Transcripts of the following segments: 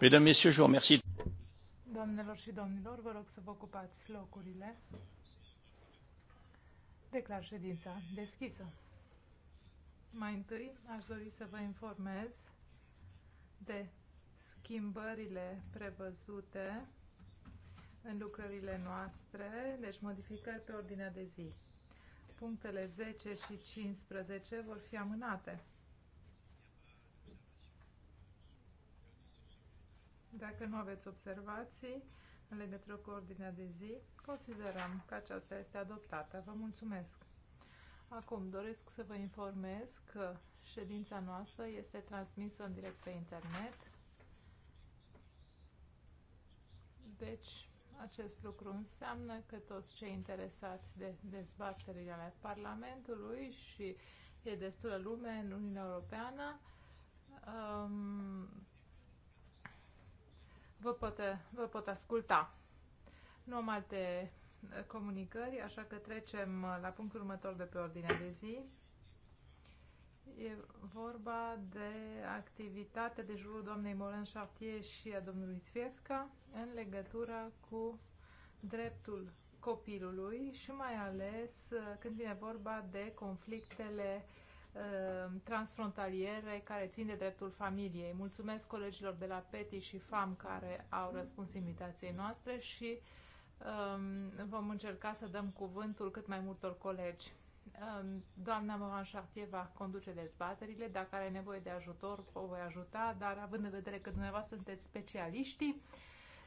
Mesdames, Messieurs, je vous remercie. Doamnelor și domnilor, vă rog să vă ocupați locurile. Declar ședința deschisă. Mai întâi aș dori să vă informez de schimbările prevăzute în lucrările noastre, deci modificări pe ordinea de zi. Punctele 10 și 15 vor fi amânate. Dacă nu aveți observații în legătură cu ordinea de zi, considerăm că aceasta este adoptată. Vă mulțumesc! Acum doresc să vă informez că ședința noastră este transmisă în direct pe internet. Deci, acest lucru înseamnă că toți cei interesați de dezbaterile ale Parlamentului și e destulă lume în Uniunea Europeană um, vă pot, vă pot asculta. Nu am alte eh, comunicări, așa că trecem eh, la punctul următor de pe ordinea de zi. E vorba de activitate de jurul doamnei Moren Chartier și a domnului Țviefca în legătură cu dreptul copilului și mai ales eh, când vine vorba de conflictele Uh, transfrontaliere care țin de dreptul familiei. Mulțumesc colegilor de la PETI și FAM care au răspuns invitației noastre și um, vom încerca să dăm cuvântul cât mai multor colegi. Um, doamna Mohan Chartier va conduce dezbaterile, dacă are nevoie de ajutor o voi ajuta, dar având în vedere că dumneavoastră sunteți specialiștii,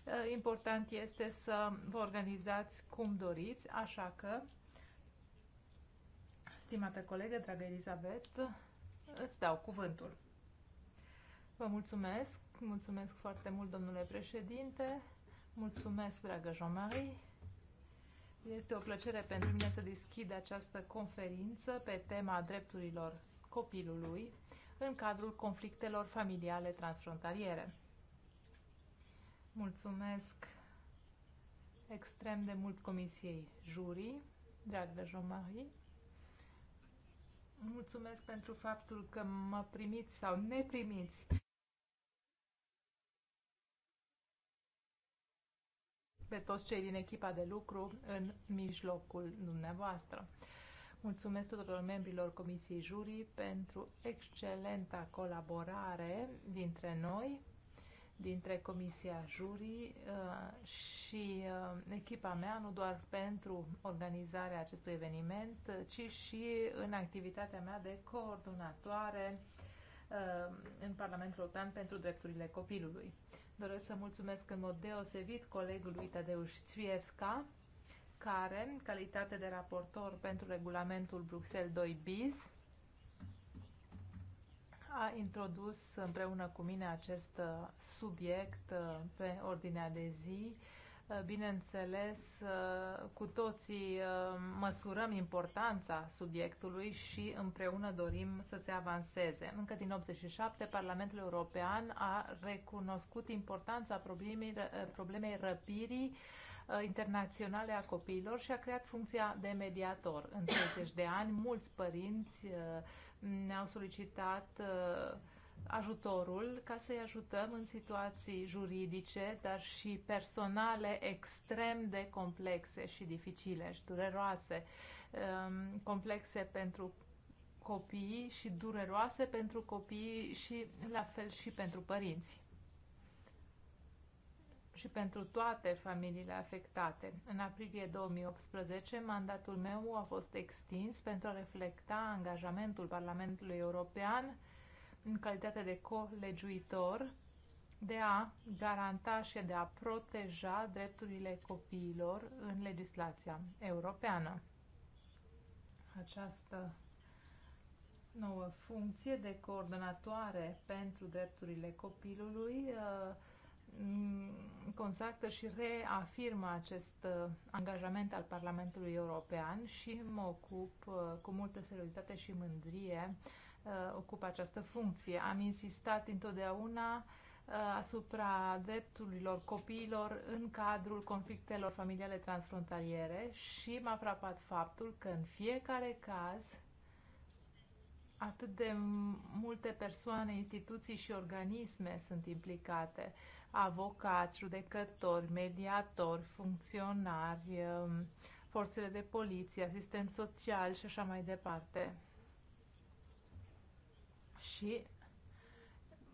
uh, important este să vă organizați cum doriți, așa că Stimată colegă, dragă Elizabeth, îți dau cuvântul. Vă mulțumesc, mulțumesc foarte mult, domnule președinte, mulțumesc, dragă Jean-Marie. Este o plăcere pentru mine să deschid această conferință pe tema drepturilor copilului în cadrul conflictelor familiale transfrontaliere. Mulțumesc extrem de mult Comisiei Jurii, dragă Jean-Marie, Mulțumesc pentru faptul că mă primiți sau ne primiți. pe toți cei din echipa de lucru în mijlocul dumneavoastră. Mulțumesc tuturor membrilor Comisiei Jurii pentru excelenta colaborare dintre noi dintre Comisia Jurii uh, și uh, echipa mea, nu doar pentru organizarea acestui eveniment, ci și în activitatea mea de coordonatoare uh, în Parlamentul European pentru drepturile copilului. Doresc să mulțumesc în mod deosebit colegului Tadeusz Țvievca, care, în calitate de raportor pentru regulamentul Bruxelles 2 bis, a introdus împreună cu mine acest uh, subiect uh, pe ordinea de zi. Uh, bineînțeles, cu toții măsurăm importanța subiectului și împreună dorim să se avanseze. Încă din 87, Parlamentul European a recunoscut importanța problemei, problemei răpirii Uh, internaționale a copiilor și a creat funcția de mediator. În 30 de ani, mulți părinți uh, ne-au solicitat uh, ajutorul ca să-i ajutăm în situații juridice, dar și personale extrem de complexe și dificile și dureroase. Um, complexe pentru copii și dureroase pentru copii și la fel și pentru părinți și pentru toate familiile afectate. În aprilie 2018, mandatul meu a fost extins pentru a reflecta angajamentul Parlamentului European în calitate de colegiuitor de a garanta și de a proteja drepturile copiilor în legislația europeană. Această nouă funcție de coordonatoare pentru drepturile copilului uh, Mm, consacră și reafirmă acest uh, angajament al Parlamentului European și mă ocup uh, cu multă seriozitate și mândrie uh, ocup această funcție. Am insistat întotdeauna asupra drepturilor copiilor în cadrul conflictelor familiale transfrontaliere și m-a frapat faptul că în fiecare caz atât de multe persoane, instituții și organisme sunt implicate avocați, judecători, mediatori, funcționari, um, forțele de poliție, asistent social și așa mai departe. Și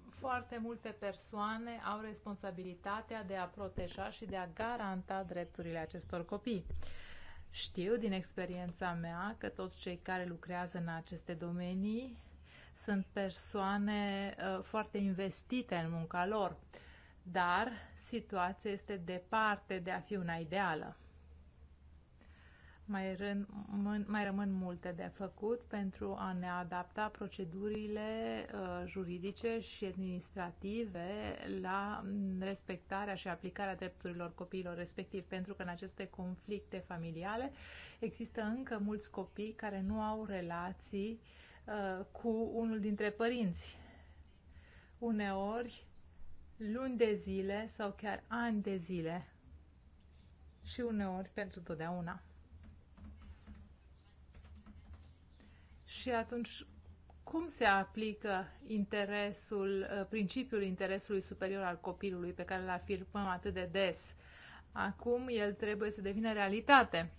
foarte multe persoane au responsabilitatea de a proteja și de a garanta drepturile acestor copii. Știu din experiența mea că toți cei care lucrează în aceste domenii sunt persoane uh, foarte investite în munca lor. Uh, dar situația este departe de a fi una ideală. Mai, rân, mai rămân multe de făcut pentru a ne adapta procedurile uh, juridice și administrative la respectarea și aplicarea drepturilor copiilor respectiv, pentru că în aceste conflicte familiale există încă mulți copii care nu au relații uh, cu unul dintre părinți. Uneori, luni de zile sau chiar ani de zile și uneori pentru totdeauna. Și atunci, cum se aplică interesul, uh, principiul interesului superior al copilului pe care îl afirmăm atât de des? Acum el trebuie să devină realitate.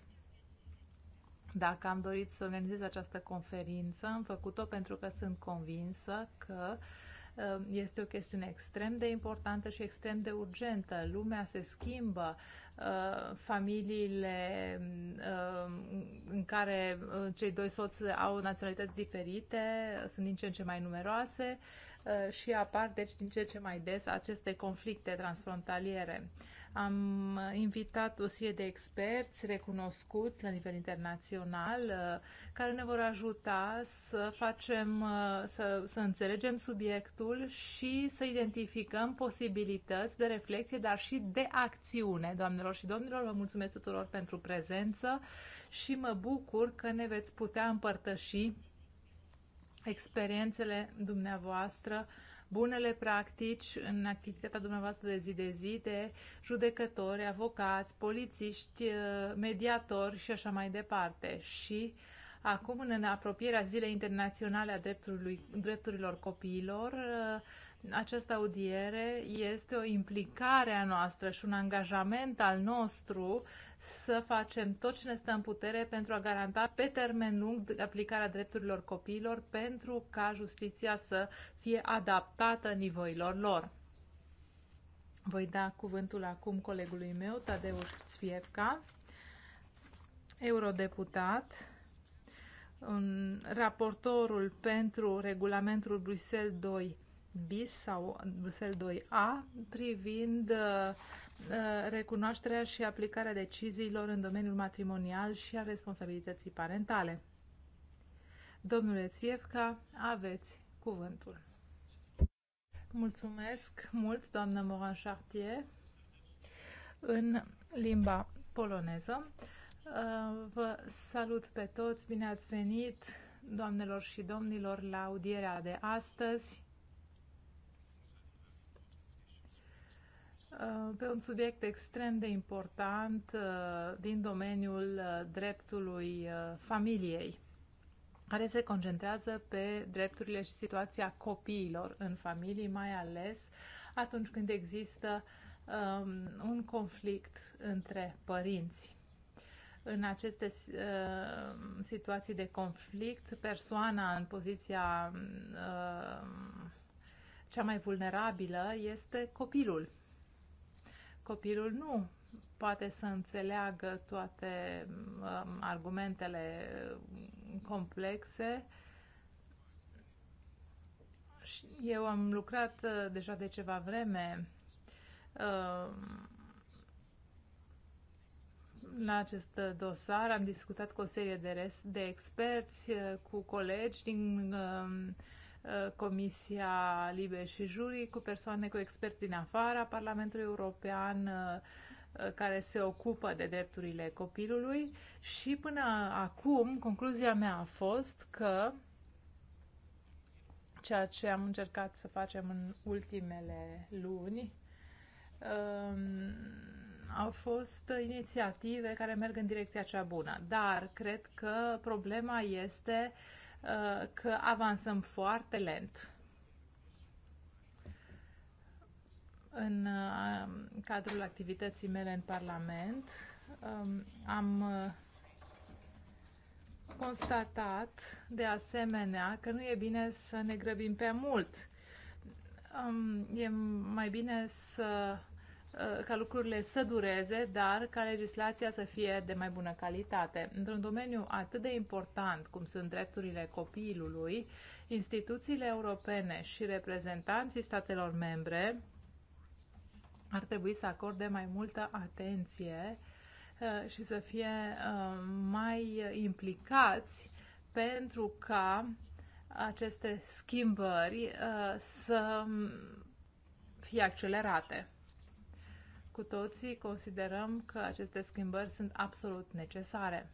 Dacă am dorit să organizez această conferință, am făcut-o pentru că sunt convinsă că uh, Ehm, este o chestiune extrem de importantă și extrem de urgentă. Lumea se schimbă, ehm, familiile ehm, în care cei doi soți au naționalități diferite sunt din ce în ce mai numeroase și apar deci din ce în ce mai des aceste conflicte transfrontaliere. Am invitat o serie de experți recunoscuți la nivel internațional uh, care ne vor ajuta să facem, uh, să, să înțelegem subiectul și să identificăm posibilități de reflexie, dar și de acțiune. Doamnelor și domnilor, vă mulțumesc tuturor pentru prezență și mă bucur că ne veți putea împărtăși experiențele dumneavoastră uh, bunele practici în activitatea dumneavoastră de zi de zi de judecători, avocați, polițiști, uh, mediatori și așa mai departe. Și acum, în apropierea Zilei Internaționale a drepturilor copiilor, uh, această audiere este o implicare a noastră și un angajament al nostru să facem tot ce ne stă în putere pentru a garanta pe termen lung aplicarea drepturilor copiilor pentru ca justiția să fie adaptată nivoilor lor. Voi da cuvântul acum colegului meu, Tadeusz Țfiepca, eurodeputat, raportorul pentru regulamentul Bruxelles 2 bis sau Bruxelles 2A privind uh, uh, recunoașterea și aplicarea deciziilor în domeniul matrimonial și a responsabilității parentale. Domnule Țievca, aveți cuvântul. Mulțumesc mult, doamnă Moran Chartier, în limba poloneză. Uh, vă salut pe toți, bine ați venit, doamnelor și domnilor, la audierea de astăzi Uh, pe un subiect extrem de important uh, din domeniul uh, dreptului familiei, care se concentrează pe drepturile și situația copiilor în familie, mai ales atunci când există um, un conflict între părinți. În aceste situații de conflict, persoana în poziția cea mai vulnerabilă este copilul Copilul nu poate să înțeleagă toate um, argumentele um, complexe. Eu am lucrat uh, deja de ceva vreme uh, la acest dosar. Am discutat cu o serie de, res, de experți, uh, cu colegi din uh, Uh, Comisia Liber și Jurii cu persoane, cu experți din afara Parlamentului European uh, uh, care se ocupă de drepturile copilului și până acum concluzia mea a fost că ceea ce am încercat să facem în ultimele luni um, au fost inițiative care merg în direcția cea bună, dar cred că problema este uh, Uh, că avansăm foarte lent. În uh, cadrul activității mele în Parlament um, am uh, constatat de asemenea că nu e bine să ne grăbim pe mult. Um, e mai bine să Uh, ca lucrurile să dureze, dar ca legislația să fie de mai bună calitate. Într-un domeniu atât de important cum sunt drepturile copilului, instituțiile europene și reprezentanții statelor membre ar trebui să acorde mai multă atenție uh, și să fie uh, mai implicați pentru ca aceste schimbări să fie accelerate. Cu toții considerăm că aceste schimbări sunt absolut necesare.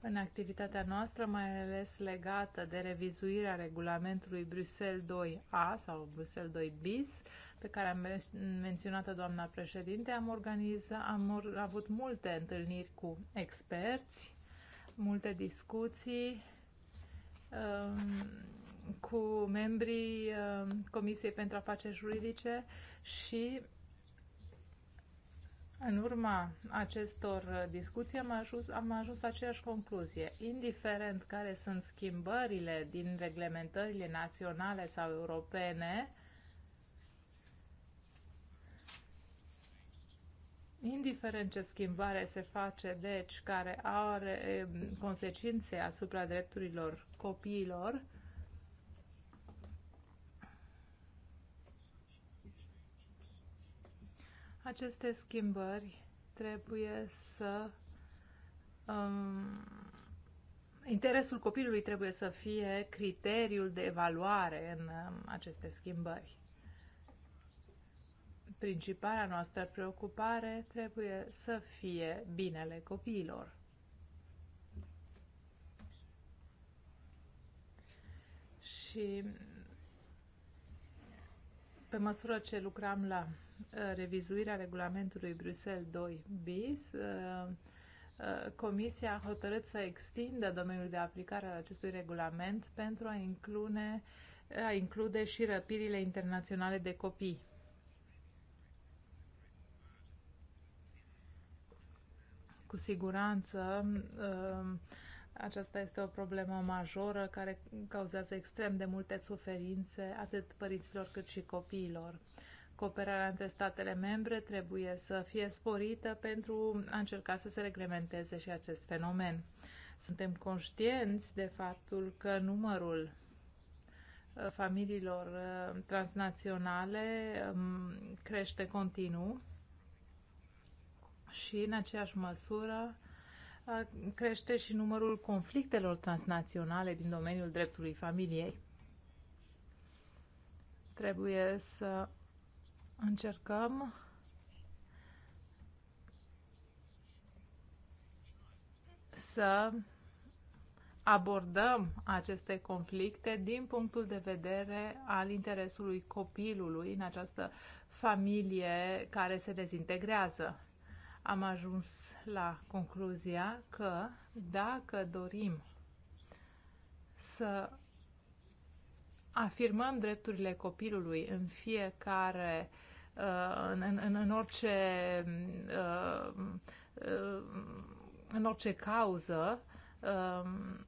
În activitatea noastră, mai ales legată de revizuirea regulamentului Bruxelles 2A sau Bruxelles 2 bis, pe care am menționat-o doamna președinte, am, organizat, am avut multe întâlniri cu experți, multe discuții, um, cu membrii uh, Comisiei pentru Afaceri Juridice și în urma acestor discuții am ajuns, am ajuns la aceeași concluzie. Indiferent care sunt schimbările din reglementările naționale sau europene, indiferent ce schimbare se face, deci, care are eh, consecințe asupra drepturilor copiilor, Aceste schimbări trebuie să... Um, interesul copilului trebuie să fie criteriul de evaluare în um, aceste schimbări. Principala noastră preocupare trebuie să fie binele copiilor. Și pe măsură ce lucram la Uh, revizuirea regulamentului Bruxelles 2 bis, uh, uh, Comisia a hotărât să extindă domeniul de aplicare al acestui regulament pentru a include, a include și răpirile internaționale de copii. Cu siguranță, aceasta este o problemă majoră care cauzează extrem de multe suferințe atât părinților cât și copiilor. Cooperarea între statele membre trebuie să fie sporită pentru a încerca să se reglementeze și acest fenomen. Suntem conștienți de faptul că numărul uh, familiilor uh, transnaționale um, crește continuu și în aceeași măsură uh, crește și numărul conflictelor transnaționale din domeniul dreptului familiei. Trebuie să încercăm să abordăm aceste conflicte din punctul de vedere al interesului copilului în această familie care se dezintegrează. Am ajuns la concluzia că dacă dorim să afirmăm drepturile copilului în fiecare uh, Uh, în, în, în orice uh, în orice cauză um,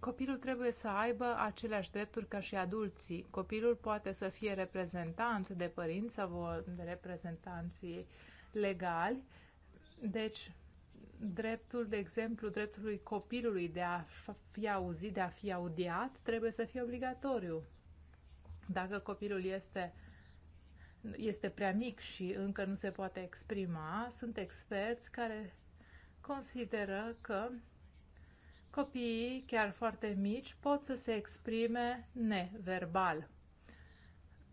copilul trebuie să aibă aceleași drepturi ca și adulții. Copilul poate să fie reprezentant de părinți sau de reprezentanții legali. Deci, dreptul, de exemplu, dreptului copilului de a fi auzit, de a fi audiat, trebuie să fie obligatoriu. Dacă copilul este este prea mic și încă nu se poate exprima, sunt experți care consideră că copiii, chiar foarte mici, pot să se exprime neverbal.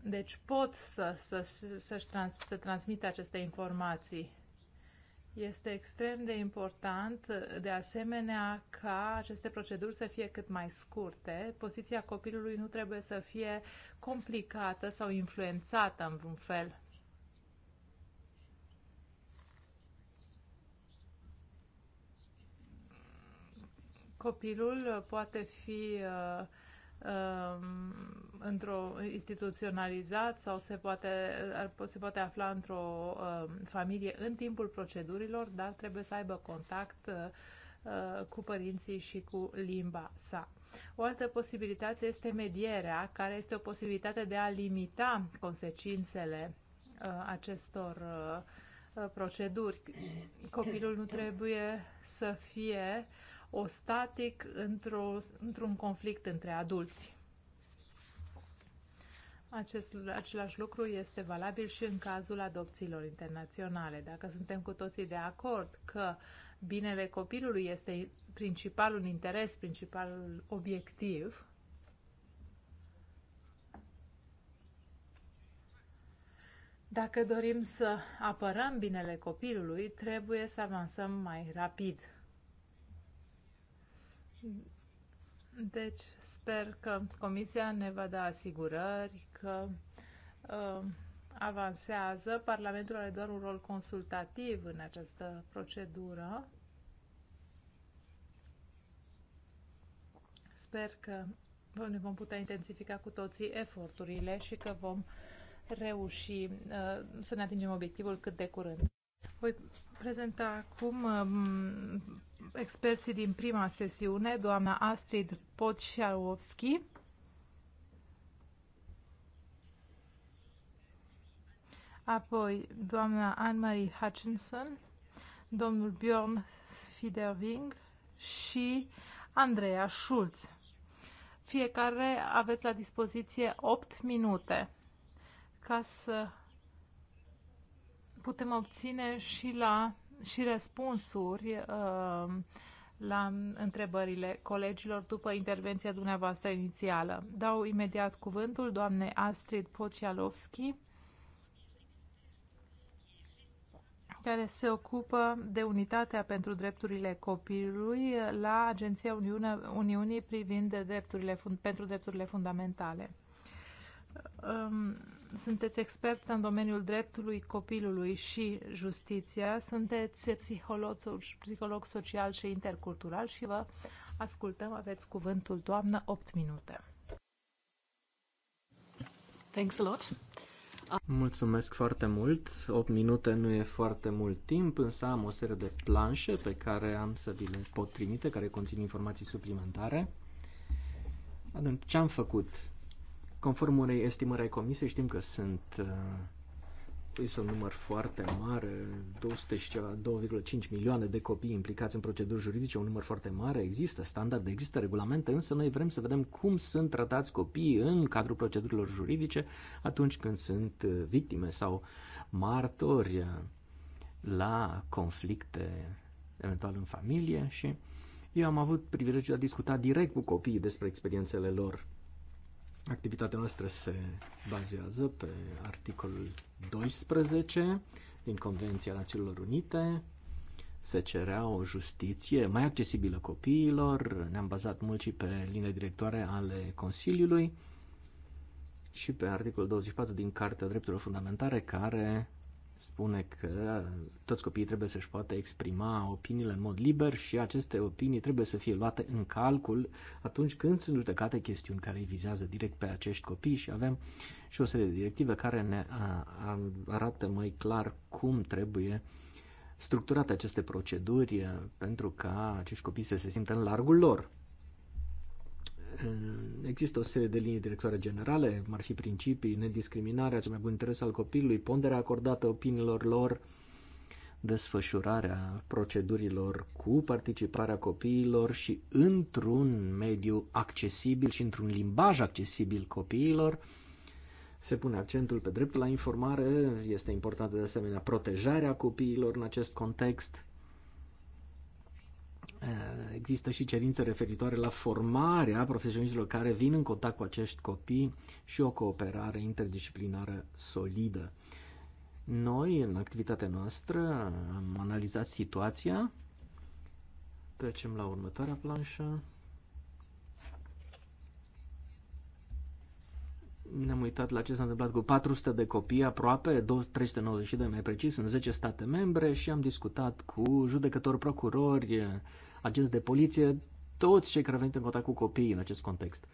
Deci pot să, să, să, să, trans, să transmită aceste informații este extrem de important, de asemenea, ca aceste proceduri să fie cât mai scurte. Poziția copilului nu trebuie să fie complicată sau influențată în vreun fel. Copilul poate fi uh, Um, într-o instituționalizat sau se poate, ar, se poate afla într-o uh, familie în timpul procedurilor, dar trebuie să aibă contact uh, cu părinții și cu limba sa. O altă posibilitate este medierea, care este o posibilitate de a limita consecințele uh, acestor uh, uh proceduri. Copilul nu trebuie să fie uh, ostatic într-o, într-un conflict între adulți. Acest, același lucru este valabil și în cazul adopțiilor internaționale. Dacă suntem cu toții de acord că binele copilului este principalul interes, principalul obiectiv, Dacă dorim să apărăm binele copilului, trebuie să avansăm mai rapid deci sper că Comisia ne va da asigurări că uh, avansează. Parlamentul are doar un rol consultativ în această procedură. Sper că ne vom putea intensifica cu toții eforturile și că vom reuși uh, să ne atingem obiectivul cât de curând. Voi prezenta acum um, experții din prima sesiune, doamna Astrid Podșarovski, apoi doamna Anne-Marie Hutchinson, domnul Bjorn Fiderving și Andreea Schulz. Fiecare aveți la dispoziție 8 minute ca să putem obține și, la, și răspunsuri uh, la întrebările colegilor după intervenția dumneavoastră inițială. Dau imediat cuvântul doamnei Astrid Pocialovski, care se ocupă de unitatea pentru drepturile copilului la Agenția Uniune, Uniunii privind de drepturile, pentru drepturile fundamentale. Um, sunteți expert în domeniul dreptului copilului și justiția, sunteți psiholog, psiholog social și intercultural și vă ascultăm. Aveți cuvântul, doamnă, 8 minute. Thanks a lot. Mulțumesc foarte mult. 8 minute nu e foarte mult timp, însă am o serie de planșe pe care am să vi le pot trimite, care conțin informații suplimentare. Atunci, ce am făcut? Conform unei estimări ai comisiei, știm că sunt uh, este un număr foarte mare, 200 și ceva, 2,5 milioane de copii implicați în proceduri juridice, un număr foarte mare, există standarde, există regulamente, însă noi vrem să vedem cum sunt tratați copiii în cadrul procedurilor juridice atunci când sunt uh, victime sau martori uh, la conflicte, eventual în familie și eu am avut privilegiul de a discuta direct cu copiii despre experiențele lor Activitatea noastră se bazează pe articolul 12 din Convenția Națiunilor Unite. Se cerea o justiție mai accesibilă copiilor. Ne-am bazat mult și pe linii directoare ale Consiliului și pe articolul 24 din Cartea Drepturilor Fundamentale care spune că toți copiii trebuie să-și poată exprima opiniile în mod liber și aceste opinii trebuie să fie luate în calcul atunci când sunt judecate chestiuni care îi vizează direct pe acești copii și avem și o serie de directive care ne arată mai clar cum trebuie structurate aceste proceduri pentru ca acești copii să se simtă în largul lor. Există o serie de linii directoare generale, cum ar fi principii, nediscriminarea, cel mai bun interes al copilului, ponderea acordată opiniilor lor, desfășurarea procedurilor cu participarea copiilor și într-un mediu accesibil și într-un limbaj accesibil copiilor. Se pune accentul pe dreptul la informare, este importantă de asemenea protejarea copiilor în acest context, Eh, există și cerințe referitoare la formarea profesioniștilor care vin în contact cu acești copii și o cooperare interdisciplinară solidă. Noi, în activitatea noastră, am analizat situația. Trecem la următoarea planșă. Ne-am uitat la ce s-a întâmplat cu 400 de copii aproape, 392 mai precis, în 10 state membre și am discutat cu judecători, procurori, agenți de poliție, toți cei care au venit în contact cu copiii în acest context.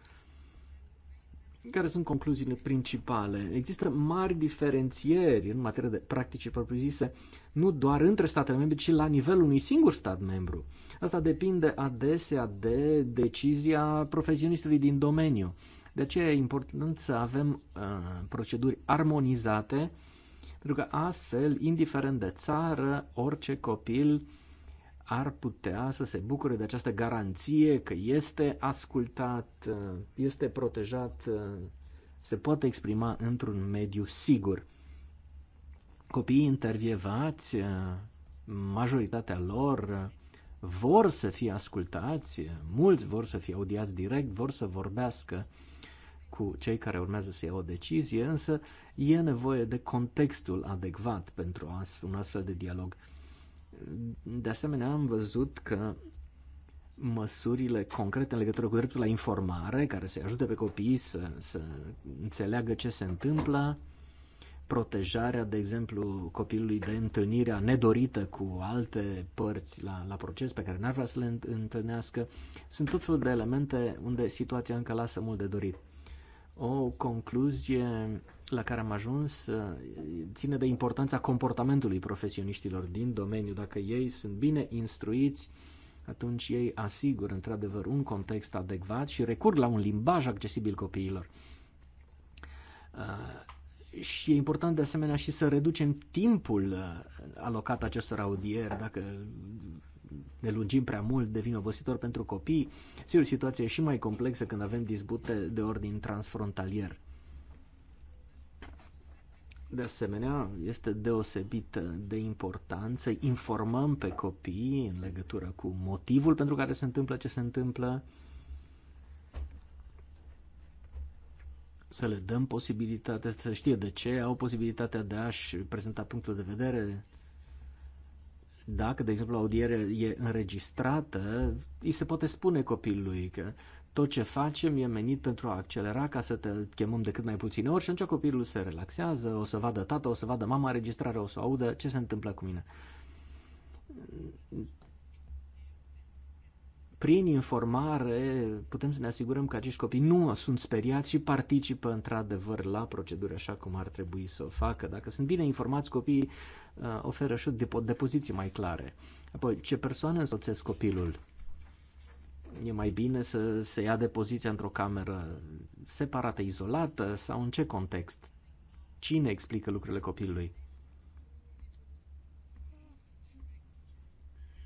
Care sunt concluziile principale? Există mari diferențieri în materie de practici propriu-zise, nu doar între statele membre, ci la nivelul unui singur stat membru. Asta depinde adesea de decizia profesionistului din domeniu. De aceea e important să avem uh, proceduri armonizate, pentru că astfel, indiferent de țară, orice copil ar putea să se bucure de această garanție că este ascultat, uh, este protejat, uh, se poate exprima într-un mediu sigur. Copiii intervievați, uh, majoritatea lor vor să fie ascultați, mulți vor să fie audiați direct, vor să vorbească cu cei care urmează să ia o decizie, însă e nevoie de contextul adecvat pentru un astfel de dialog. De asemenea, am văzut că măsurile concrete în legătură cu dreptul la informare, care să ajute pe copii să, să înțeleagă ce se întâmplă, protejarea, de exemplu, copilului de întâlnirea nedorită cu alte părți la, la proces pe care n-ar vrea să le întâlnească, sunt tot felul de elemente unde situația încă lasă mult de dorit. O concluzie la care am ajuns uh, ține de importanța comportamentului profesioniștilor din domeniu. Dacă ei sunt bine instruiți, atunci ei asigură într-adevăr un context adecvat și recurg la un limbaj accesibil copiilor. Uh, și e important de asemenea și să reducem timpul uh, alocat acestor audieri. Dacă ne lungim prea mult, devin obositor pentru copii. Sigur, situația e și mai complexă când avem dispute de ordin transfrontalier. De asemenea, este deosebit de important să informăm pe copii în legătură cu motivul pentru care se întâmplă ce se întâmplă, să le dăm posibilitatea, să știe de ce, au posibilitatea de a-și prezenta punctul de vedere, dacă, de exemplu, audierea e înregistrată, îi se poate spune copilului că tot ce facem e menit pentru a accelera ca să te chemăm de cât mai puține ori și atunci copilul se relaxează, o să vadă tata, o să vadă mama înregistrare, o să audă ce se întâmplă cu mine. Prin informare putem să ne asigurăm că acești copii nu sunt speriați și participă într-adevăr la proceduri așa cum ar trebui să o facă. Dacă sunt bine informați copiii, Uh, oferă și o depoziție mai clare. Apoi, ce persoane însoțesc copilul? E mai bine să se ia depoziția într-o cameră separată, izolată sau în ce context? Cine explică lucrurile copilului?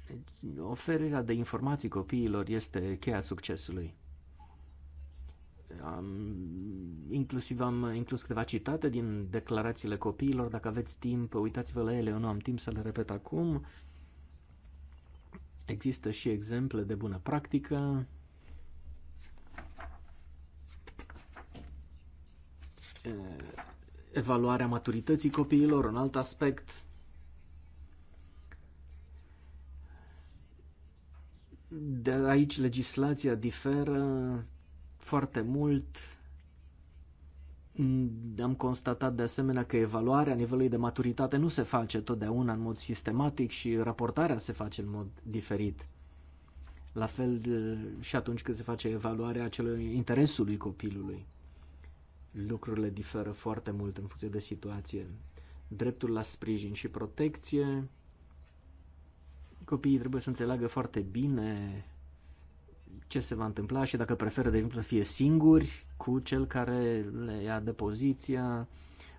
Deci, oferirea de informații copiilor este cheia succesului. Am, inclusiv am inclus câteva citate din declarațiile copiilor. Dacă aveți timp, uitați-vă la ele. Eu nu am timp să le repet acum. Există și exemple de bună practică. Evaluarea maturității copiilor, un alt aspect. De aici legislația diferă foarte mult. Am constatat de asemenea că evaluarea nivelului de maturitate nu se face totdeauna în mod sistematic și raportarea se face în mod diferit. La fel eh, și atunci când se face evaluarea acelui interesului copilului. Lucrurile diferă foarte mult în funcție de situație. Dreptul la sprijin și protecție. Copiii trebuie să înțeleagă foarte bine ce se va întâmpla și dacă preferă, de exemplu, să fie singuri cu cel care le ia de poziția,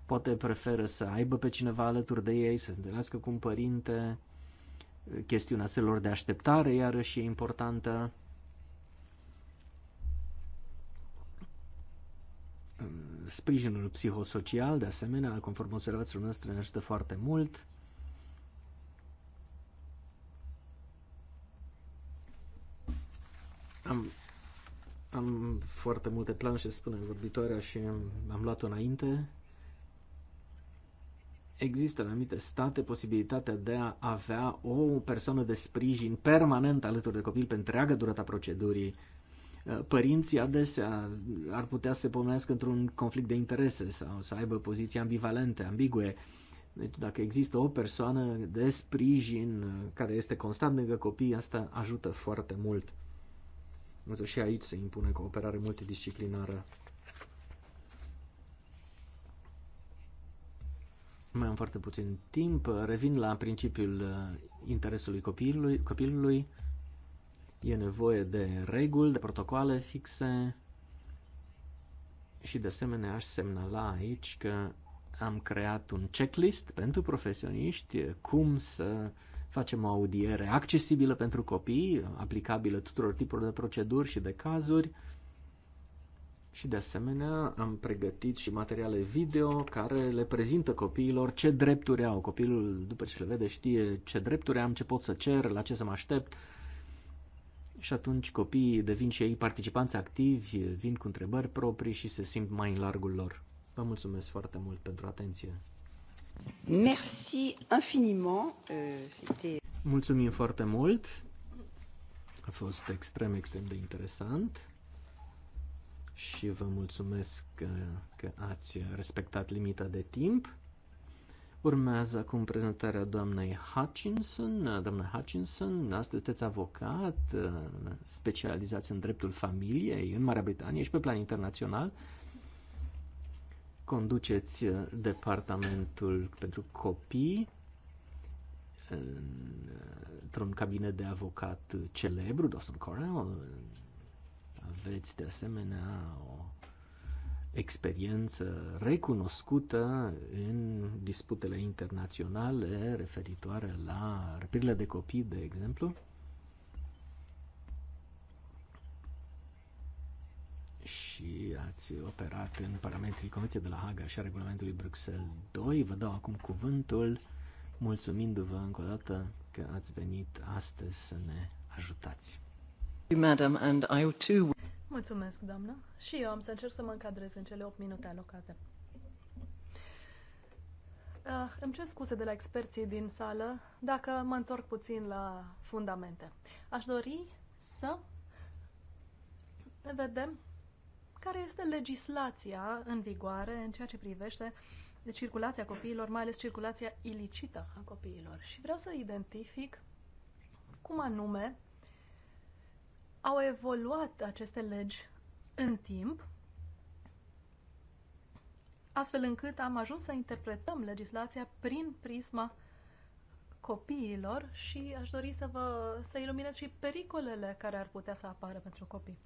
poate preferă să aibă pe cineva alături de ei, să se întâlnească cu un părinte, chestiunea selor de așteptare iarăși e importantă. Sprijinul psihosocial, de asemenea, conform observațiilor noastre, ne ajută foarte mult. Am, am foarte multe planșe, spune vorbitoarea, și am luat-o înainte. Există în anumite state posibilitatea de a avea o persoană de sprijin permanent alături de copil pe întreaga durata procedurii. Uh, părinții adesea ar putea să se pomenească într-un conflict de interese sau să aibă poziții ambivalente, ambigue. Deci dacă există o persoană de sprijin uh, care este constant lângă copii, asta ajută foarte mult. Însă și aici se impune cooperare multidisciplinară. Mai am foarte puțin timp. Revin la principiul uh, interesului copilului. copilului. E nevoie de reguli, de protocoale fixe și de asemenea aș semnala aici că am creat un checklist pentru profesioniști cum să uh, Facem o audiere accesibilă pentru copii, aplicabilă tuturor tipurilor de proceduri și de cazuri. Și de asemenea am pregătit și materiale video care le prezintă copiilor ce drepturi au. Copilul după ce le vede știe ce drepturi am, ce pot să cer, la ce să mă aștept. Și atunci copiii devin și ei participanți activi, vin cu întrebări proprii și se simt mai în largul lor. Vă mulțumesc foarte mult pentru atenție. Merci infiniment. Euh, Mulțumim foarte mult. A fost extrem, extrem de interesant și vă mulțumesc că, că ați respectat limita de timp. Urmează acum prezentarea doamnei Hutchinson. Doamna Hutchinson, astăzi sunteți avocat, specializați în dreptul familiei în Marea Britanie și pe plan internațional conduceți uh, departamentul pentru copii uh, într-un cabinet de avocat celebru, Dawson Cornell. Aveți de asemenea o experiență recunoscută în disputele internaționale referitoare la răpirile de copii, de exemplu. și ați operat în parametrii Convenției de la Haga și a regulamentului Bruxelles 2. Vă dau acum cuvântul, mulțumindu-vă încă o dată că ați venit astăzi să ne ajutați. Madam, and I too. Mulțumesc, doamnă. Și eu am să încerc să mă încadrez în cele 8 minute alocate. Uh, îmi cer scuze de la experții din sală dacă mă întorc puțin la fundamente. Aș dori să vedem care este legislația în vigoare în ceea ce privește de circulația copiilor, mai ales circulația ilicită a copiilor. Și vreau să identific cum anume au evoluat aceste legi în timp, astfel încât am ajuns să interpretăm legislația prin prisma copiilor și aș dori să vă să iluminez și pericolele care ar putea să apară pentru copii.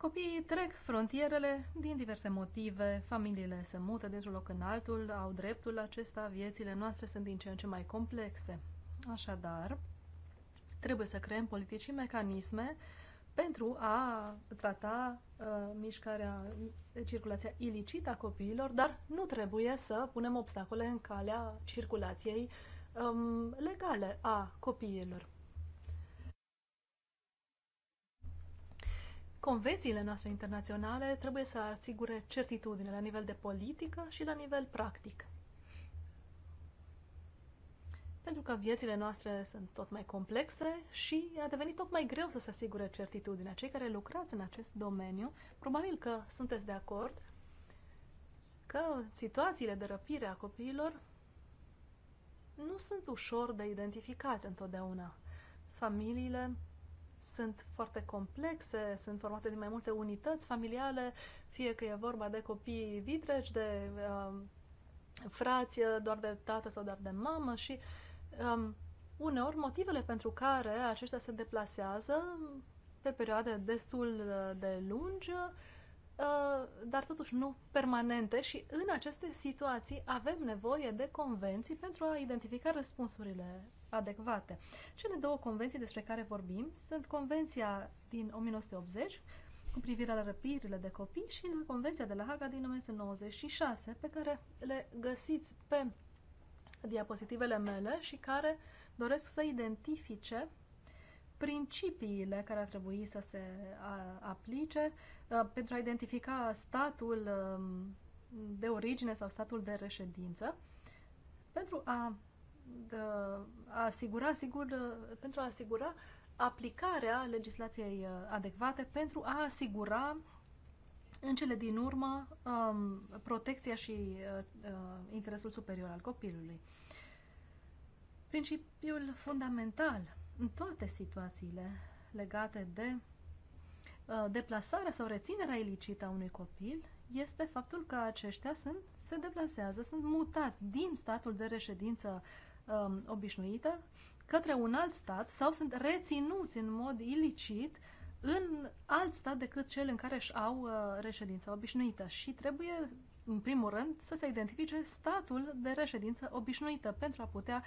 Copiii trec frontierele din diverse motive, familiile se mută dintr-un loc în altul, au dreptul acesta, viețile noastre sunt din ce în ce mai complexe. Așadar, trebuie să creăm politici și mecanisme pentru a trata uh, mișcarea, circulația ilicită a copiilor, dar nu trebuie să punem obstacole în calea circulației um, legale a copiilor. Convențiile noastre internaționale trebuie să asigure certitudine la nivel de politică și la nivel practic. Pentru că viețile noastre sunt tot mai complexe și a devenit tot mai greu să se asigure certitudinea. Cei care lucrați în acest domeniu, probabil că sunteți de acord că situațiile de răpire a copiilor nu sunt ușor de identificat întotdeauna. Familiile sunt foarte complexe, sunt formate din mai multe unități familiale, fie că e vorba de copii vitreci, de um, frație, uh, doar de tată sau doar de mamă și um, uneori motivele pentru care aceștia se deplasează pe perioade destul uh, de lungi, uh, dar totuși nu permanente și în aceste situații avem nevoie de convenții pentru a identifica răspunsurile adecvate. Cele două convenții despre care vorbim sunt Convenția din 1980 cu privire la răpirile de copii și la Convenția de la Haga din 1996, pe care le găsiți pe diapozitivele mele și care doresc să identifice principiile care ar trebui să se aplice pentru a identifica statul um, de origine sau statul de reședință, pentru a de a asigura, sigur, pentru a asigura aplicarea legislației uh, adecvate pentru a asigura în cele din urmă um, protecția și uh, uh, interesul superior al copilului. Principiul fundamental în toate situațiile legate de uh, deplasarea sau reținerea ilicită a unui copil este faptul că aceștia sunt, se deplasează, sunt mutați din statul de reședință uh, um, obișnuită către un alt stat sau sunt reținuți în mod ilicit în alt stat decât cel în care își au uh, reședința obișnuită și trebuie, în primul rând, să se identifice statul de reședință obișnuită pentru a putea,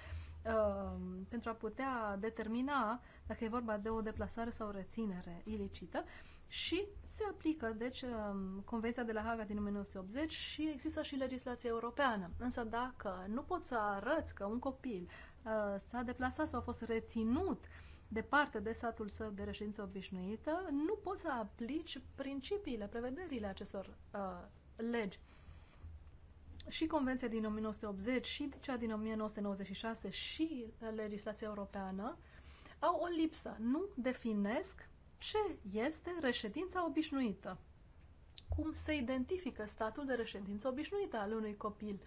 uh, pentru a putea determina dacă e vorba de o deplasare sau o reținere ilicită. Uh, și se aplică, deci, um, Convenția de la Haga din 1980 și există și legislația europeană. Însă dacă nu poți să arăți că un copil uh, s-a deplasat sau a fost reținut departe de satul său de reședință obișnuită, nu poți să aplici principiile, prevederile acestor uh, legi. Și Convenția din 1980 și cea din 1996 și legislația europeană au o lipsă. Nu definesc ce este reședința obișnuită. Cum se identifică statul de reședință obișnuită al unui copil.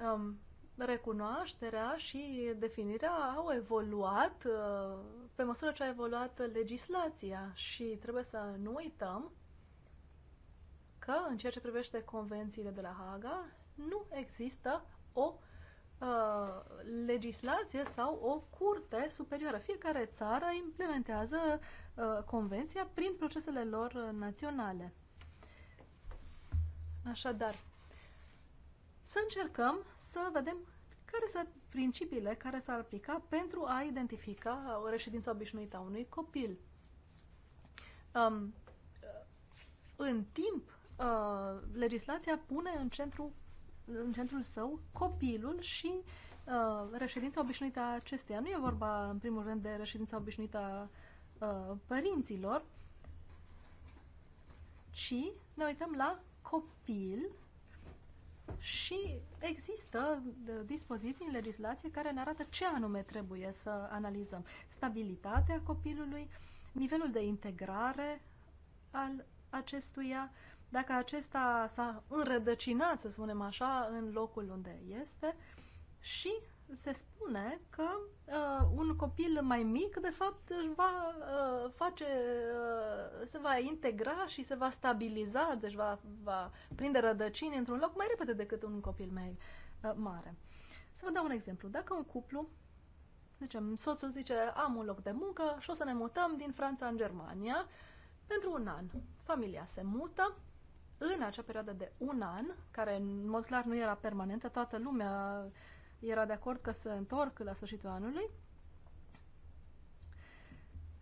Um, recunoașterea și definirea au evoluat uh, pe măsură ce a evoluat legislația și trebuie să nu uităm că în ceea ce privește convențiile de la Haga nu există o uh, Uh, legislație sau o curte superioară. Fiecare țară implementează uh, convenția prin procesele lor uh, naționale. Așadar, să încercăm să vedem care sunt principiile care s-ar aplica pentru a identifica o reședință obișnuită a unui copil. Um, în timp, uh, legislația pune în centru în centrul său copilul și uh, reședința obișnuită a acesteia. Nu e vorba, în primul rând, de reședința obișnuită a uh, părinților, ci ne uităm la copil și există uh, dispoziții în legislație care ne arată ce anume trebuie să analizăm. Stabilitatea copilului, nivelul de integrare al acestuia, uh, dacă acesta s-a înrădăcinat, să spunem așa, în locul unde este și se spune că uh, un copil mai mic, de fapt, își va uh, face, uh, se va integra și se va stabiliza, deci va, va prinde rădăcini într-un loc mai repede decât un copil mai uh, mare. Să vă dau un exemplu. Dacă un cuplu, zicem, soțul zice, am un loc de muncă și o să ne mutăm din Franța în Germania pentru un an. Familia se mută, în acea perioadă de un an, care în mod clar nu era permanentă, toată lumea era de acord că se întorc la sfârșitul anului,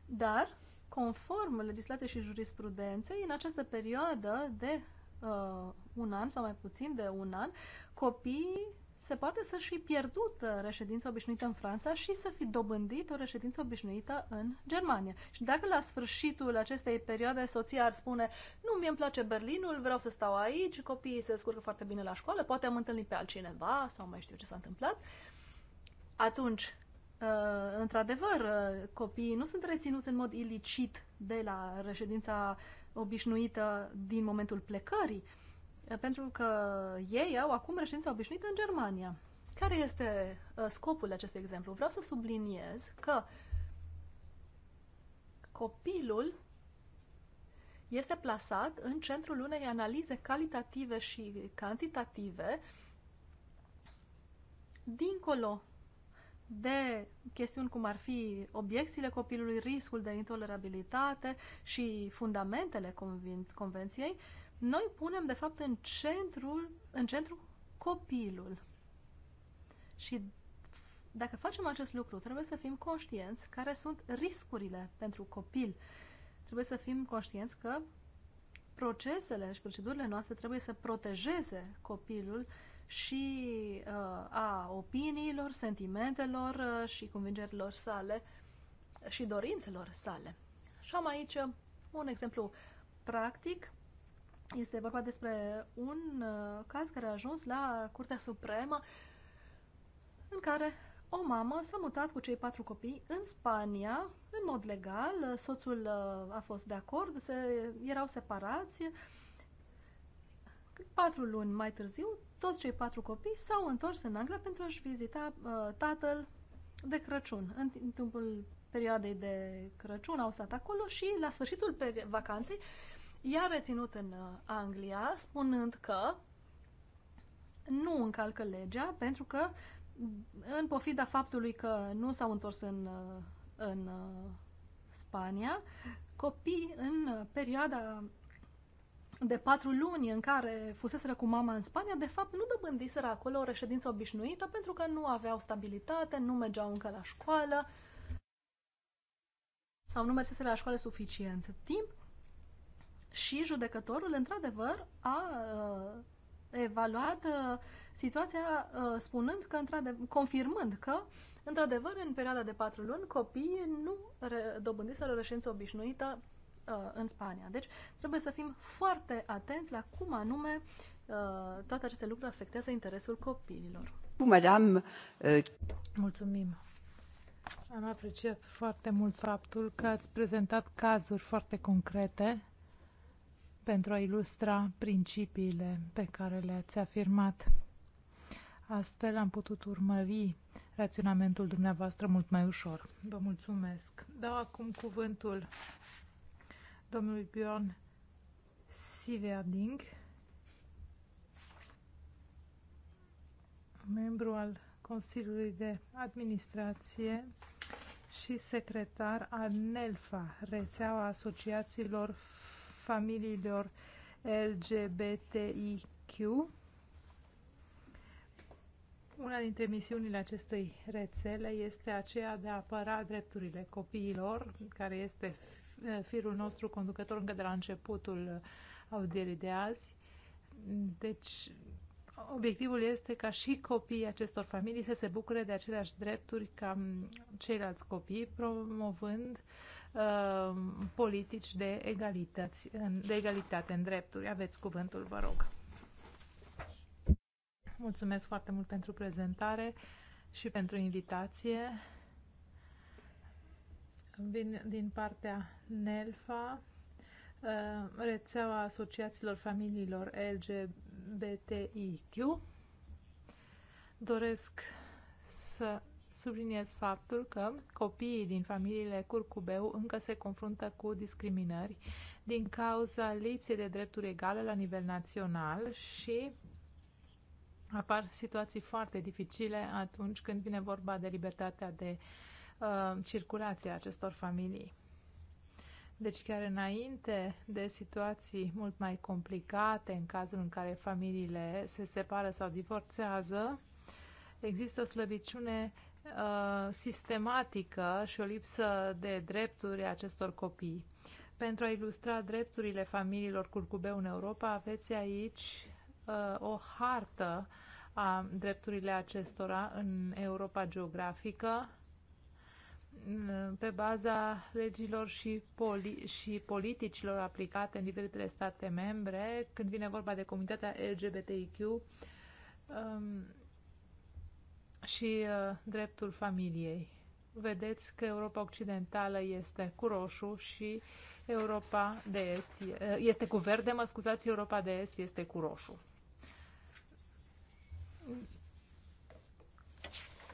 dar, conform legislației și jurisprudenței, în această perioadă de uh, un an sau mai puțin de un an, copiii se poate să-și fi pierdut uh, reședința obișnuită în Franța și să fi dobândit o reședință obișnuită în Germania. Și dacă la sfârșitul acestei perioade soția ar spune nu, mi-e place Berlinul, vreau să stau aici, copiii se descurcă foarte bine la școală, poate am întâlnit pe altcineva sau mai știu ce s-a întâmplat, atunci, uh, într-adevăr, uh, copiii nu sunt reținuți în mod ilicit de la reședința obișnuită din momentul plecării, pentru că ei au acum reședința obișnuită în Germania. Care este uh, scopul acestui exemplu? Vreau să subliniez că copilul este plasat în centrul unei analize calitative și cantitative dincolo de chestiuni cum ar fi obiecțiile copilului, riscul de intolerabilitate și fundamentele convenției, noi punem, de fapt, în centrul, în centru copilul. Și dacă facem acest lucru, trebuie să fim conștienți care sunt riscurile pentru copil. Trebuie să fim conștienți că procesele și procedurile noastre trebuie să protejeze copilul și uh, a opiniilor, sentimentelor uh, și convingerilor sale și dorințelor sale. Și am aici uh, un exemplu practic este vorba despre un uh, caz care a ajuns la Curtea Supremă în care o mamă s-a mutat cu cei patru copii în Spania, în mod legal, soțul uh, a fost de acord, se, erau separați. Patru luni mai târziu, toți cei patru copii s-au întors în Anglia pentru a-și vizita uh, tatăl de Crăciun. În, în timpul perioadei de Crăciun au stat acolo și la sfârșitul vacanței i-a reținut în uh, Anglia spunând că nu încalcă legea pentru că în pofida faptului că nu s-au întors în, uh, în uh, Spania, copii în perioada de patru luni în care fuseseră cu mama în Spania, de fapt nu dobândiseră acolo o reședință obișnuită pentru că nu aveau stabilitate, nu mergeau încă la școală sau nu mergeseră la școală suficient timp și judecătorul, într-adevăr, a uh, evaluat uh, situația uh, spunând că, într confirmând că, într-adevăr, în perioada de patru luni, copiii nu dobândiseră reședință obișnuită în Spania. Deci trebuie să fim foarte atenți la cum anume toate aceste lucruri afectează interesul copiilor. Madame, Mulțumim! Am apreciat foarte mult faptul că ați prezentat cazuri foarte concrete pentru a ilustra principiile pe care le-ați afirmat. Astfel am putut urmări raționamentul dumneavoastră mult mai ușor. Vă mulțumesc. Dau acum cuvântul domnului Bjorn Siverding, membru al Consiliului de Administrație și secretar al NELFA, rețeaua asociațiilor familiilor LGBTIQ. Una dintre misiunile acestei rețele este aceea de a apăra drepturile copiilor, care este eh, firul nostru conducător încă de la începutul audierii de azi. Deci, obiectivul este ca și copiii acestor familii să se bucure de aceleași drepturi ca ceilalți copii, promovând uh, uh, politici de, egalități, de egalitate în drepturi. Aveți cuvântul, vă rog. Mulțumesc foarte mult pentru prezentare și pentru invitație. Vin din partea NELFA, uh, rețeaua asociațiilor familiilor LGBTIQ. Doresc să subliniez faptul că copiii din familiile curcubeu încă se confruntă cu discriminări din cauza lipsei de drepturi egale la nivel național și apar situații foarte dificile atunci când vine vorba de libertatea de uh, circulație a acestor familii. Deci chiar înainte de situații mult mai complicate, în cazul în care familiile se separă sau divorțează, există o slăbiciune Uh, sistematică și o lipsă de drepturi acestor copii. Pentru a ilustra drepturile familiilor curcubeu în Europa, aveți aici uh, o hartă a drepturile acestora în Europa geografică uh, pe baza legilor și, poli- și politicilor aplicate în diferitele state membre, când vine vorba de comunitatea LGBTIQ, um, și uh, dreptul familiei. Vedeți că Europa Occidentală este cu roșu și Europa de Est uh, este cu verde, mă scuzați, Europa de Est este cu roșu.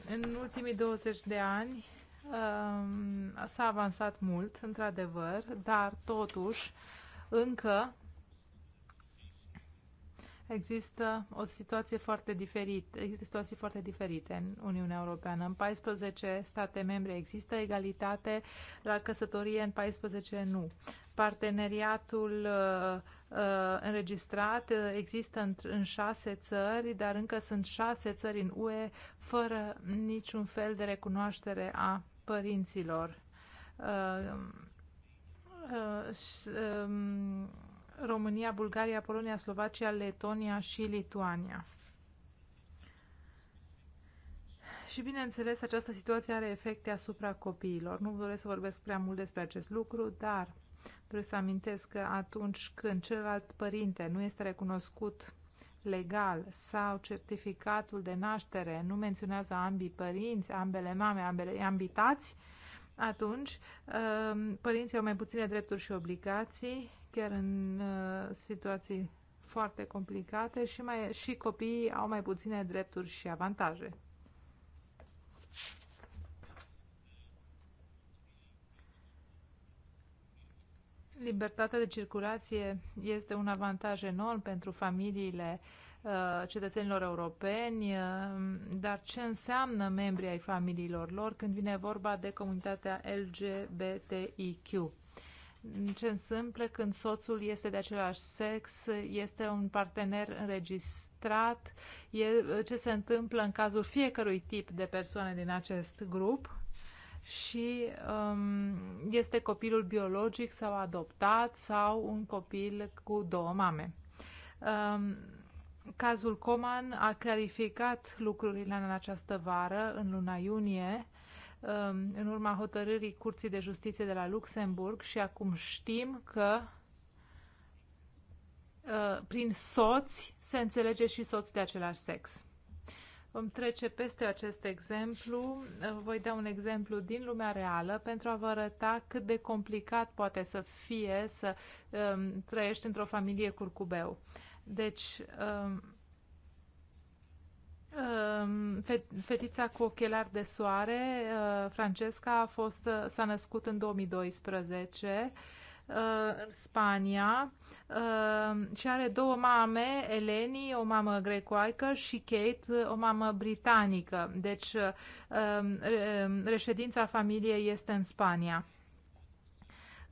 În ultimii 20 de ani um, s-a avansat mult, într-adevăr, dar totuși încă Există o situație foarte diferită. Există situații foarte diferite în Uniunea Europeană. În 14 state membre există egalitate, la căsătorie în 14 nu. Parteneriatul uh, uh înregistrat uh, există în, în șase țări, dar încă sunt șase țări în UE fără niciun fel de recunoaștere a părinților. Uh, uh, uh, România, Bulgaria, Polonia, Slovacia, Letonia și Lituania. Și bineînțeles, această situație are efecte asupra copiilor. Nu doresc să vorbesc prea mult despre acest lucru, dar trebuie să amintesc că atunci când celălalt părinte nu este recunoscut legal sau certificatul de naștere nu menționează ambii părinți, ambele mame, ambele ambitați, atunci ă, părinții au mai puține drepturi și obligații chiar în uh, situații foarte complicate și, mai, și copiii au mai puține drepturi și avantaje. Libertatea de circulație este un avantaj enorm pentru familiile uh, cetățenilor europeni, uh, dar ce înseamnă membrii ai familiilor lor când vine vorba de comunitatea LGBTIQ? ce întâmplă când soțul este de același sex, este un partener înregistrat, e, ce se întâmplă în cazul fiecărui tip de persoane din acest grup și um, este copilul biologic sau adoptat sau un copil cu două mame. Um, cazul Coman a clarificat lucrurile în această vară, în luna iunie, Um, în urma hotărârii Curții de Justiție de la Luxemburg și acum știm că uh, prin soți se înțelege și soți de același sex. Vom trece peste acest exemplu. Uh, voi da un exemplu din lumea reală pentru a vă arăta cât de complicat poate să fie să um, trăiești într-o familie curcubeu. Deci, um, Ehm, fetița cu ochelari de soare, eh, Francesca, a fost, eh, s-a născut în 2012 eh, în Spania ehm, și are două mame, Eleni, o mamă grecoaică și Kate, o mamă britanică. Deci ehm, reședința familiei este în Spania.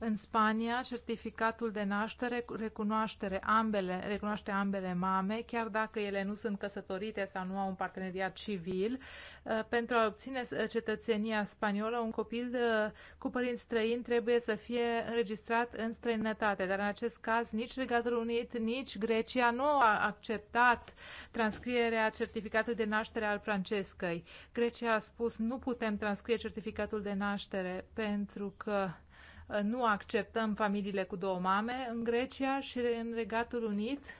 În Spania, certificatul de naștere recunoaște ambele, recunoaște ambele mame, chiar dacă ele nu sunt căsătorite sau nu au un parteneriat civil. Uh, pentru a obține cetățenia spaniolă, un copil uh, cu părinți străini trebuie să fie înregistrat în străinătate, dar în acest caz nici Regatul Unit, nici Grecia nu a acceptat transcrierea certificatului de naștere al Francescăi. Grecia a spus nu putem transcrie certificatul de naștere pentru că nu acceptăm familiile cu două mame în Grecia și în Regatul Unit.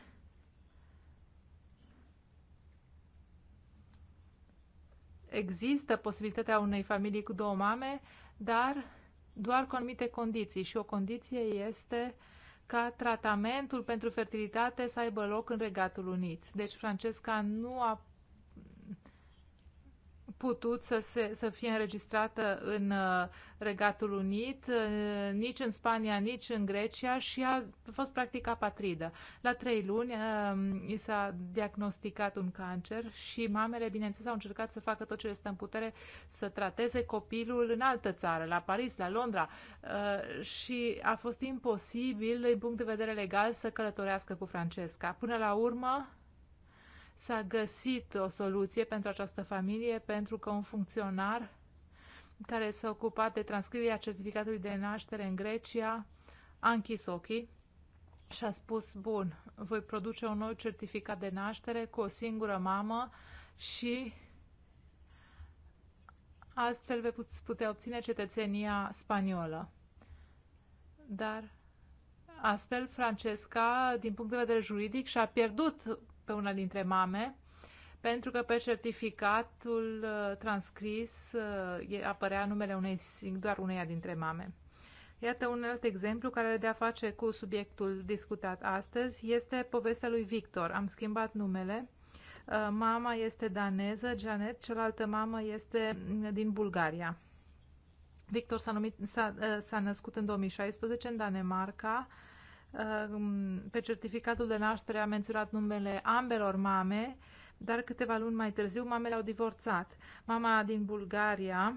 Există posibilitatea unei familii cu două mame, dar doar cu anumite condiții și o condiție este ca tratamentul pentru fertilitate să aibă loc în Regatul Unit. Deci Francesca nu a putut să, se, să fie înregistrată în uh, Regatul Unit, uh, nici în Spania, nici în Grecia și a fost practic apatridă. La trei luni um, i s-a diagnosticat un cancer și mamele, bineînțeles, au încercat să facă tot ce le stă în putere să trateze copilul în altă țară, la Paris, la Londra uh, și a fost imposibil, din punct de vedere legal, să călătorească cu Francesca. Până la urmă, s-a găsit o soluție pentru această familie, pentru că un funcționar care s-a ocupat de transcrierea certificatului de naștere în Grecia a închis ochii și a spus, bun, voi produce un nou certificat de naștere cu o singură mamă și astfel veți putea obține cetățenia spaniolă. Dar astfel Francesca, din punct de vedere juridic, și-a pierdut pe una dintre mame, pentru că pe certificatul uh, transcris uh, apărea numele unei, doar uneia dintre mame. Iată un alt exemplu care are de-a face cu subiectul discutat astăzi. Este povestea lui Victor. Am schimbat numele. Uh, mama este daneză, Janet, cealaltă mamă este mm, din Bulgaria. Victor s-a, numit, s-a, s-a născut în 2016 în Danemarca Ehm, pe certificatul de naștere a menționat numele ambelor mame, dar câteva luni mai târziu mamele au divorțat. Mama din Bulgaria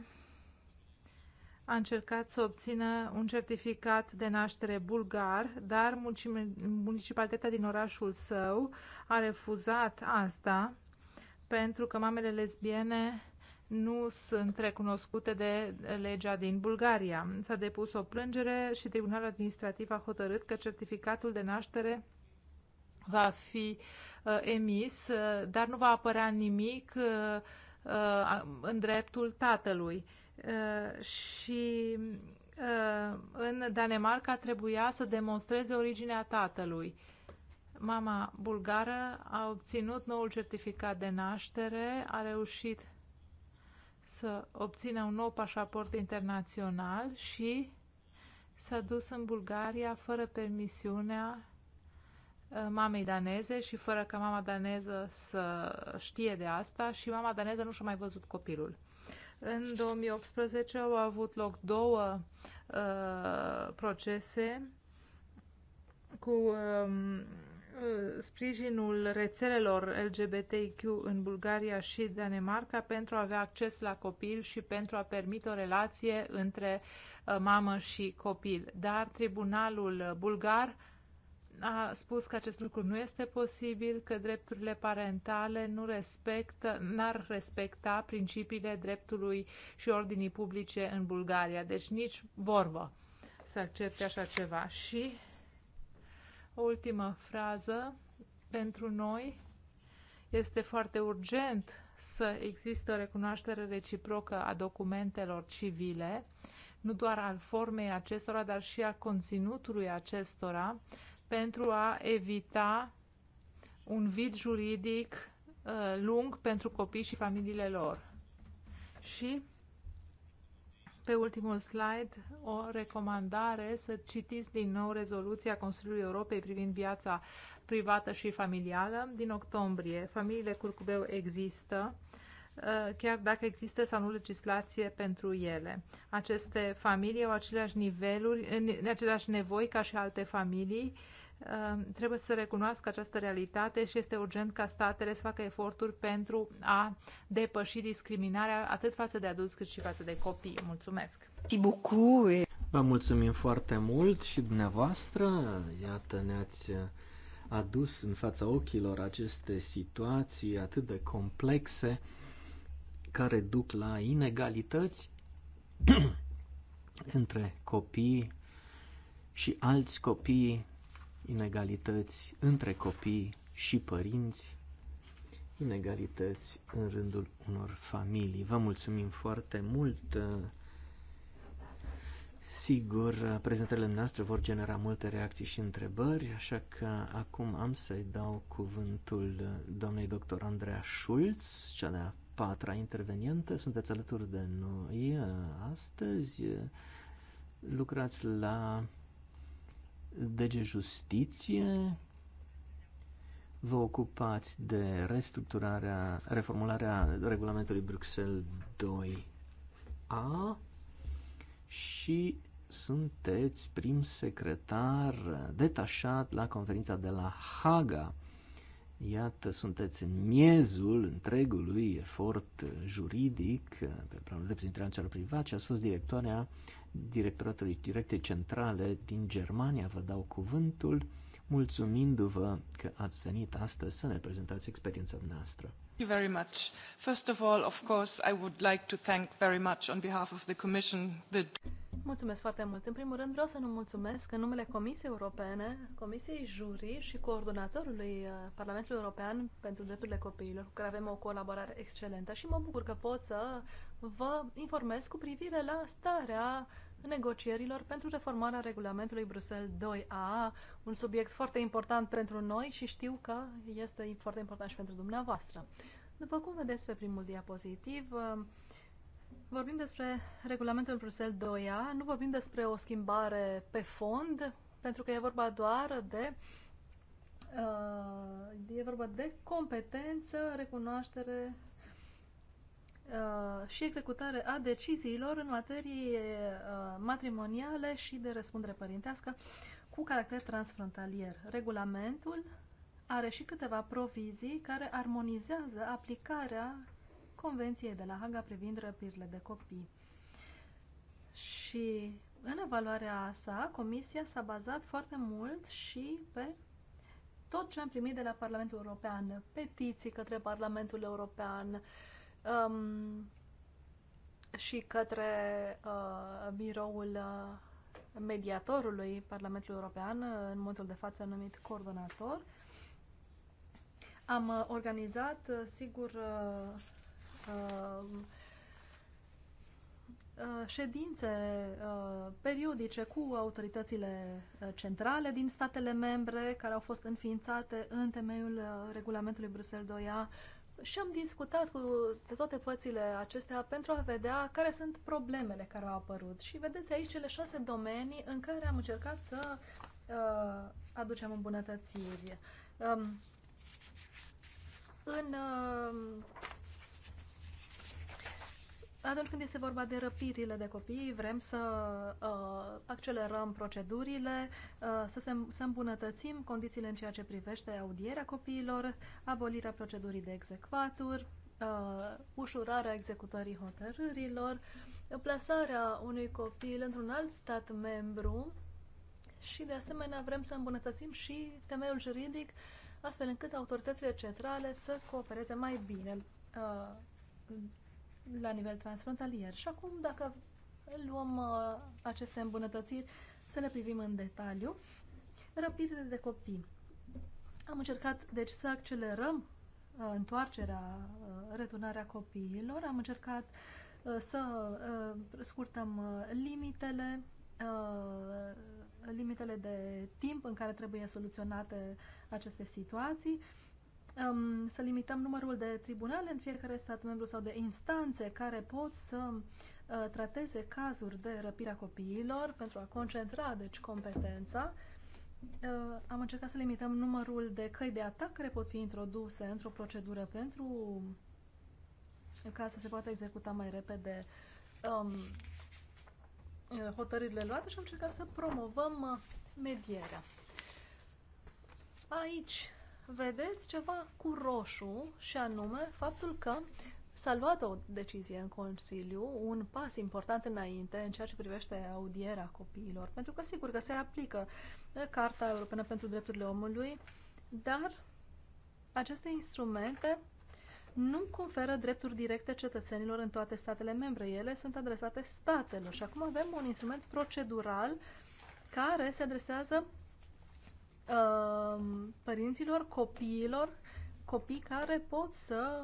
a încercat să obțină un certificat de naștere bulgar, dar municipalitatea din orașul său a refuzat asta pentru că mamele lesbiene nu sunt recunoscute de legea din Bulgaria. S-a depus o plângere și Tribunalul Administrativ a hotărât că certificatul de naștere va fi uh, emis, uh, dar nu va apărea nimic uh, uh, în dreptul tatălui. Uh, și uh, în Danemarca trebuia să demonstreze originea tatălui. Mama bulgară a obținut noul certificat de naștere, a reușit să obțină un nou pașaport internațional și s-a dus în Bulgaria fără permisiunea uh, mamei daneze și fără ca mama daneză să știe de asta și mama daneză nu și-a mai văzut copilul. În 2018 au avut loc două uh, procese cu um, Uh, sprijinul rețelelor LGBTIQ în Bulgaria și Danemarca pentru a avea acces la copil și pentru a permite o relație între uh, mamă și copil. Dar tribunalul bulgar a spus că acest lucru nu este posibil, că drepturile parentale nu respectă, n-ar respecta principiile dreptului și ordinii publice în Bulgaria. Deci nici vorbă să accepte așa ceva. Și o ultimă frază. Pentru noi este foarte urgent să există o recunoaștere reciprocă a documentelor civile, nu doar al formei acestora, dar și al conținutului acestora, pentru a evita un vid juridic uh, lung pentru copii și familiile lor. Și pe ultimul slide o recomandare să citiți din nou rezoluția Consiliului Europei privind viața privată și familială din octombrie. Familiile curcubeu există uh, chiar dacă există sau nu legislație pentru ele. Aceste familii au aceleași niveluri, aceleași nevoi ca și alte familii Um, trebuie să recunoască această realitate și este urgent ca statele să facă eforturi pentru a depăși discriminarea atât față de adulți cât și față de copii. Mulțumesc! Vă mulțumim foarte mult și dumneavoastră, iată ne-ați adus în fața ochilor aceste situații atât de complexe care duc la inegalități între copii și alți copii inegalități între copii și părinți, inegalități în rândul unor familii. Vă mulțumim foarte mult! Sigur, prezentările noastre vor genera multe reacții și întrebări, așa că acum am să-i dau cuvântul doamnei doctor Andreea Schulz, cea de-a patra intervenientă. Sunteți alături de noi astăzi. Lucrați la DG Justiție vă ocupați de restructurarea, reformularea regulamentului Bruxelles 2A și sunteți prim secretar detașat la conferința de la Haga. Iată, sunteți în miezul întregului efort juridic pe planul dreptului internațional privat și a fost directoarea Directoratului directe Centrale din Germania vă dau cuvântul, mulțumindu-vă că ați venit astăzi să ne prezentați experiența noastră. Thank you very much. First of all, of course, I would like to thank very much on behalf of the Commission the Mulțumesc foarte mult. În primul rând vreau să nu mulțumesc în numele Comisiei Europene, Comisiei Juri și coordonatorului uh, Parlamentului European pentru drepturile copiilor, cu care avem o colaborare excelentă și mă bucur că pot să vă informez cu privire la starea negocierilor pentru reformarea regulamentului Bruxelles 2A, un subiect foarte important pentru noi și știu că este foarte important și pentru dumneavoastră. După cum vedeți pe primul diapozitiv, uh, Vorbim despre regulamentul Bruxelles 2A, nu vorbim despre o schimbare pe fond, pentru că e vorba doar de uh, e vorba de competență, recunoaștere uh, și executare a deciziilor în materie uh, matrimoniale și de răspundere părintească cu caracter transfrontalier. Regulamentul are și câteva provizii care armonizează aplicarea Convenției de la Haga privind răpirile de copii. Și în evaluarea sa, Comisia s-a bazat foarte mult și pe tot ce am primit de la Parlamentul European, petiții către Parlamentul European um, și către uh, biroul uh, mediatorului Parlamentului European, în momentul de față numit coordonator. Am uh, organizat, uh, sigur, uh, Uh, uh, ședințe uh, periodice cu autoritățile centrale din statele membre care au fost înființate în temeiul regulamentului Bruxelles 2A și am discutat cu toate părțile acestea pentru a vedea care sunt problemele care au apărut. Și vedeți aici cele șase domenii în care am încercat să uh, aducem îmbunătățiri. Um, în uh, atunci când este vorba de răpirile de copii, vrem să uh, accelerăm procedurile, uh, să, se, să îmbunătățim condițiile în ceea ce privește audierea copiilor, abolirea procedurii de execvatur, uh, ușurarea executării hotărârilor, plasarea unui copil într-un alt stat membru și, de asemenea, vrem să îmbunătățim și temeiul juridic, astfel încât autoritățile centrale să coopereze mai bine. Uh, la nivel transfrontalier. Și acum, dacă luăm uh, aceste îmbunătățiri, să le privim în detaliu. Răpirile de copii. Am încercat, deci, să accelerăm uh, întoarcerea, uh, returnarea copiilor. Am încercat uh, să uh, scurtăm uh, limitele, uh, limitele de timp în care trebuie soluționate aceste situații. Uh, um, să limităm numărul de tribunale în fiecare stat membru sau de instanțe care pot să uh, trateze cazuri de răpirea copiilor pentru a concentra, deci, competența. Uh, am încercat să limităm numărul de căi de atac care pot fi introduse într-o procedură pentru ca să se poată executa mai repede um, uh, hotărârile luate și am încercat să promovăm uh, medierea. Aici vedeți ceva cu roșu și anume faptul că s-a luat o decizie în Consiliu, un pas important înainte în ceea ce privește audierea copiilor, pentru că sigur că se aplică uh, Carta Europeană pentru Drepturile Omului, dar aceste instrumente nu conferă drepturi directe cetățenilor în toate statele membre. Ele sunt adresate statelor și acum avem un instrument procedural care se adresează uh, părinților, copiilor, copii care pot să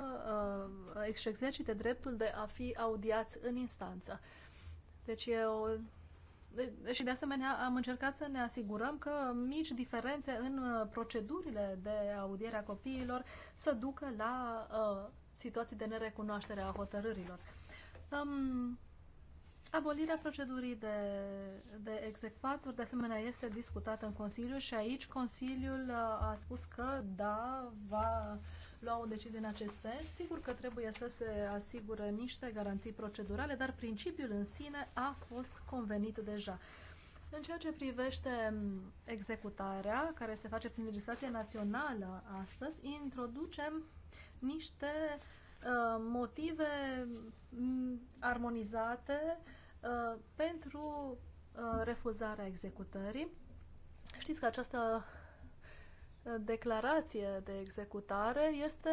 uh, exercite dreptul de a fi audiați în instanță. Deci e o... De și de asemenea am încercat să ne asigurăm că mici diferențe în uh, procedurile de audiere a copiilor să ducă la uh, situații de nerecunoaștere a hotărârilor. Um, Abolirea procedurii de, de execvaturi, de asemenea, este discutată în Consiliu și aici Consiliul uh, a spus că da, va lua o decizie în acest sens. Sigur că trebuie să se asigure niște garanții procedurale, dar principiul în sine a fost convenit deja. În ceea ce privește mm, executarea, care se face prin legislație națională astăzi, introducem niște uh, motive mm, armonizate Uh, pentru uh, refuzarea executării. Știți că această uh, declarație de executare este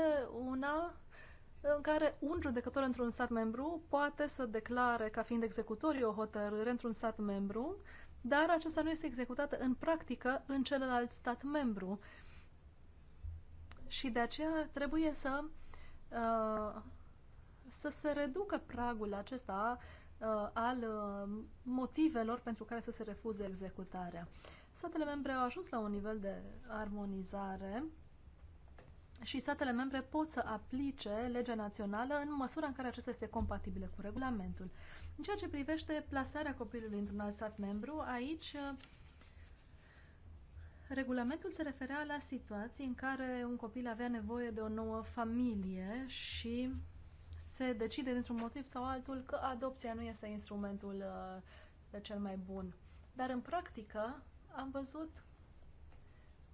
una în care un judecător într-un stat membru poate să declare ca fiind executorii o hotărâre într-un stat membru, dar aceasta nu este executată în practică în celălalt stat membru. Și de aceea trebuie să, uh, să se reducă pragul acesta uh, Uh, al uh, motivelor pentru care să se refuze executarea. Statele membre au ajuns la un nivel de armonizare și statele membre pot să aplice legea națională în măsura în care acesta este compatibilă cu regulamentul. În ceea ce privește plasarea copilului într-un alt stat membru, aici uh, regulamentul se referea la situații în care un copil avea nevoie de o nouă familie și se decide dintr-un motiv sau altul că adopția nu este instrumentul uh, cel mai bun. Dar în practică am văzut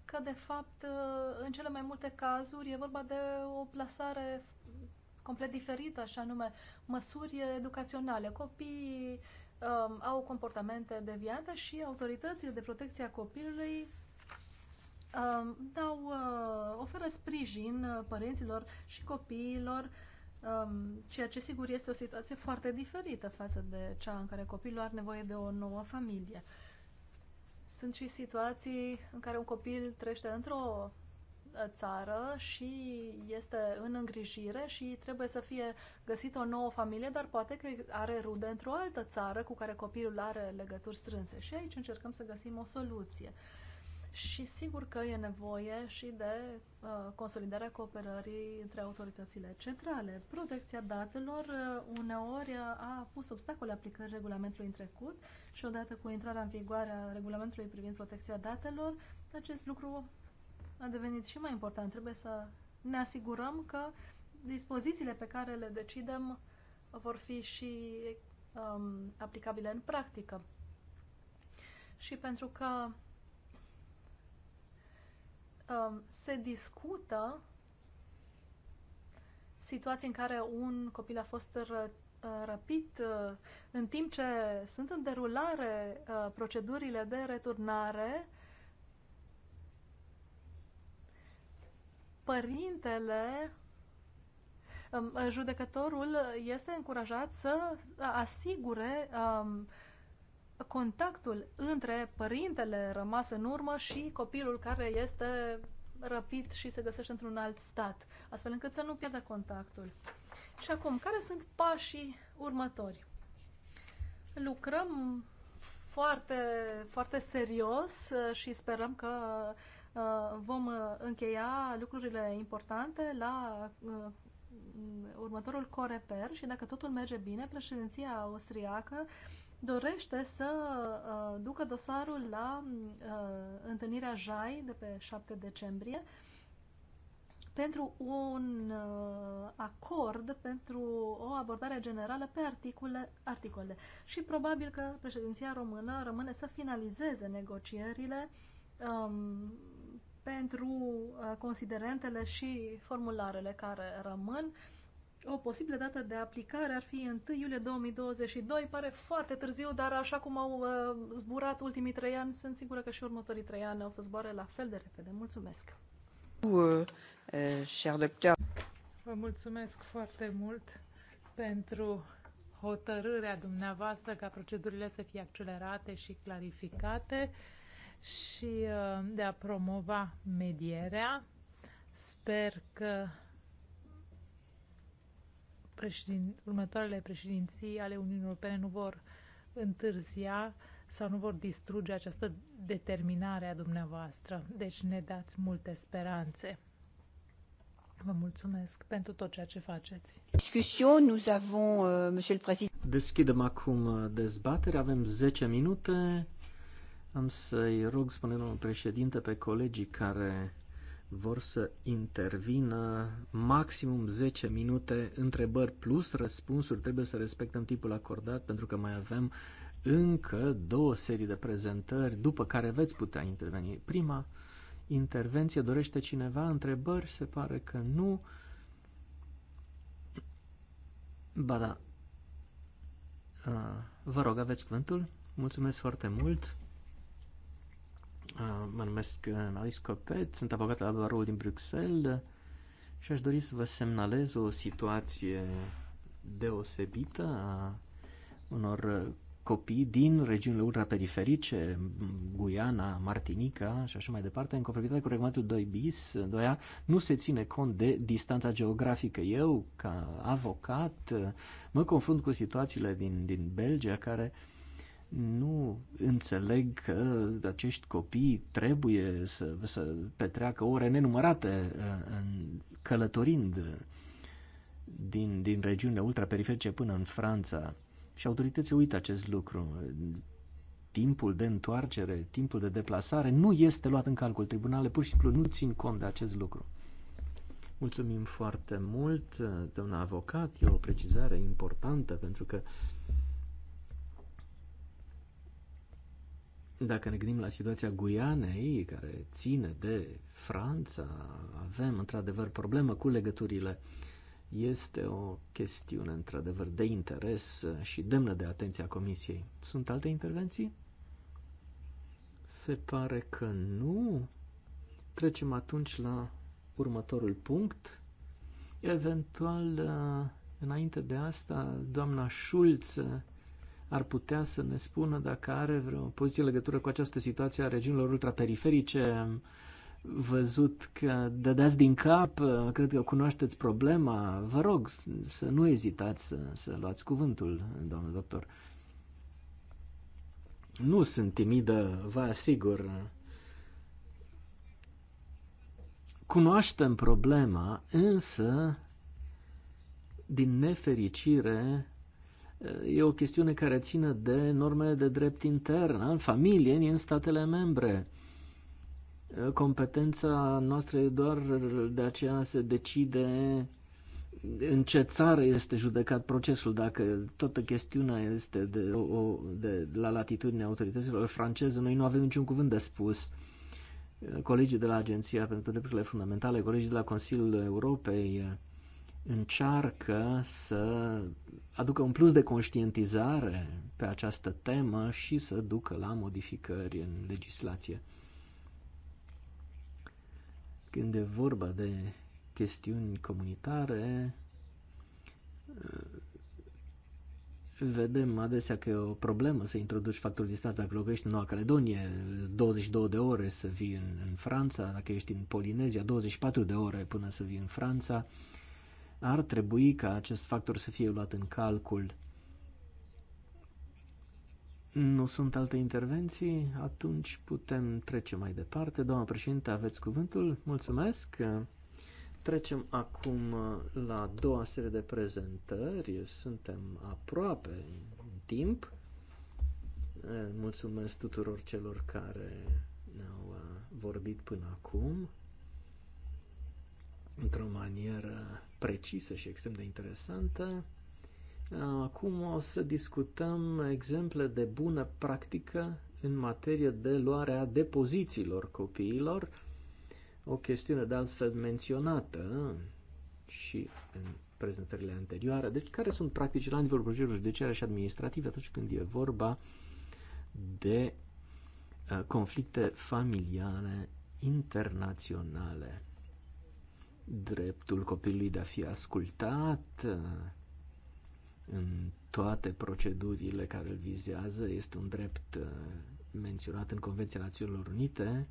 că de fapt uh, în cele mai multe cazuri e vorba de o plasare complet diferită, așa nume, măsuri educaționale. Copiii um, au comportamente deviate și autoritățile de protecție a copilului um, dau, uh, oferă sprijin uh, părinților și copiilor Um, ceea ce sigur este o situație foarte diferită față de cea în care copilul are nevoie de o nouă familie. Sunt și situații în care un copil trăiește într-o uh, țară și este în îngrijire și trebuie să fie găsit o nouă familie, dar poate că are rude într-o altă țară cu care copilul are legături strânse. Și aici încercăm să găsim o soluție și sigur că e nevoie și de uh, consolidarea cooperării între autoritățile centrale. Protecția datelor uh, uneori uh, a pus obstacole aplicării regulamentului în trecut și odată cu intrarea în vigoare a regulamentului privind protecția datelor, acest lucru a devenit și mai important. Trebuie să ne asigurăm că dispozițiile pe care le decidem vor fi și um, aplicabile în practică. Și pentru că um, se discută situații în care un copil a fost ră, uh, răpit uh, în timp ce sunt în derulare uh, procedurile de returnare. Părintele um, judecătorul este încurajat să asigure um, contactul între părintele rămas în urmă și copilul care este răpit și se găsește într-un alt stat, astfel încât să nu pierdă contactul. Și acum, care sunt pașii următori? Lucrăm foarte, foarte serios uh, și sperăm că uh, vom uh, încheia lucrurile importante la următorul coreper și dacă totul merge bine, președinția austriacă dorește să uh, ducă dosarul la uh, întâlnirea JAI de pe 7 decembrie pentru un uh, acord, pentru o abordare generală pe articole, articole. Și probabil că președinția română rămâne să finalizeze negocierile um, pentru uh, considerentele și formularele care rămân uh, o posibilă dată de aplicare ar fi 1 iulie 2022, pare foarte târziu, dar așa cum au uh, zburat ultimii trei ani, sunt sigură că și următorii trei ani o să zboare la fel de repede. Mulțumesc! Uh, uh, Vă mulțumesc foarte mult pentru hotărârea dumneavoastră ca procedurile să fie accelerate și clarificate și de a promova medierea. Sper că președin, următoarele președinții ale Uniunii Europene nu vor întârzia sau nu vor distruge această determinare a dumneavoastră. Deci ne dați multe speranțe. Vă mulțumesc pentru tot ceea ce faceți. Discussion, nous avons, euh, monsieur le président. Deschidem acum uh, dezbatere, avem 10 minute. Am să-i rog, spune domnul președinte, pe colegii care vor să intervină maximum 10 minute întrebări plus răspunsuri. Trebuie să respectăm timpul acordat pentru că mai avem încă două serii de prezentări după care veți putea interveni. Prima intervenție dorește cineva întrebări? Se pare că nu. Ba da. Uh, vă rog, aveți cuvântul. Mulțumesc foarte mult. Mă numesc uh, Alice Copet, sunt avocat la barul din Bruxelles și aș dori să vă semnalez o situație deosebită a unor copii din regiunile ultraperiferice, Guiana, Martinica și așa mai departe, în conformitate cu regulamentul 2 bis, 2A, nu se ține cont de distanța geografică. Eu, ca avocat, mă confrunt cu situațiile din, din Belgia care uh, nu înțeleg că acești copii trebuie să, să petreacă ore nenumărate uh, în, călătorind din, din regiunile ultraperiferice până în Franța. Și autoritățile uită acest lucru. Timpul de întoarcere, timpul de deplasare nu este luat în calcul. Tribunale pur și simplu nu țin cont de acest lucru. Mulțumim foarte mult, uh, doamna avocat. E o precizare importantă pentru că Dacă ne gândim la situația Guianei, care ține de Franța, avem într-adevăr problemă cu legăturile. Este o chestiune într-adevăr de interes și demnă de atenția Comisiei. Sunt alte intervenții? Se pare că nu. Trecem atunci la următorul punct. Eventual, înainte de asta, doamna Schulz ar putea să ne spună dacă are vreo poziție legătură cu această situație a regiunilor ultraperiferice. văzut că dădeați din cap, cred că cunoașteți problema. Vă rog să nu ezitați să, să luați cuvântul, doamnă doctor. Nu sunt timidă, vă asigur. Cunoaștem problema, însă, din nefericire, e o chestiune care ține de normele de drept intern în familie, în statele membre. Competența noastră e doar de aceea se decide în ce țară este judecat procesul, dacă toată chestiunea este de, o, de la latitudinea autorităților franceze, noi nu avem niciun cuvânt de spus. Colegii de la Agenția pentru Drepturile Fundamentale, colegii de la Consiliul Europei, încearcă să aducă un plus de conștientizare pe această temă și să ducă la modificări în legislație. Când e vorba de chestiuni comunitare, vedem adesea că e o problemă să introduci factorul distanță dacă locuiești în Noua Caledonie, 22 de ore să vii în, în Franța, dacă ești în Polinezia, 24 de ore până să vii în Franța. Uh, ar trebui ca acest factor să fie luat în calcul. Nu sunt alte intervenții? Atunci putem trece mai departe. Doamna președinte, aveți cuvântul? Mulțumesc! Trecem acum la a doua serie de prezentări. Suntem aproape în timp. Mulțumesc tuturor celor care ne-au uh, vorbit până acum într-o manieră precisă și extrem de interesantă. Acum o să discutăm exemple de bună practică în materie de luarea depozițiilor copiilor, o chestiune de altfel menționată și în prezentările anterioare. Deci, care sunt practici la nivelul procedurilor judiciare și administrative atunci când e vorba de uh, conflicte familiale internaționale? dreptul copilului de a fi ascultat uh, în toate procedurile care îl vizează este un drept uh, menționat în Convenția Națiunilor Unite,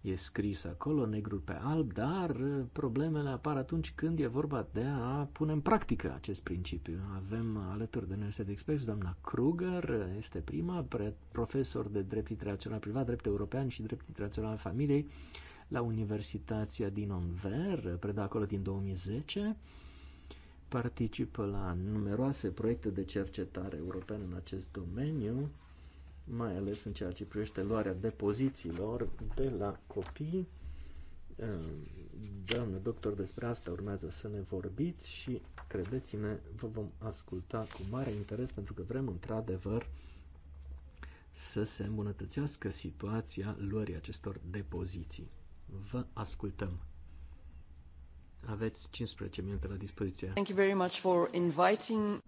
e scris acolo, negru pe alb, dar uh, problemele apar atunci când e vorba de a pune în practică acest principiu. Avem alături de noi de experți doamna Kruger, este prima, profesor de drept internațional privat, drept european și drept internațional al familiei la Universitatea din Anver, preda acolo din 2010, participă la numeroase proiecte de cercetare europene în acest domeniu, mai ales în ceea ce privește luarea depozițiilor de la copii. Ehm, Doamne, doctor, despre asta urmează să ne vorbiți și credeți-ne, vă vom asculta cu mare interes pentru că vrem într-adevăr să se îmbunătățească situația luării acestor depoziții. Vă ascultăm. Aveți 15 minute la dispoziție. Thank you very much for inviting.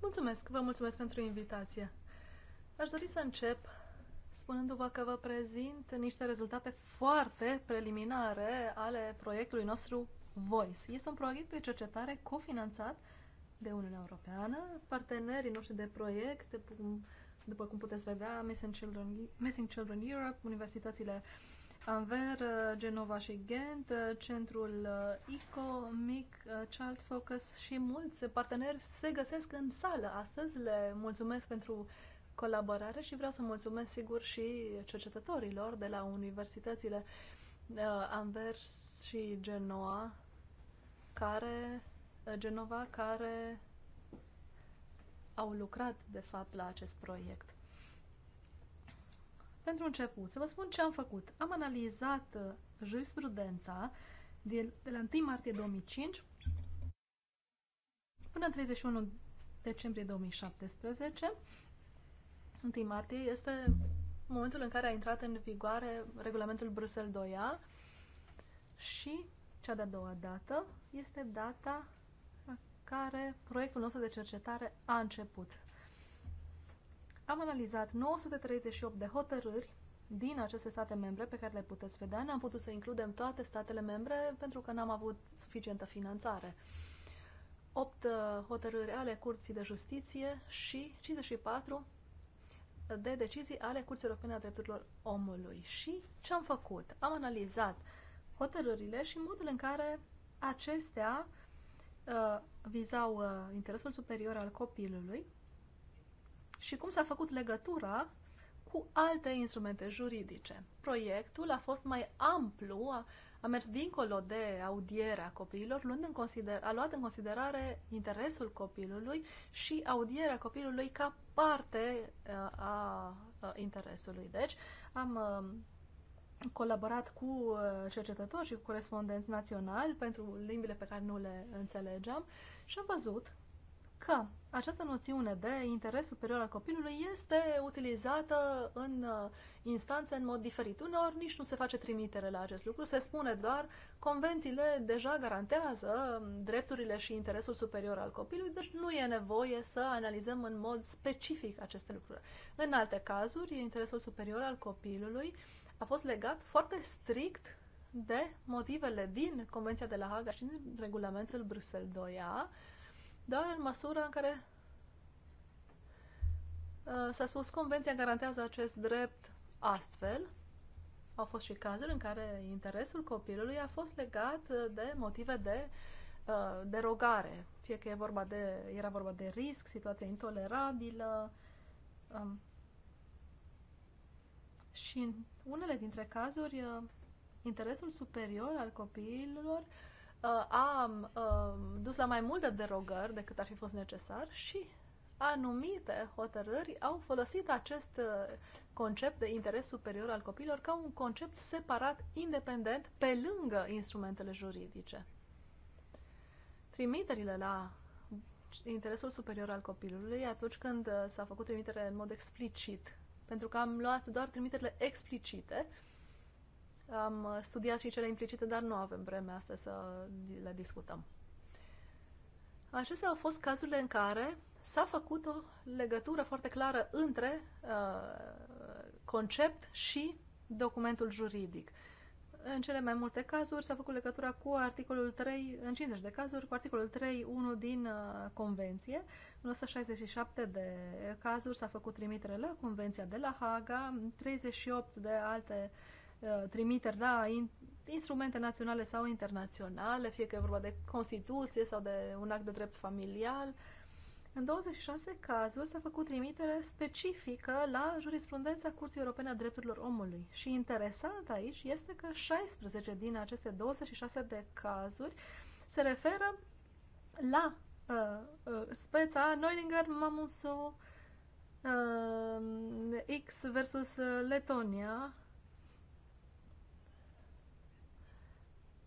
Mulțumesc, vă mulțumesc pentru invitație. Aș dori să încep spunându-vă că vă prezint niște rezultate foarte preliminare ale proiectului nostru Voice. Este un proiect de cercetare cofinanțat de Uniunea Europeană, partenerii noștri de proiect, după cum puteți vedea, Missing Children, Missing Children Europe, universitățile uh, Anver, uh, Genova și Ghent, uh, centrul uh, ICO, MIC, Child Focus și mulți parteneri se găsesc în sală astăzi. Le mulțumesc pentru colaborare și vreau să mulțumesc sigur și cercetătorilor de la universitățile Anvers și Genoa, care, Genova, care au lucrat de fapt la acest proiect. Pentru început, să vă spun ce am făcut. Am analizat uh, jurisprudența de, de la 1 martie 2005 până în 31 decembrie 2017. 1 martie este momentul în care a intrat în vigoare regulamentul Bruxelles 2A și cea de-a doua dată este data la care proiectul nostru de cercetare a început. Am analizat 938 de hotărâri din aceste state membre pe care le puteți vedea. ne am putut să includem toate statele membre pentru că n-am avut suficientă finanțare. 8 uh, hotărâri ale Curții de Justiție și 54 de decizii ale Curții Europene a Drepturilor Omului. Și ce am făcut? Am analizat hotărârile și modul în care acestea uh, vizau uh, interesul superior al copilului și cum s-a făcut legătura cu alte instrumente juridice. Proiectul a fost mai amplu, a, a mers dincolo de audierea copiilor, luând în consider, a luat în considerare interesul copilului și audierea copilului ca parte a, a interesului. Deci, am a, colaborat cu cercetători și cu corespondenți naționali pentru limbile pe care nu le înțelegeam și am văzut că această noțiune de interes superior al copilului este utilizată în uh, instanțe în mod diferit. Uneori nici nu se face trimitere la acest lucru, se spune doar convențiile deja garantează um, drepturile și interesul superior al copilului, deci nu e nevoie să analizăm în mod specific aceste lucruri. În alte cazuri, interesul superior al copilului a fost legat foarte strict de motivele din Convenția de la Haga și din regulamentul Bruxelles 2A, doar în măsura în care uh, s-a spus convenția garantează acest drept astfel. Au fost și cazuri în care interesul copilului a fost legat uh, de motive de uh, derogare, fie că e vorba de, era vorba de risc, situație intolerabilă, um, și în unele dintre cazuri, interesul superior al copiilor Uh, a uh, dus la mai multe derogări decât ar fi fost necesar și anumite hotărâri au folosit acest uh, concept de interes superior al copiilor ca un concept separat, independent, pe lângă instrumentele juridice. Trimiterile la interesul superior al copilului atunci când s-a făcut trimitere în mod explicit, pentru că am luat doar trimiterile explicite, am uh, studiat și cele implicite, dar nu avem vreme astăzi să le discutăm. Acestea au fost cazurile în care s-a făcut o legătură foarte clară între uh, concept și documentul juridic. În cele mai multe cazuri s-a făcut legătura cu articolul 3, în 50 de cazuri, cu articolul 3.1 din uh, Convenție. În 167 de cazuri s-a făcut trimitere la Convenția de la Haga, 38 de alte uh, Uh, trimiteri da, in, instrumente naționale sau internaționale, fie că e vorba de Constituție sau de un act de drept familial. În 26 cazuri s-a făcut trimitere specifică la jurisprudența Curții Europene a Drepturilor Omului. Și interesant aici este că 16 din aceste 26 de cazuri se referă la uh, uh, speța Neulinger Mamuso uh, X versus Letonia,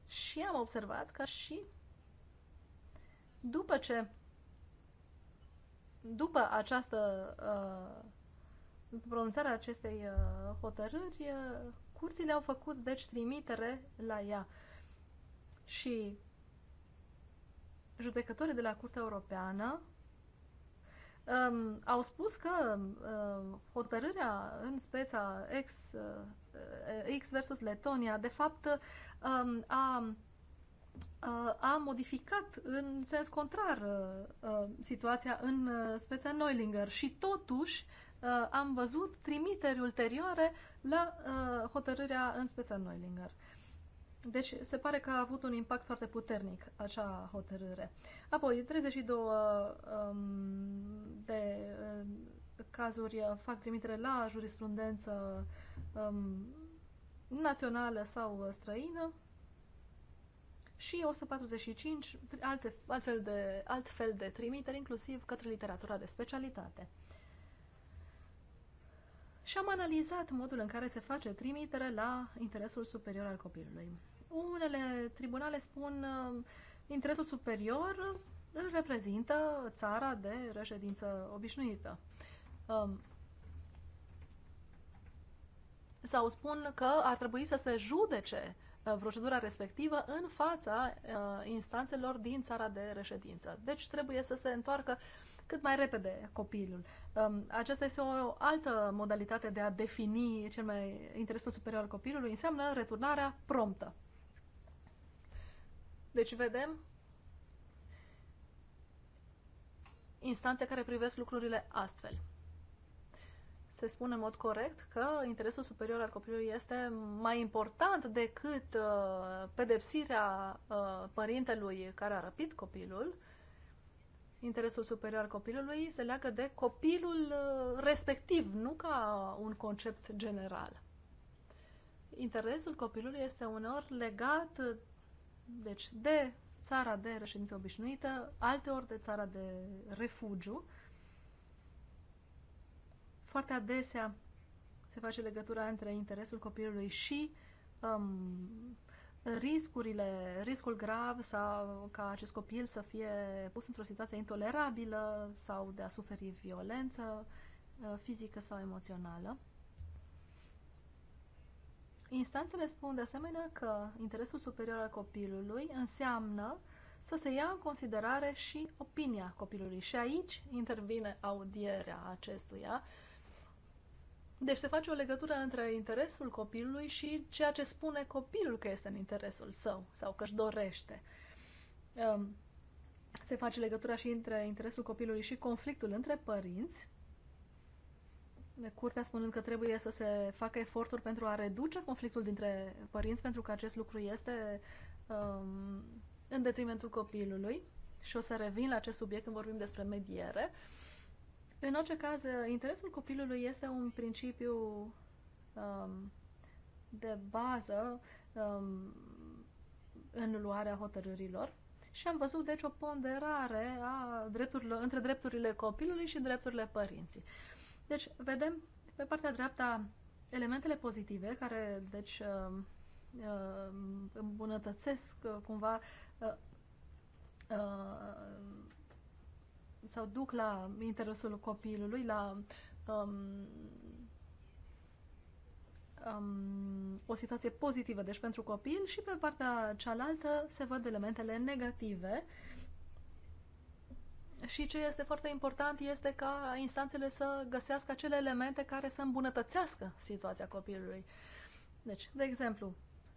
și am observat că și după ce după această după uh, pronunțarea acestei uh, hotărâri, uh, curțile au făcut deci trimitere la ea. Și judecătorii de la Curtea Europeană um, au spus că um, hotărârea în speța X, uh, X versus Letonia, de fapt, um, a, uh, a modificat în sens contrar uh, uh, situația în uh, speța Neulinger și totuși uh, am văzut trimiteri ulterioare la uh, hotărârea în speța Neulinger. Uh, deci se pare că a avut un impact foarte puternic acea hotărâre. Apoi, 32 um, de um, cazuri fac trimitere la jurisprudență um, națională sau străină și 145 alte, altfel de, altfel de trimiteri, inclusiv către literatura de specialitate. Și am analizat modul în care se face trimitere la interesul superior al copilului. Unele tribunale spun uh, interesul superior îl reprezintă țara de reședință obișnuită. Um, sau spun că ar trebui să se judece uh, procedura respectivă în fața uh, instanțelor din țara de reședință. Deci trebuie să se întoarcă cât mai repede copilul. Um, aceasta este o altă modalitate de a defini cel mai interesul superior al copilului, înseamnă returnarea promptă. Deci vedem instanțe care privesc lucrurile astfel. Se spune în mod corect că interesul superior al copilului este mai important decât uh, pedepsirea uh, părintelui care a răpit copilul. Interesul superior al copilului se leagă de copilul uh, respectiv, nu ca un concept general. Interesul copilului este unor legat deci, de țara de reședință obișnuită, alteori de țara de refugiu. Foarte adesea se face legătura între interesul copilului și um, riscurile, riscul grav sau ca acest copil să fie pus într-o situație intolerabilă sau de a suferi violență uh, fizică sau emoțională. Instanțele spun de asemenea că interesul superior al copilului înseamnă să se ia în considerare și opinia copilului. Și aici intervine audierea acestuia. Deci se face o legătură între interesul copilului și ceea ce spune copilul că este în interesul său sau că își dorește. Um, se face legătura și între interesul copilului și conflictul între părinți curtea spunând că trebuie să se facă eforturi pentru a reduce conflictul dintre părinți, pentru că acest lucru este um, în detrimentul copilului. Și o să revin la acest subiect când vorbim despre mediere. În orice caz, interesul copilului este un principiu um, de bază um, în luarea hotărârilor și am văzut, deci, o ponderare a drepturilor, între drepturile copilului și drepturile părinții. Deci, vedem pe partea dreapta elementele pozitive care, deci, uh, uh, îmbunătățesc uh, cumva sau duc la interesul copilului, la um, um, o situație pozitivă, deci pentru copil, și pe partea cealaltă se văd elementele negative uh, și ce este foarte important este ca instanțele să găsească acele elemente care să îmbunătățească situația copilului. Deci, de exemplu,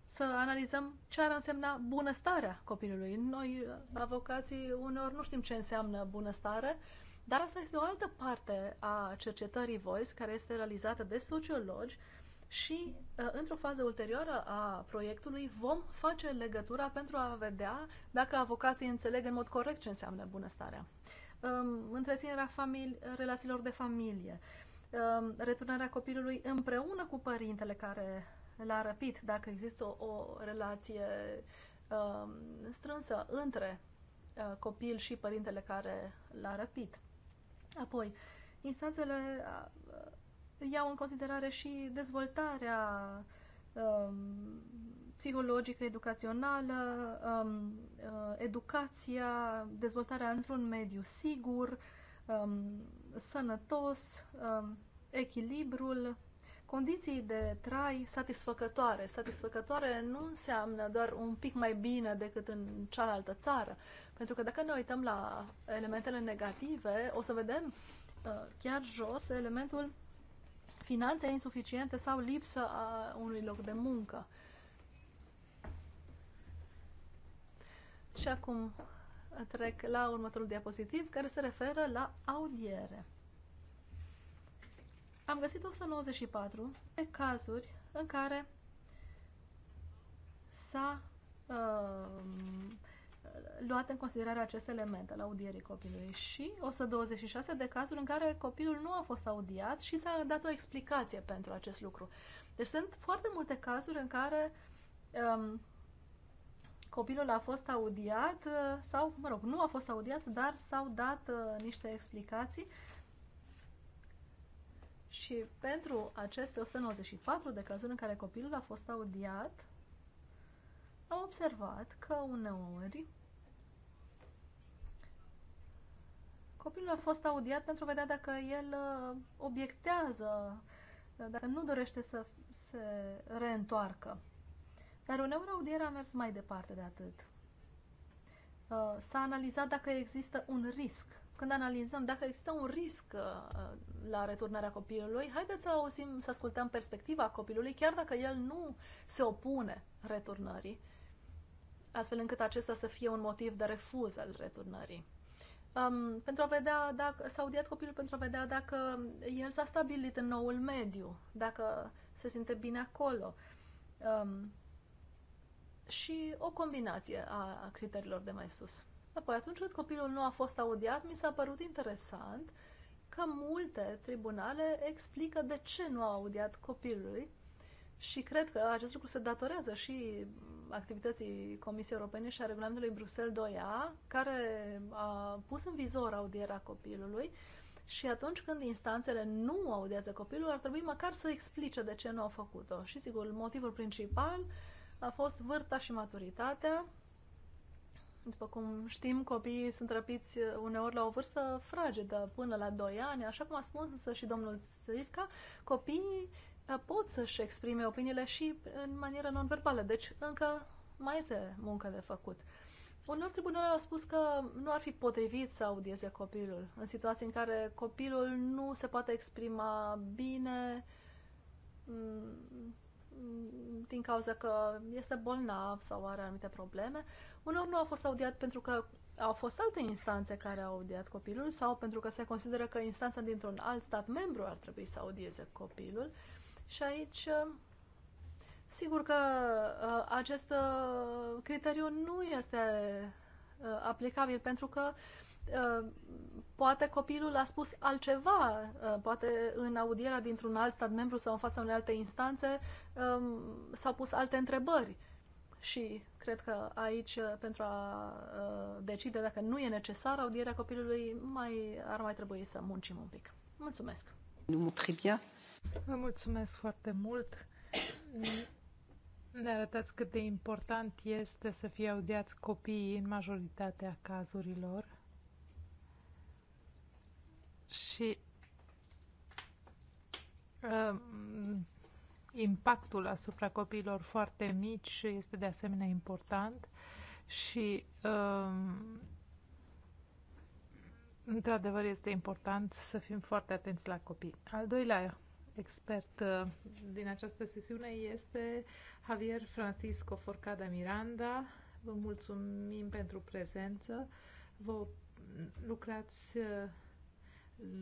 să analizăm ce ar însemna bunăstarea copilului. Noi, avocații, uneori nu știm ce înseamnă bunăstare, dar asta este o altă parte a cercetării Voice, care este realizată de sociologi, uh, și uh, într-o fază ulterioară a proiectului vom face legătura pentru a vedea dacă avocații înțeleg în mod corect ce înseamnă bunăstarea. Um, întreținerea relațiilor de familie, um, returnarea copilului împreună cu părintele care l-a răpit, dacă există o, o relație um, strânsă între uh, copil și părintele care l-a răpit. Apoi, instanțele uh, iau în considerare și dezvoltarea um, psihologică, educațională, um, uh, educația, dezvoltarea într-un mediu sigur, um, sănătos, um, echilibrul, condiții de trai satisfăcătoare. Satisfăcătoare nu înseamnă doar un pic mai bine decât în cealaltă țară. Pentru că dacă ne uităm la elementele negative, o să vedem uh, chiar jos elementul finanțe insuficiente sau lipsă a unui loc de muncă. Și acum trec la următorul diapozitiv care se referă la audiere. Am găsit 194 de cazuri în care s-a uh, luate în considerare acest element al audierii copilului și 126 de cazuri în care copilul nu a fost audiat și s-a dat o explicație pentru acest lucru. Deci sunt foarte multe cazuri în care um, copilul a fost audiat uh, sau, mă rog, nu a fost audiat, dar s-au dat uh, niște explicații și pentru aceste 194 de cazuri în care copilul a fost audiat, au observat că uneori Copilul a fost audiat pentru a vedea dacă el uh, obiectează, uh, dacă nu dorește să se reîntoarcă. Dar uneori audierea a mers mai departe de atât. Uh, s-a analizat dacă există un risc. Când analizăm dacă există un risc la returnarea copilului, haideți să auzim, să ascultăm perspectiva copilului, chiar dacă el nu se opune returnării, astfel încât acesta să fie un motiv de refuz al returnării um, pentru a vedea dacă s-a audiat copilul pentru a vedea dacă el s-a stabilit în noul mediu, dacă se simte bine acolo. Um, și o combinație a, a criteriilor de mai sus. Apoi, atunci când copilul nu a fost audiat, mi s-a părut interesant că multe tribunale explică de ce nu au audiat copilului și cred că acest lucru se datorează și activității Comisiei Europene și a regulamentului Bruxelles 2A, care a pus în vizor audierea copilului și atunci când instanțele nu audiază copilul, ar trebui măcar să explice de ce nu au făcut-o. Și sigur, motivul principal a fost vârta și maturitatea. După cum știm, copiii sunt răpiți uneori la o vârstă fragedă, până la 2 ani. Așa cum a spus însă și domnul Țivca, copiii Uh, pot să-și exprime opiniile și în manieră non-verbală. Deci încă mai este muncă de făcut. Unor tribunale au spus că nu ar fi potrivit să audieze copilul, în situații în care copilul nu se poate exprima bine mm, din cauza că este bolnav sau are anumite probleme. Unor nu a fost audiat pentru că au fost alte instanțe care au audiat copilul sau pentru că se consideră că instanța dintr-un alt stat membru ar trebui să audieze copilul. Și aici, uh, sigur că uh, acest uh, criteriu nu este aplicabil pentru că poate copilul a spus altceva, poate în audierea dintr-un alt stat membru sau în fața unei alte instanțe um, s-au pus alte întrebări. Și cred că aici, pentru a decide dacă nu e necesar audierea copilului, mai, ar mai trebui să muncim un pic. Mulțumesc! Nu, très Vă mulțumesc foarte mult. Ne arătați cât de important este să fie audiați copiii în majoritatea cazurilor. Și uh, impactul asupra copiilor foarte mici este de asemenea important și uh, într-adevăr este important să fim foarte atenți la copii. Al doilea expert uh, din această sesiune este Javier Francisco Forcada Miranda. Vă mulțumim pentru prezență. Vă lucrați uh,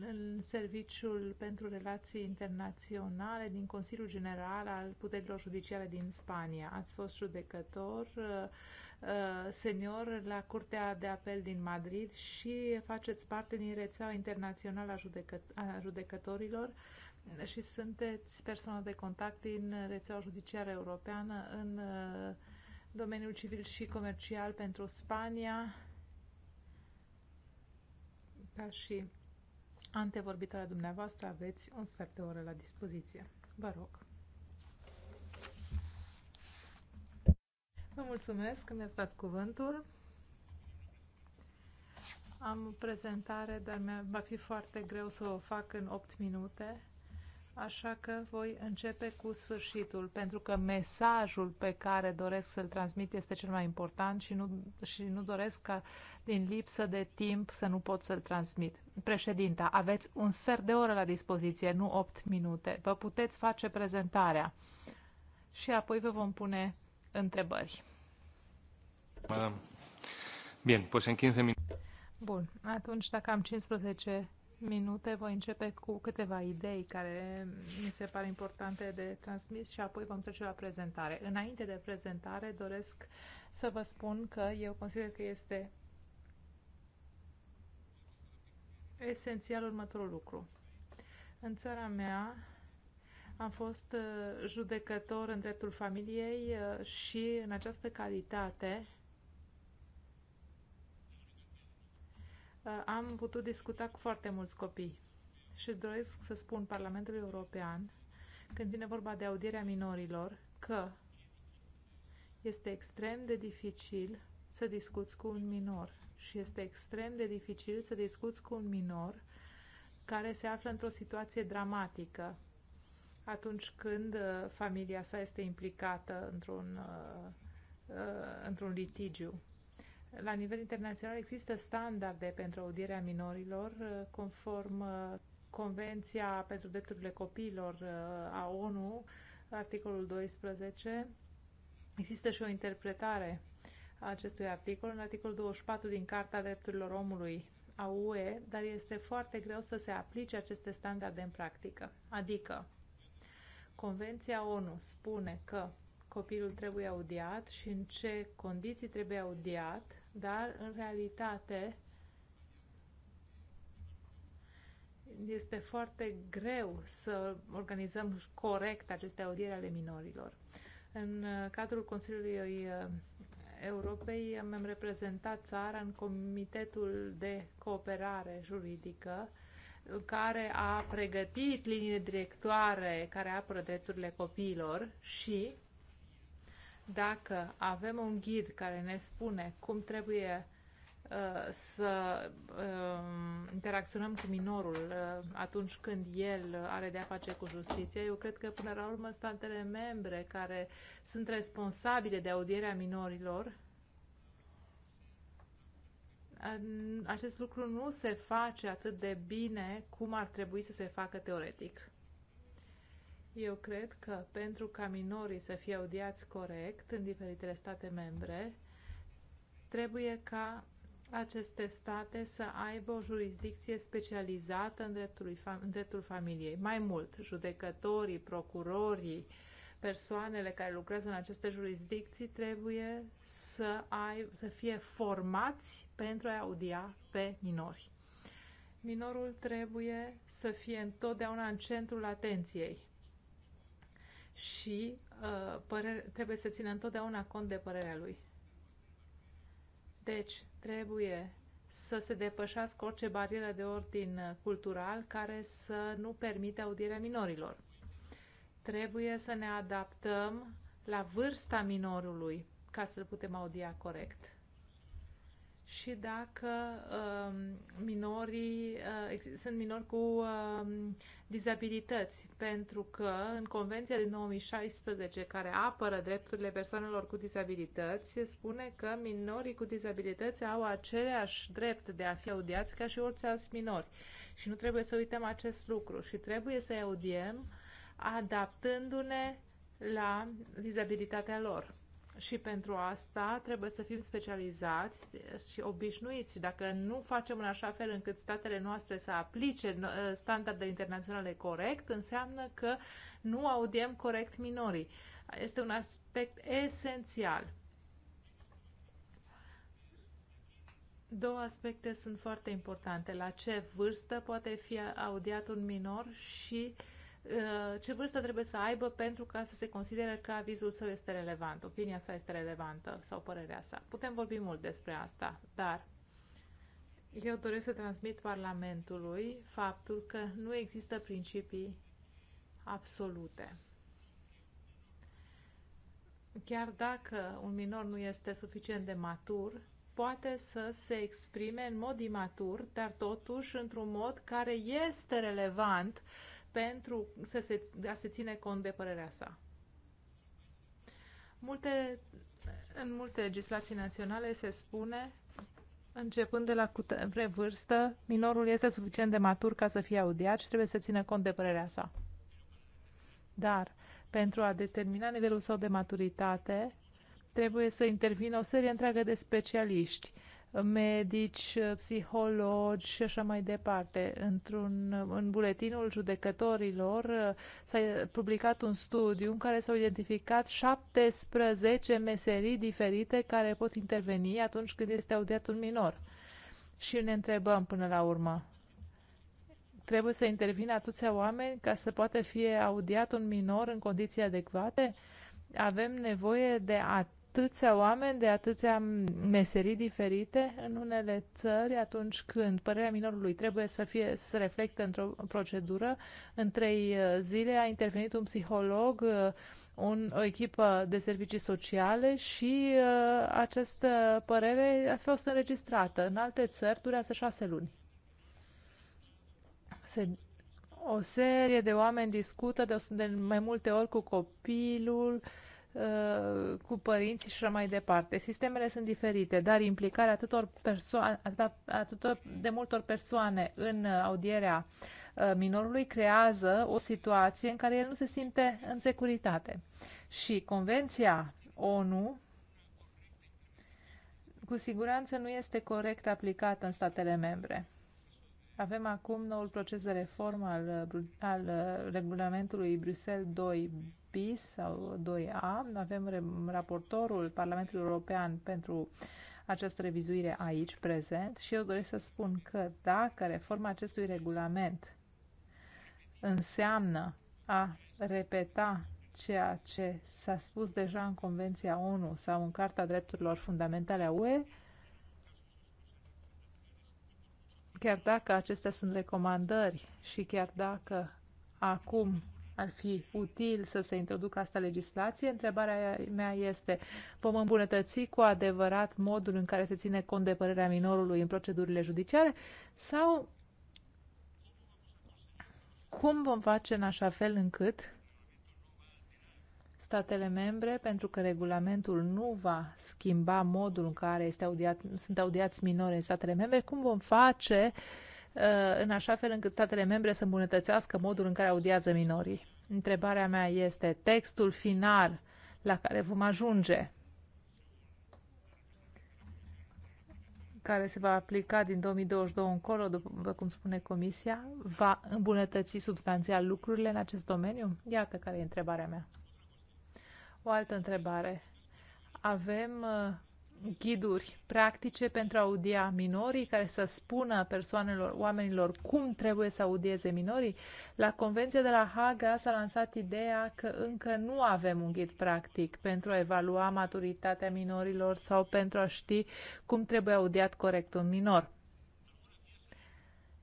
în Serviciul pentru Relații Internaționale din Consiliul General al Puterilor Judiciare din Spania. Ați fost judecător uh, senior la Curtea de Apel din Madrid și faceți parte din rețeaua internațională a, judecă- a judecătorilor și sunteți persoană de contact din rețeaua judiciară europeană în uh, domeniul civil și comercial pentru Spania, ca și antevorbitoarea dumneavoastră, aveți un sfert de oră la dispoziție. Vă rog. Vă mulțumesc că mi-ați dat cuvântul. Am o prezentare, dar va fi foarte greu să o fac în 8 minute așa că voi începe cu sfârșitul, pentru că mesajul pe care doresc să-l transmit este cel mai important și nu, și nu doresc ca din lipsă de timp să nu pot să-l transmit. Președinta, aveți un sfert de oră la dispoziție, nu 8 minute. Vă puteți face prezentarea și apoi vă vom pune întrebări. Bine, pues în 15 minute. Bun, atunci dacă am 15 minute voi începe cu câteva idei care mi se par importante de transmis și apoi vom trece la prezentare. Înainte de prezentare doresc să vă spun că eu consider că este esențial următorul lucru. În țara mea am fost uh, judecător în dreptul familiei uh, și în această calitate Uh, am putut discuta cu foarte mulți copii și doresc să spun Parlamentului European, când vine vorba de audierea minorilor, că este extrem de dificil să discuți cu un minor și este extrem de dificil să discuți cu un minor care se află într-o situație dramatică atunci când uh, familia sa este implicată într-un uh, într-un litigiu la nivel internațional există standarde pentru audierea minorilor, uh, conform uh, Convenția pentru drepturile copiilor uh, a ONU, articolul 12. Există și o interpretare a acestui articol în articolul 24 din Carta Drepturilor Omului a UE, dar este foarte greu să se aplice aceste standarde în practică. Adică, Convenția ONU spune că copilul trebuie audiat și în ce condiții trebuie audiat dar în realitate este foarte greu să organizăm corect aceste audiere ale minorilor. În uh, cadrul Consiliului uh, Europei am reprezentat țara în Comitetul de Cooperare Juridică care a pregătit linii directoare care apără drepturile copiilor și dacă avem un ghid care ne spune cum trebuie uh, să uh, interacționăm cu minorul uh, atunci când el are de-a face cu justiția. Eu cred că până la urmă statele membre care sunt responsabile de audierea minorilor, acest lucru nu se face atât de bine cum ar trebui să se facă teoretic. Eu cred că pentru ca minorii să fie audiați corect în diferitele state membre, trebuie ca aceste state să aibă o jurisdicție specializată în dreptul, fam- în dreptul familiei. Mai mult, judecătorii, procurorii, persoanele care lucrează în aceste jurisdicții trebuie să, ai, să fie formați pentru a audia pe minori. Minorul trebuie să fie întotdeauna în centrul atenției și uh, părere, trebuie să țină întotdeauna cont de părerea lui. Deci, trebuie să se depășească orice barieră de ordin uh, cultural care să nu permite audierea minorilor. Trebuie să ne adaptăm la vârsta minorului ca să-l putem audia corect și dacă um, minorii uh, sunt minori cu um, dizabilități, pentru că în Convenția din 2016, care apără drepturile persoanelor cu dizabilități, se spune că minorii cu dizabilități au aceleași drept de a fi audiați ca și orice alți minori. Și nu trebuie să uităm acest lucru și trebuie să-i audiem adaptându-ne la dizabilitatea lor. Și pentru asta trebuie să fim specializați și obișnuiți. Dacă nu facem în așa fel încât statele noastre să aplice ă, standarde internaționale corect, înseamnă că nu audiem corect minorii. Este un aspect esențial. Două aspecte sunt foarte importante. La ce vârstă poate fi audiat un minor și uh, Uh, ce vârstă trebuie să aibă pentru ca să se considere că avizul său este relevant, opinia sa este relevantă sau părerea sa. Putem vorbi mult despre asta, dar eu doresc să transmit Parlamentului faptul că nu există principii absolute. Chiar dacă un minor nu este suficient de matur, poate să se exprime în mod imatur, dar totuși într-un mod care este relevant uh, pentru să se, a se ține cont de părerea sa. Multe, în multe legislații naționale se spune, începând de la vârstă, minorul este suficient de matur ca să fie audiat și trebuie să țină cont de părerea sa. Dar, pentru a determina nivelul său de maturitate, trebuie să intervină o serie întreagă de specialiști medici, psihologi și așa mai departe. Într-un, în buletinul judecătorilor s-a publicat un studiu în care s-au identificat 17 meserii diferite care pot interveni atunci când este audiat un minor. Și ne întrebăm până la urmă. Trebuie să intervină atâția oameni ca să poată fi audiat un minor în condiții adecvate? Avem nevoie de atât atâția oameni de atâția meserii diferite în unele țări atunci când părerea minorului trebuie să fie să reflecte într-o procedură. În trei uh, zile a intervenit un psiholog, uh, un, o echipă de servicii sociale și uh, această părere a fost înregistrată. În alte țări durează șase luni. Se o serie de oameni discută de, de mai multe ori cu copilul, Uh, cu părinții și așa mai departe. Sistemele sunt diferite, dar implicarea tuturor persoane, atâtor, tuturor, de multor persoane în audierea uh, minorului creează o situație în care el nu se simte în securitate. Și Convenția ONU cu siguranță nu este corect aplicată în statele membre. Avem acum noul proces de reformă al, al regulamentului Bruxelles 2 bis sau 2A. Avem raportorul Parlamentului European pentru această revizuire aici prezent și eu doresc să spun că dacă reforma acestui regulament înseamnă a repeta ceea ce s-a spus deja în Convenția ONU sau în Carta Drepturilor Fundamentale a UE, Chiar dacă acestea sunt recomandări și chiar dacă acum ar fi util să se introducă asta legislație, întrebarea mea este, vom îmbunătăți cu adevărat modul în care se ține cont de părerea minorului în procedurile judiciare sau cum vom face în așa fel încât statele membre, pentru că regulamentul nu va schimba modul în care este audiat, sunt audiați minori în statele membre, cum vom face uh, în așa fel încât statele membre să îmbunătățească modul în care audiază minorii? Întrebarea mea este textul final la care vom ajunge, care se va aplica din 2022 încolo, după cum spune Comisia, va îmbunătăți substanțial lucrurile în acest domeniu? Iată care e întrebarea mea. O altă întrebare. Avem uh, ghiduri practice pentru a audia minorii care să spună persoanelor, oamenilor cum trebuie să audieze minorii. La Convenția de la Haga s-a lansat ideea că încă nu avem un ghid practic pentru a evalua maturitatea minorilor sau pentru a ști cum trebuie audiat corect un minor.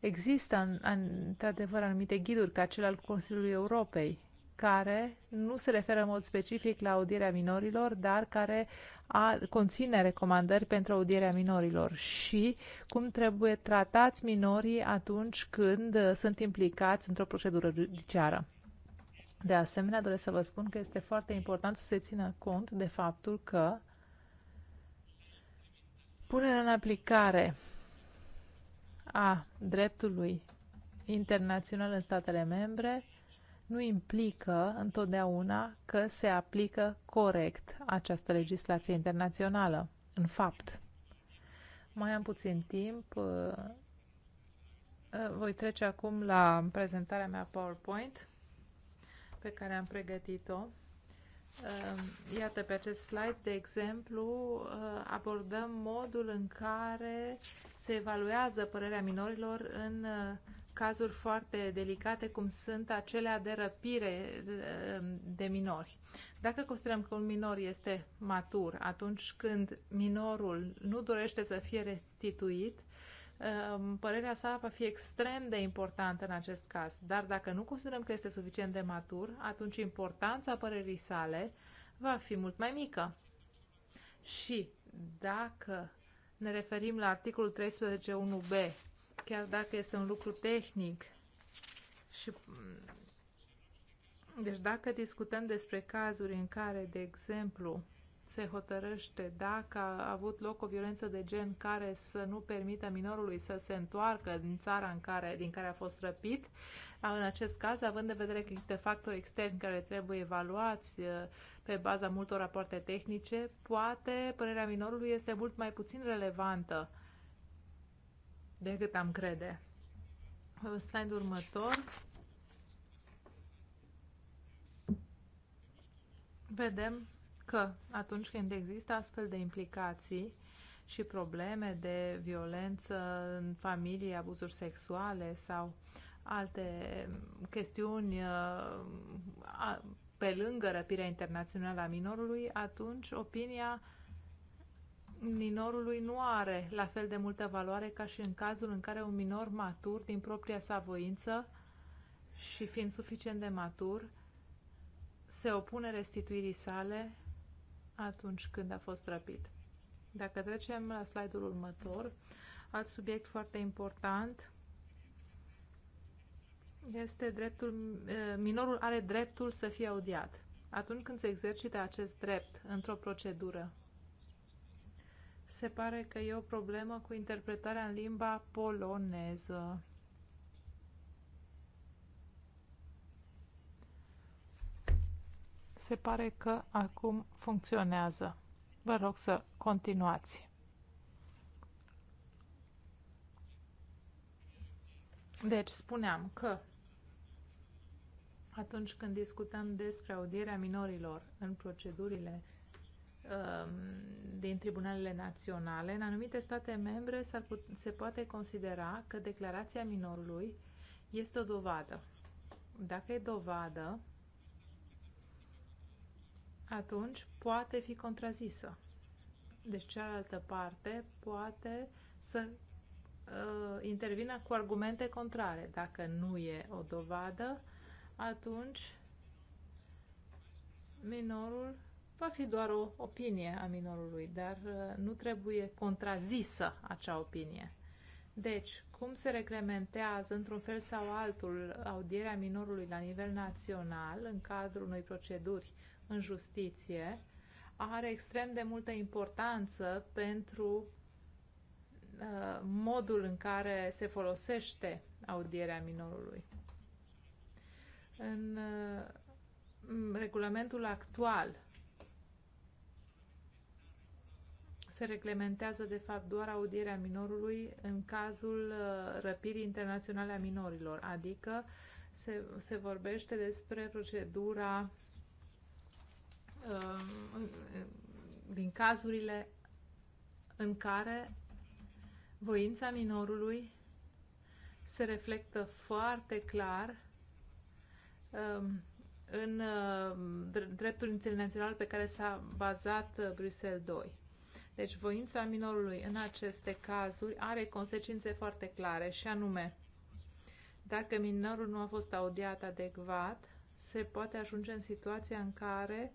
Există, într-adevăr, anumite ghiduri, ca cel al Consiliului Europei, care nu se referă în mod specific la audierea minorilor, dar care a, conține recomandări pentru audierea minorilor și cum trebuie tratați minorii atunci când uh, sunt implicați într-o procedură judiciară. De asemenea, doresc să vă spun că este foarte important să se țină cont de faptul că punerea în aplicare a dreptului internațional în statele membre nu implică întotdeauna că se aplică corect această legislație internațională, în fapt. Mai am puțin timp. Uh, voi trece acum la prezentarea mea PowerPoint pe care am pregătit-o. Uh, iată, pe acest slide, de exemplu, uh, abordăm modul în care se evaluează părerea minorilor în cazuri foarte delicate, cum sunt acelea de răpire ehm, de minori. Dacă considerăm că un minor este matur atunci când minorul nu dorește să fie restituit, ehm, părerea sa va fi extrem de importantă în acest caz. Dar dacă nu considerăm că este suficient de matur, atunci importanța părerii sale va fi mult mai mică. Și dacă ne referim la articolul 13.1b chiar dacă este un lucru tehnic. Și, deci dacă discutăm despre cazuri în care, de exemplu, se hotărăște dacă a avut loc o violență de gen care să nu permită minorului să se întoarcă din țara în care, din care a fost răpit. În acest caz, având în vedere că există factori externi care trebuie evaluați uh, pe baza multor rapoarte tehnice, poate părerea minorului este mult mai puțin relevantă decât am crede. Uh, Slide următor. Vedem că atunci când există astfel de implicații și probleme de violență în familie, abuzuri sexuale sau alte chestiuni uh, pe lângă răpirea internațională a minorului, atunci opinia minorului nu are la fel de multă valoare ca și în cazul în care un minor matur, din propria sa voință și fiind suficient de matur, se opune restituirii sale atunci când a fost răpit. Dacă trecem la slide-ul următor, alt subiect foarte important este dreptul, eh, minorul are dreptul să fie audiat. Atunci când se exercită acest drept într-o procedură se pare că e o problemă cu interpretarea în limba poloneză. Se pare că acum funcționează. Vă rog să continuați. Deci, spuneam că atunci când discutăm despre audierea minorilor în procedurile Um, din tribunalele naționale, în anumite state membre se poate considera că declarația minorului este o dovadă. Dacă e dovadă, atunci poate fi contrazisă. Deci cealaltă parte poate să uh, intervină cu argumente contrare. Dacă nu e o dovadă, atunci minorul va fi doar o opinie a minorului, dar uh, nu trebuie contrazisă acea opinie. Deci, cum se reglementează într-un fel sau altul audierea minorului la nivel național în cadrul unei proceduri în justiție, are extrem de multă importanță pentru uh, modul în care se folosește audierea minorului. În uh, regulamentul actual se reglementează de fapt doar audierea minorului în cazul uh, răpirii internaționale a minorilor, adică se, se vorbește despre procedura um, din cazurile în care voința minorului se reflectă foarte clar um, în uh, dreptul internațional pe care s-a bazat uh, Bruxelles II. Deci voința minorului în aceste cazuri are consecințe foarte clare și anume, dacă minorul nu a fost audiat adecvat, se poate ajunge în situația în care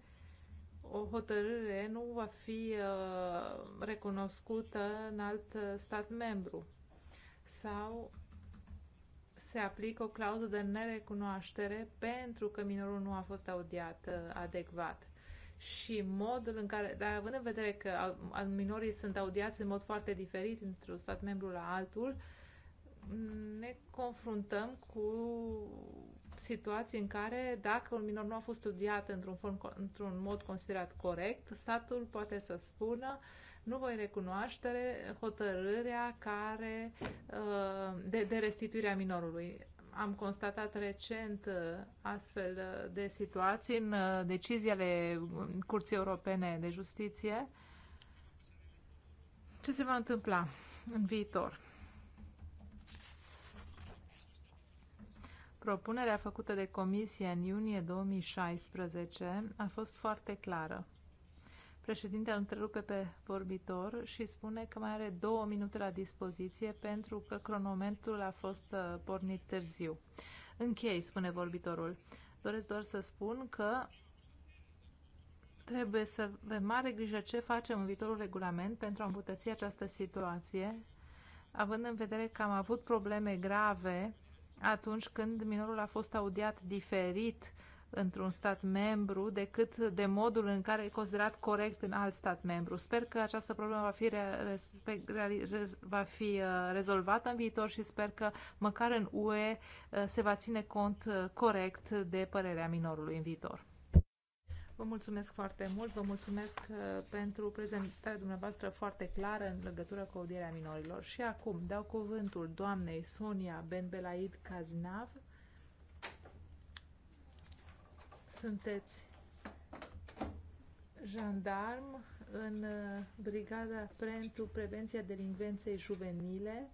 o hotărâre nu va fi uh, recunoscută în alt uh, stat membru sau se aplică o clauză de nerecunoaștere pentru că minorul nu a fost audiat uh, adecvat și modul în care, dar având în vedere că minorii sunt audiați în mod foarte diferit într-un stat membru la altul, ne confruntăm cu situații în care, dacă un minor nu a fost studiat într-un, form, într-un mod considerat corect, statul poate să spună nu voi recunoaște hotărârea care, uh, de, de restituirea minorului am constatat recent uh, astfel uh, de situații în uh, deciziile Curții Europene de Justiție. Ce se va întâmpla în viitor? Propunerea făcută de Comisie în iunie 2016 a fost foarte clară. Președintele întrerupe pe vorbitor și spune că mai are două minute la dispoziție pentru că cronometrul a fost uh, pornit târziu. Închei, spune vorbitorul. Doresc doar să spun că trebuie să avem mare grijă ce facem în viitorul regulament pentru a îmbutăți această situație, având în vedere că am avut probleme grave atunci când minorul a fost audiat diferit într-un stat membru decât de modul în care e considerat corect în alt stat membru. Sper că această problemă va fi, re, re, va fi uh, rezolvată în viitor și sper că măcar în UE uh, se va ține cont uh, corect de părerea minorului în viitor. Vă mulțumesc foarte mult, vă mulțumesc pentru prezentarea dumneavoastră foarte clară în legătură cu audierea minorilor. Și acum dau cuvântul doamnei Sonia Benbelaid Caznav, sunteți jandarm în uh, Brigada pentru Prevenția Delinvenței Juvenile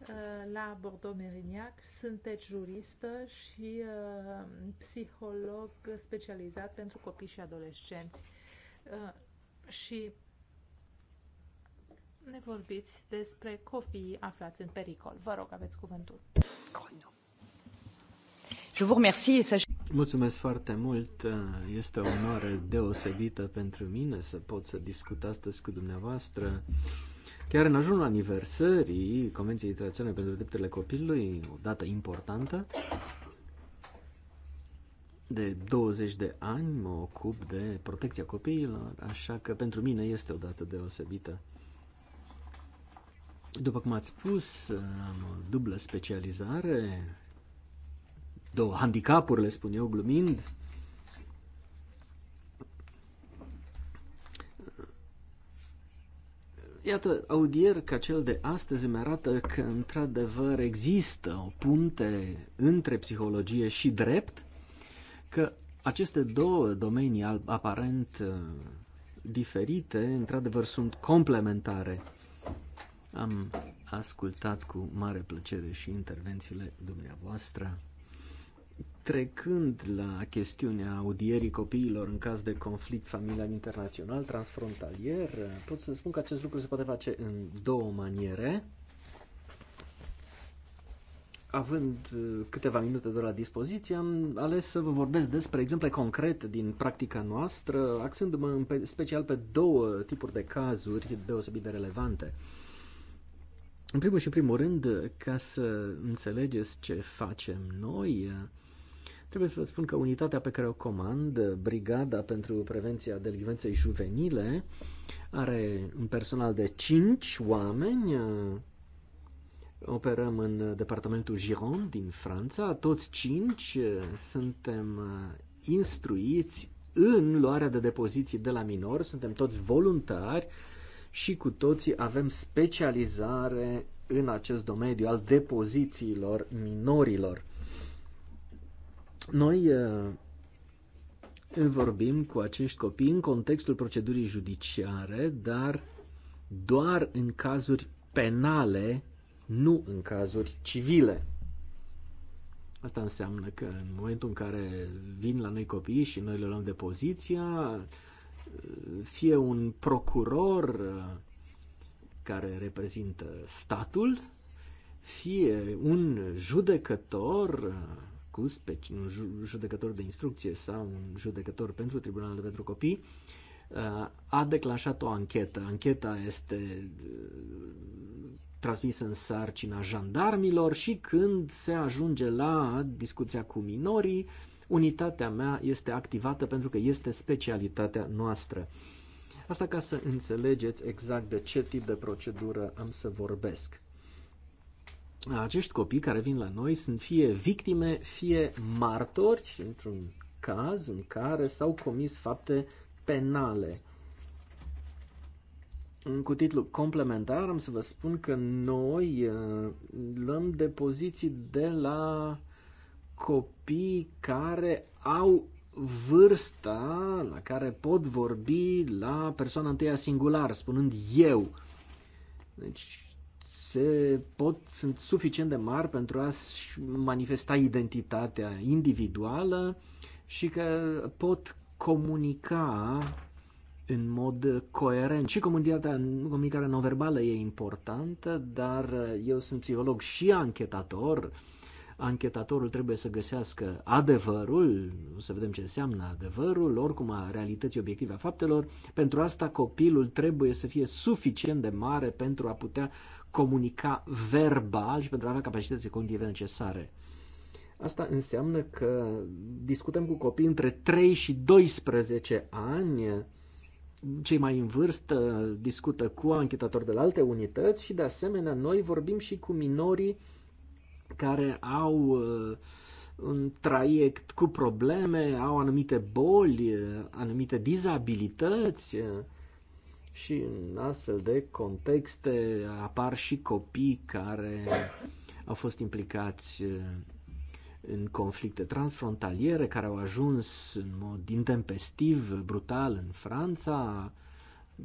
uh, la Bordeaux-Merignac. Sunteți juristă și uh, psiholog specializat pentru copii și adolescenți. și ne vorbiți despre copiii aflați în pericol. Vă rog, aveți cuvântul. Je vous remercie Mulțumesc foarte mult. Este o onoare deosebită pentru mine să pot să discut astăzi cu dumneavoastră. Chiar în ajunul aniversării Convenției Internaționale pentru Drepturile Copilului, o dată importantă, de 20 de ani mă ocup de protecția copiilor, așa că pentru mine este o dată deosebită. După cum ați spus, am o dublă specializare, două handicapuri, le spun eu glumind. Iată, audier ca cel de astăzi îmi arată că într-adevăr există o punte între psihologie și drept, că aceste două domenii aparent uh, diferite, într-adevăr sunt complementare. Am ascultat cu mare plăcere și intervențiile dumneavoastră. Trecând la chestiunea audierii copiilor în caz de conflict familial internațional transfrontalier, pot să spun că acest lucru se poate face în două maniere. Având uh, câteva minute doar la dispoziție, am ales să vă vorbesc despre exemple concrete din practica noastră, axându-mă în special pe două tipuri de cazuri deosebit de relevante. În primul și primul rând, ca să înțelegeți ce facem noi, Trebuie să vă spun că unitatea pe care o comand, Brigada pentru Prevenția Delinvenței Juvenile, are un personal de 5 oameni. Operăm în departamentul Giron din Franța. Toți 5 eh, suntem eh, instruiți în luarea de depoziții de la minor, suntem toți voluntari și cu toții avem specializare în acest domeniu al depozițiilor minorilor. Noi uh, vorbim cu acești copii în contextul procedurii judiciare, dar doar în cazuri penale, nu în cazuri civile. Asta înseamnă că în momentul în care vin la noi copii și noi le luăm de poziția, fie un procuror uh, care reprezintă statul, fie un judecător uh, pe un judecător de instrucție sau un judecător pentru Tribunalul pentru Copii, uh, a declanșat o anchetă. Ancheta este uh, transmisă în sarcina jandarmilor și când se ajunge la discuția cu minorii, unitatea mea este activată pentru că este specialitatea noastră. Asta ca să înțelegeți exact de ce tip de procedură am să vorbesc acești copii care vin la noi sunt fie victime, fie martori, într-un caz în care s-au comis fapte penale. Cu titlu complementar am să vă spun că noi uh, luăm depoziții de la copii care au vârsta la care pot vorbi la persoana întâia singular, spunând eu. Deci se pot, sunt suficient de mari pentru a manifesta identitatea individuală și că pot comunica în mod coerent. Și comunicarea, comunicarea non-verbală e importantă, dar eu sunt psiholog și anchetator. Anchetatorul trebuie să găsească adevărul, o să vedem ce înseamnă adevărul, oricum a realității obiective a faptelor. Pentru asta copilul trebuie să fie suficient de mare pentru a putea comunica verbal și pentru a avea de cognitive necesare. Asta înseamnă că discutăm cu copii între 3 și 12 ani, cei mai în vârstă discută cu anchetatori de la alte unități și de asemenea noi vorbim și cu minorii care au uh, un traiect cu probleme, au anumite boli, uh, anumite dizabilități, uh, și în astfel de contexte apar și copii care au fost implicați uh, în conflicte transfrontaliere, care au ajuns în mod intempestiv, brutal în Franța,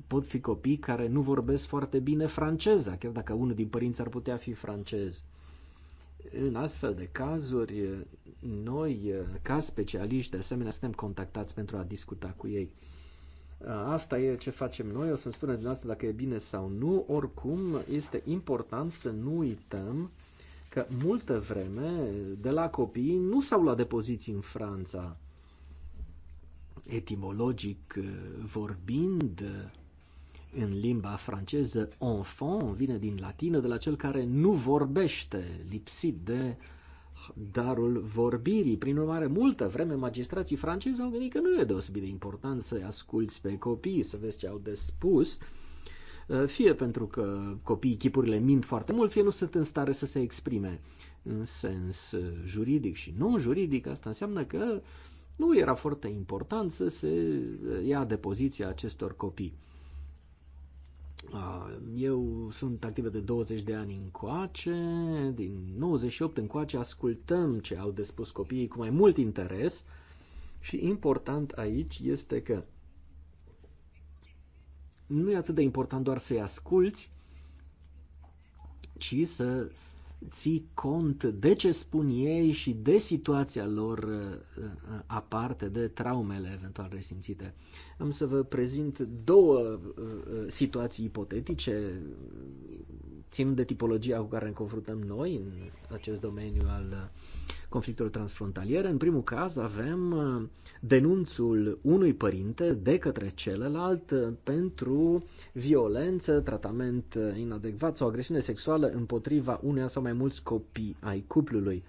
pot fi copii care nu vorbesc foarte bine franceza, chiar dacă unul din părinți ar putea fi francez. În astfel de cazuri, uh, noi, uh, ca specialiști, de asemenea, suntem contactați pentru a discuta cu ei. Asta e ce facem noi, o să-mi spuneți dumneavoastră dacă e bine sau nu. Oricum, este important să nu uităm că multă vreme de la copii nu s-au luat depoziții în Franța. Etimologic eh, vorbind, eh, în limba franceză, enfant vine din latină, de la cel care nu vorbește, lipsit de uh, darul vorbirii. Prin urmare, multă vreme magistrații francezi au gândit că nu e deosebit de important să-i asculți pe copii, să vezi ce au de spus, fie pentru că copiii chipurile mint foarte mult, fie nu sunt în stare să se exprime în sens juridic și non-juridic. Asta înseamnă că nu era foarte important să se ia de poziția acestor copii. Eu sunt activă de 20 de ani încoace, din 98 încoace ascultăm ce au de spus copiii cu mai mult interes și important aici este că nu e atât de important doar să-i asculți, ci să ții cont de ce spun ei și de situația lor uh, uh, aparte, de traumele eventual resimțite. Am să vă prezint două uh, uh, situații ipotetice, ținând de tipologia cu care ne confruntăm noi în acest domeniu al uh, conflictelor transfrontaliere. În primul caz avem denunțul unui părinte de către celălalt pentru violență, tratament inadecvat sau agresiune sexuală împotriva uneia sau mai mulți copii ai cuplului.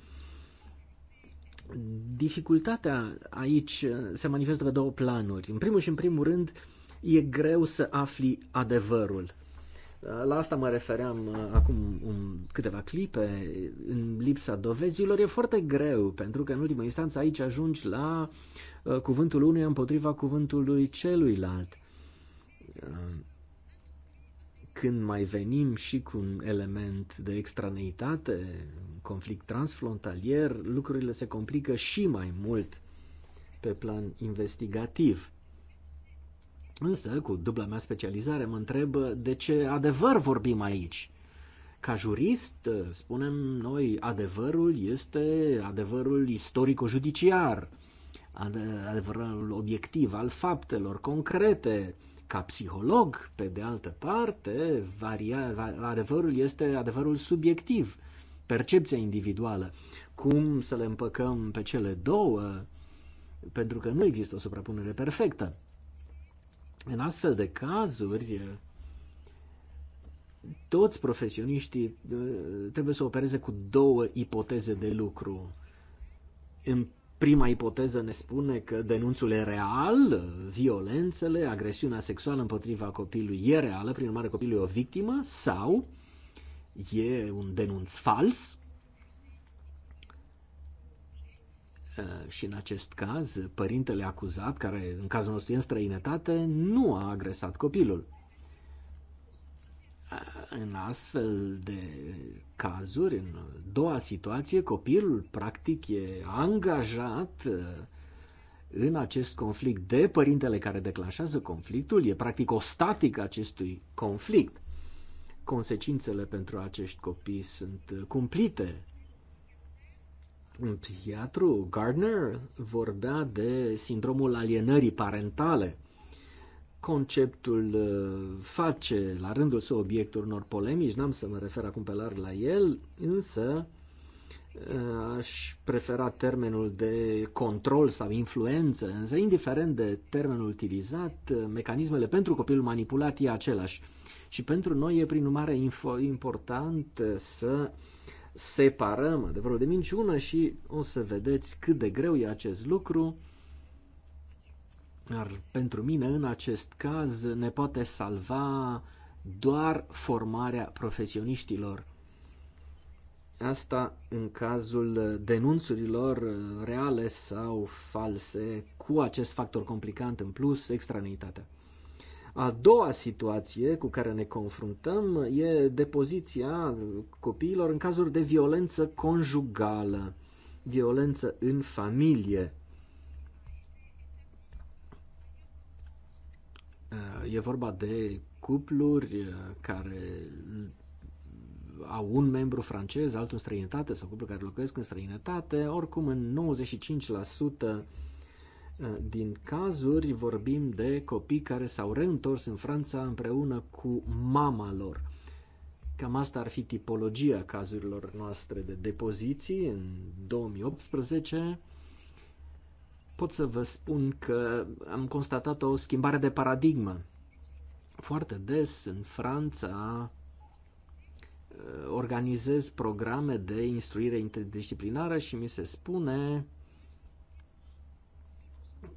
Dificultatea aici uh, se manifestă pe două planuri. În primul și în primul rând, e greu să afli adevărul. Uh, la asta mă refeream uh, acum un, câteva clipe, în lipsa dovezilor. E foarte greu, pentru că în ultima instanță aici ajungi la cuvântul unui împotriva cuvântului celuilalt. când mai venim și cu un element de extraneitate, conflict transfrontalier, lucrurile se complică și mai mult pe plan investigativ. Însă, cu dubla mea specializare, mă întreb uh, de ce adevăr vorbim aici. Ca jurist, uh, spunem noi, adevărul este adevărul istorico-judiciar, adevărul obiectiv al faptelor concrete. Ca psiholog, pe de altă parte, varia, adevărul este adevărul subiectiv – percepția individuală, cum să le împăcăm pe cele două, pentru că nu există o suprapunere perfectă. În astfel de cazuri, toți profesioniștii uh, trebuie să opereze cu două ipoteze de lucru. În prima ipoteză ne spune că denunțul e real, violențele, agresiunea sexuală împotriva copilului e reală, prin urmare copilul e o victimă, sau e un denunț fals uh, și în acest caz părintele acuzat, care în cazul nostru e în străinătate, nu a agresat copilul. Uh, în astfel de cazuri, în doua situație, copilul practic e angajat uh, în acest conflict de părintele care declanșează conflictul, e practic o statică acestui conflict consecințele pentru acești copii sunt uh, cumplite. Un psihiatru, Gardner, vorbea de sindromul alienării parentale. Conceptul uh, face la rândul său obiectul unor polemici, n-am să mă refer acum pe larg la el, însă uh, aș prefera termenul de control sau influență, însă indiferent de termenul utilizat, mecanismele pentru copilul manipulat e același și pentru noi e prin urmare important să separăm adevărul de minciună și o să vedeți cât de greu e acest lucru. Dar pentru mine, în acest caz, ne poate salva doar formarea profesioniștilor. Asta în cazul denunțurilor reale sau false, cu acest factor complicant în plus, extraneitatea. A doua situație cu care ne confruntăm e depoziția copiilor în cazuri de violență conjugală, violență în familie. E vorba de cupluri uh, care au un membru francez, altul în străinătate sau cuplu care locuiesc în străinătate, oricum în 95% din cazuri vorbim de copii care s-au reîntors în Franța împreună cu mama lor. Cam asta ar fi tipologia cazurilor noastre de depoziții în 2018. Pot să vă spun că am constatat o schimbare de paradigmă. Foarte des în Franța uh, organizez programe de instruire interdisciplinară și mi se spune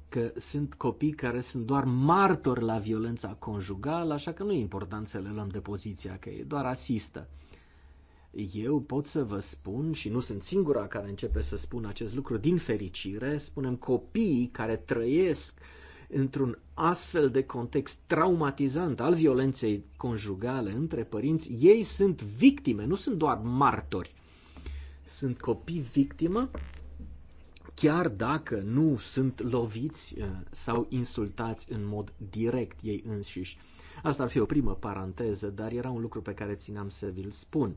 că sunt copii care sunt doar martori la violența conjugală, așa că nu e important să le luăm de poziția, că e doar asistă. Eu pot să vă spun, și nu sunt singura care începe să spun acest lucru, din fericire, spunem copiii care trăiesc într-un astfel de context traumatizant al violenței conjugale între părinți, ei sunt victime, nu sunt doar martori. Sunt copii victimă chiar dacă nu sunt loviți uh, sau insultați în mod direct ei înșiși. Asta ar fi o primă paranteză, dar era un lucru pe care țineam să vi-l spun.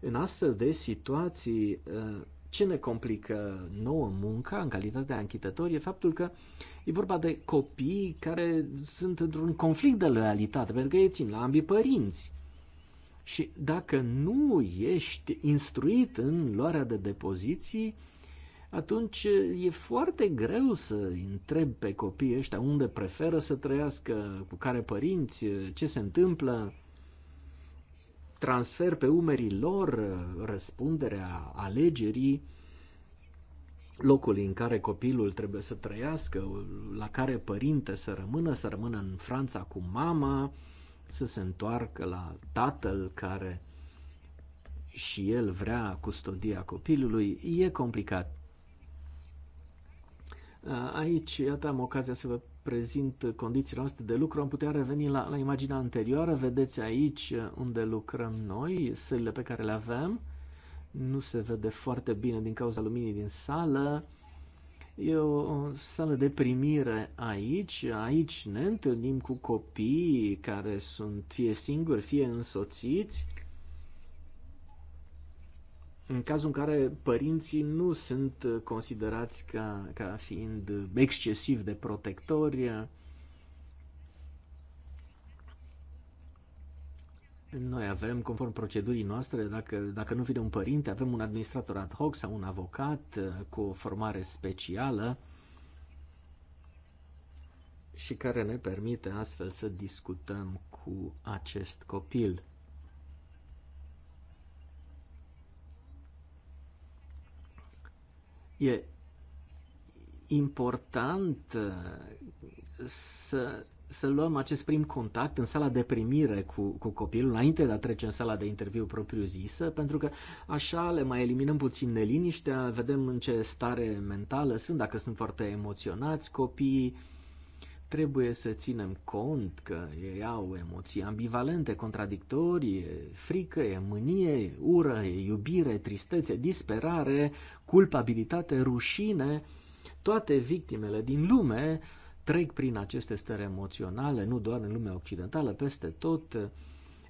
În astfel de situații, uh, ce ne complică nouă munca în calitatea închitători e faptul că e vorba de copii care sunt într-un conflict de loialitate, pentru că ei țin la ambii părinți. Și dacă nu ești instruit în luarea de depoziții, atunci e foarte greu să întreb pe copiii ăștia unde preferă să trăiască, cu care părinți, ce se întâmplă. Transfer pe umerii lor răspunderea alegerii locului în care copilul trebuie să trăiască, la care părinte să rămână, să rămână în Franța cu mama, să se întoarcă la tatăl care și el vrea custodia copilului, e complicat. Aici, iată, am ocazia să vă prezint condițiile noastre de lucru. Am putea reveni la, la imaginea anterioară. Vedeți aici unde lucrăm noi, sălile pe care le avem. Nu se vede foarte bine din cauza luminii din sală. E o, o sală de primire aici. Aici ne întâlnim cu copii care sunt fie singuri, fie însoțiți în cazul în care părinții nu sunt considerați ca, ca fiind excesiv de protectori, Noi avem, conform procedurii noastre, dacă, dacă nu vine un părinte, avem un administrator ad hoc sau un avocat uh, cu o formare specială și care ne permite astfel să discutăm cu acest copil. E important uh, să, să luăm acest prim contact în sala de primire cu, cu copilul, înainte de a trece în sala de interviu propriu-zisă, pentru că așa le mai eliminăm puțin neliniștea, vedem în ce stare mentală sunt, dacă sunt foarte emoționați copiii, Trebuie să ținem cont că ei au emoții ambivalente, contradictorii, frică, e mânie, e ură, e iubire, tristețe, disperare, culpabilitate, rușine. Toate victimele din lume trec prin aceste stări emoționale, nu doar în lumea occidentală, peste tot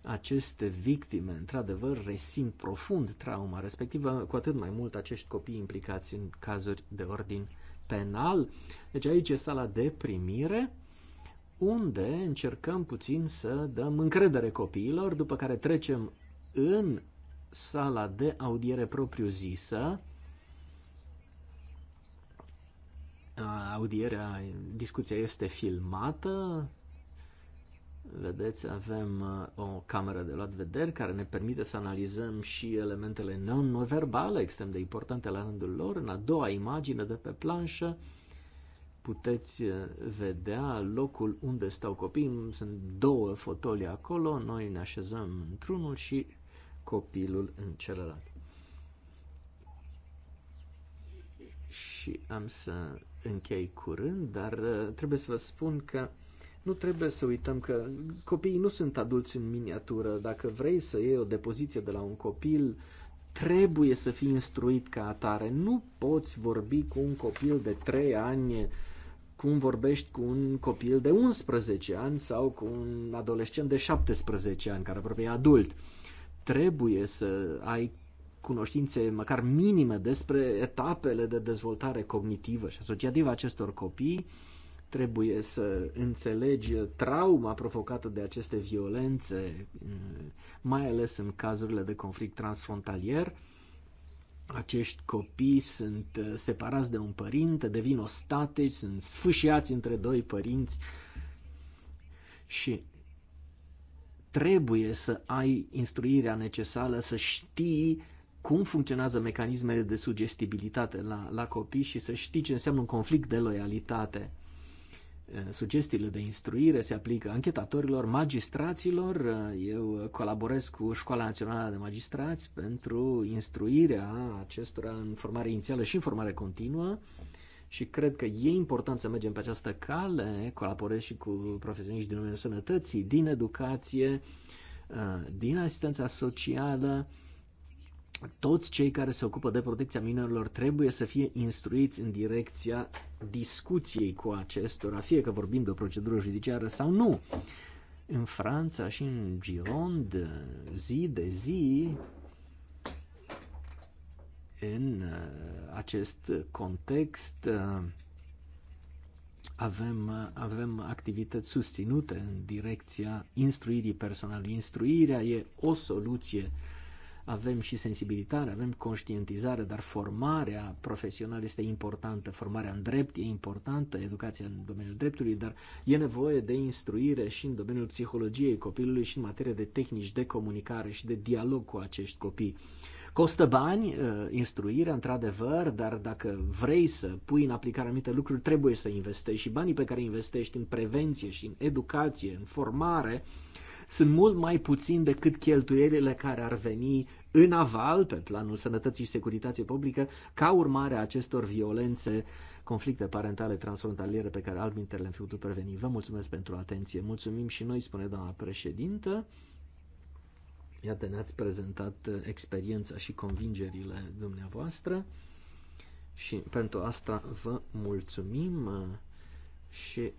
aceste victime, într-adevăr, resimt profund trauma respectivă, cu atât mai mult acești copii implicați în cazuri de ordin penal. Deci aici e sala de primire unde încercăm puțin să dăm încredere copiilor, după care trecem în sala de audiere propriu-zisă, audierea, discuția este filmată, Vedeți, avem uh, o cameră de luat vederi care ne permite să analizăm și elementele non-verbale extrem de importante la rândul lor. În a doua imagine de pe planșă puteți uh, vedea locul unde stau copiii. Sunt două fotolii acolo, noi ne așezăm într-unul și copilul în celălalt. Și am să închei curând, dar uh, trebuie să vă spun că nu trebuie să uităm că copiii nu sunt adulți în miniatură. Dacă vrei să iei o depoziție de la un copil, trebuie să fii instruit ca atare. Nu poți vorbi cu un copil de 3 ani cum vorbești cu un copil de 11 ani sau cu un adolescent de 17 ani, care aproape e adult. Trebuie să ai cunoștințe măcar minime despre etapele de dezvoltare cognitivă și asociativă acestor copii Trebuie să înțelegi trauma provocată de aceste violențe, mai ales în cazurile de conflict transfrontalier. Acești copii sunt separați de un părinte, devin ostateci, sunt sfâșiați între doi părinți și trebuie să ai instruirea necesară, să știi cum funcționează mecanismele de sugestibilitate la, la copii și să știi ce înseamnă un conflict de loialitate sugestiile de instruire se aplică anchetatorilor, magistraților. Eu colaborez cu Școala Națională de Magistrați pentru instruirea acestora în formare inițială și în formare continuă și cred că e important să mergem pe această cale. Colaborez și cu profesioniști din domeniul sănătății, din educație, uh, din asistența socială toți cei care se ocupă de protecția minorilor trebuie să fie instruiți în direcția discuției cu acestora, fie că vorbim de o procedură judiciară sau nu. În Franța și în Gironde, zi de zi, în uh, acest context, uh, avem, uh, avem activități susținute în direcția instruirii personale. Instruirea e o soluție uh, avem și sensibilitate, avem conștientizare, dar formarea profesională este importantă, formarea în drept e importantă, educația în domeniul dreptului, dar e nevoie de instruire și în domeniul psihologiei copilului și în materie de tehnici de comunicare și de dialog cu acești copii. Costă bani, uh, instruirea, într-adevăr, dar dacă vrei să pui în aplicare anumite lucruri, trebuie să investești și banii pe care investești în prevenție și în educație, în formare, sunt mult mai puțin decât cheltuielile care ar veni în aval pe planul sănătății și securității publică ca urmare a acestor violențe, conflicte parentale transfrontaliere pe care albintele le-am făcut preveni. Vă mulțumesc pentru atenție. Mulțumim și noi, spune doamna președintă. Iată, ne-ați prezentat uh, experiența și convingerile dumneavoastră și pentru asta vă mulțumim uh, și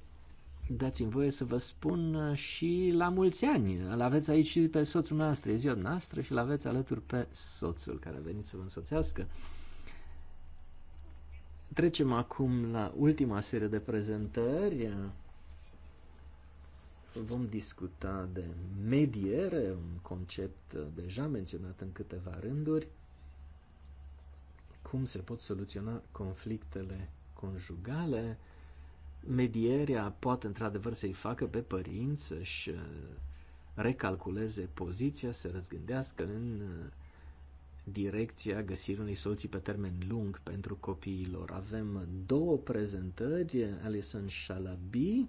dați-mi voie să vă spun uh, și la mulți ani. Îl aveți aici și pe soțul nostru, e ziua noastră și îl aveți alături pe soțul care a venit să vă însoțească. Trecem acum la ultima serie de prezentări. Vom discuta de mediere, un concept uh, deja menționat în câteva rânduri. Cum se pot soluționa conflictele conjugale, medierea poate într-adevăr să-i facă pe părinți să-și uh, recalculeze poziția, să răzgândească în uh, direcția găsirii unei soluții pe termen lung pentru copiilor. Avem două prezentări, Alison Shalabi,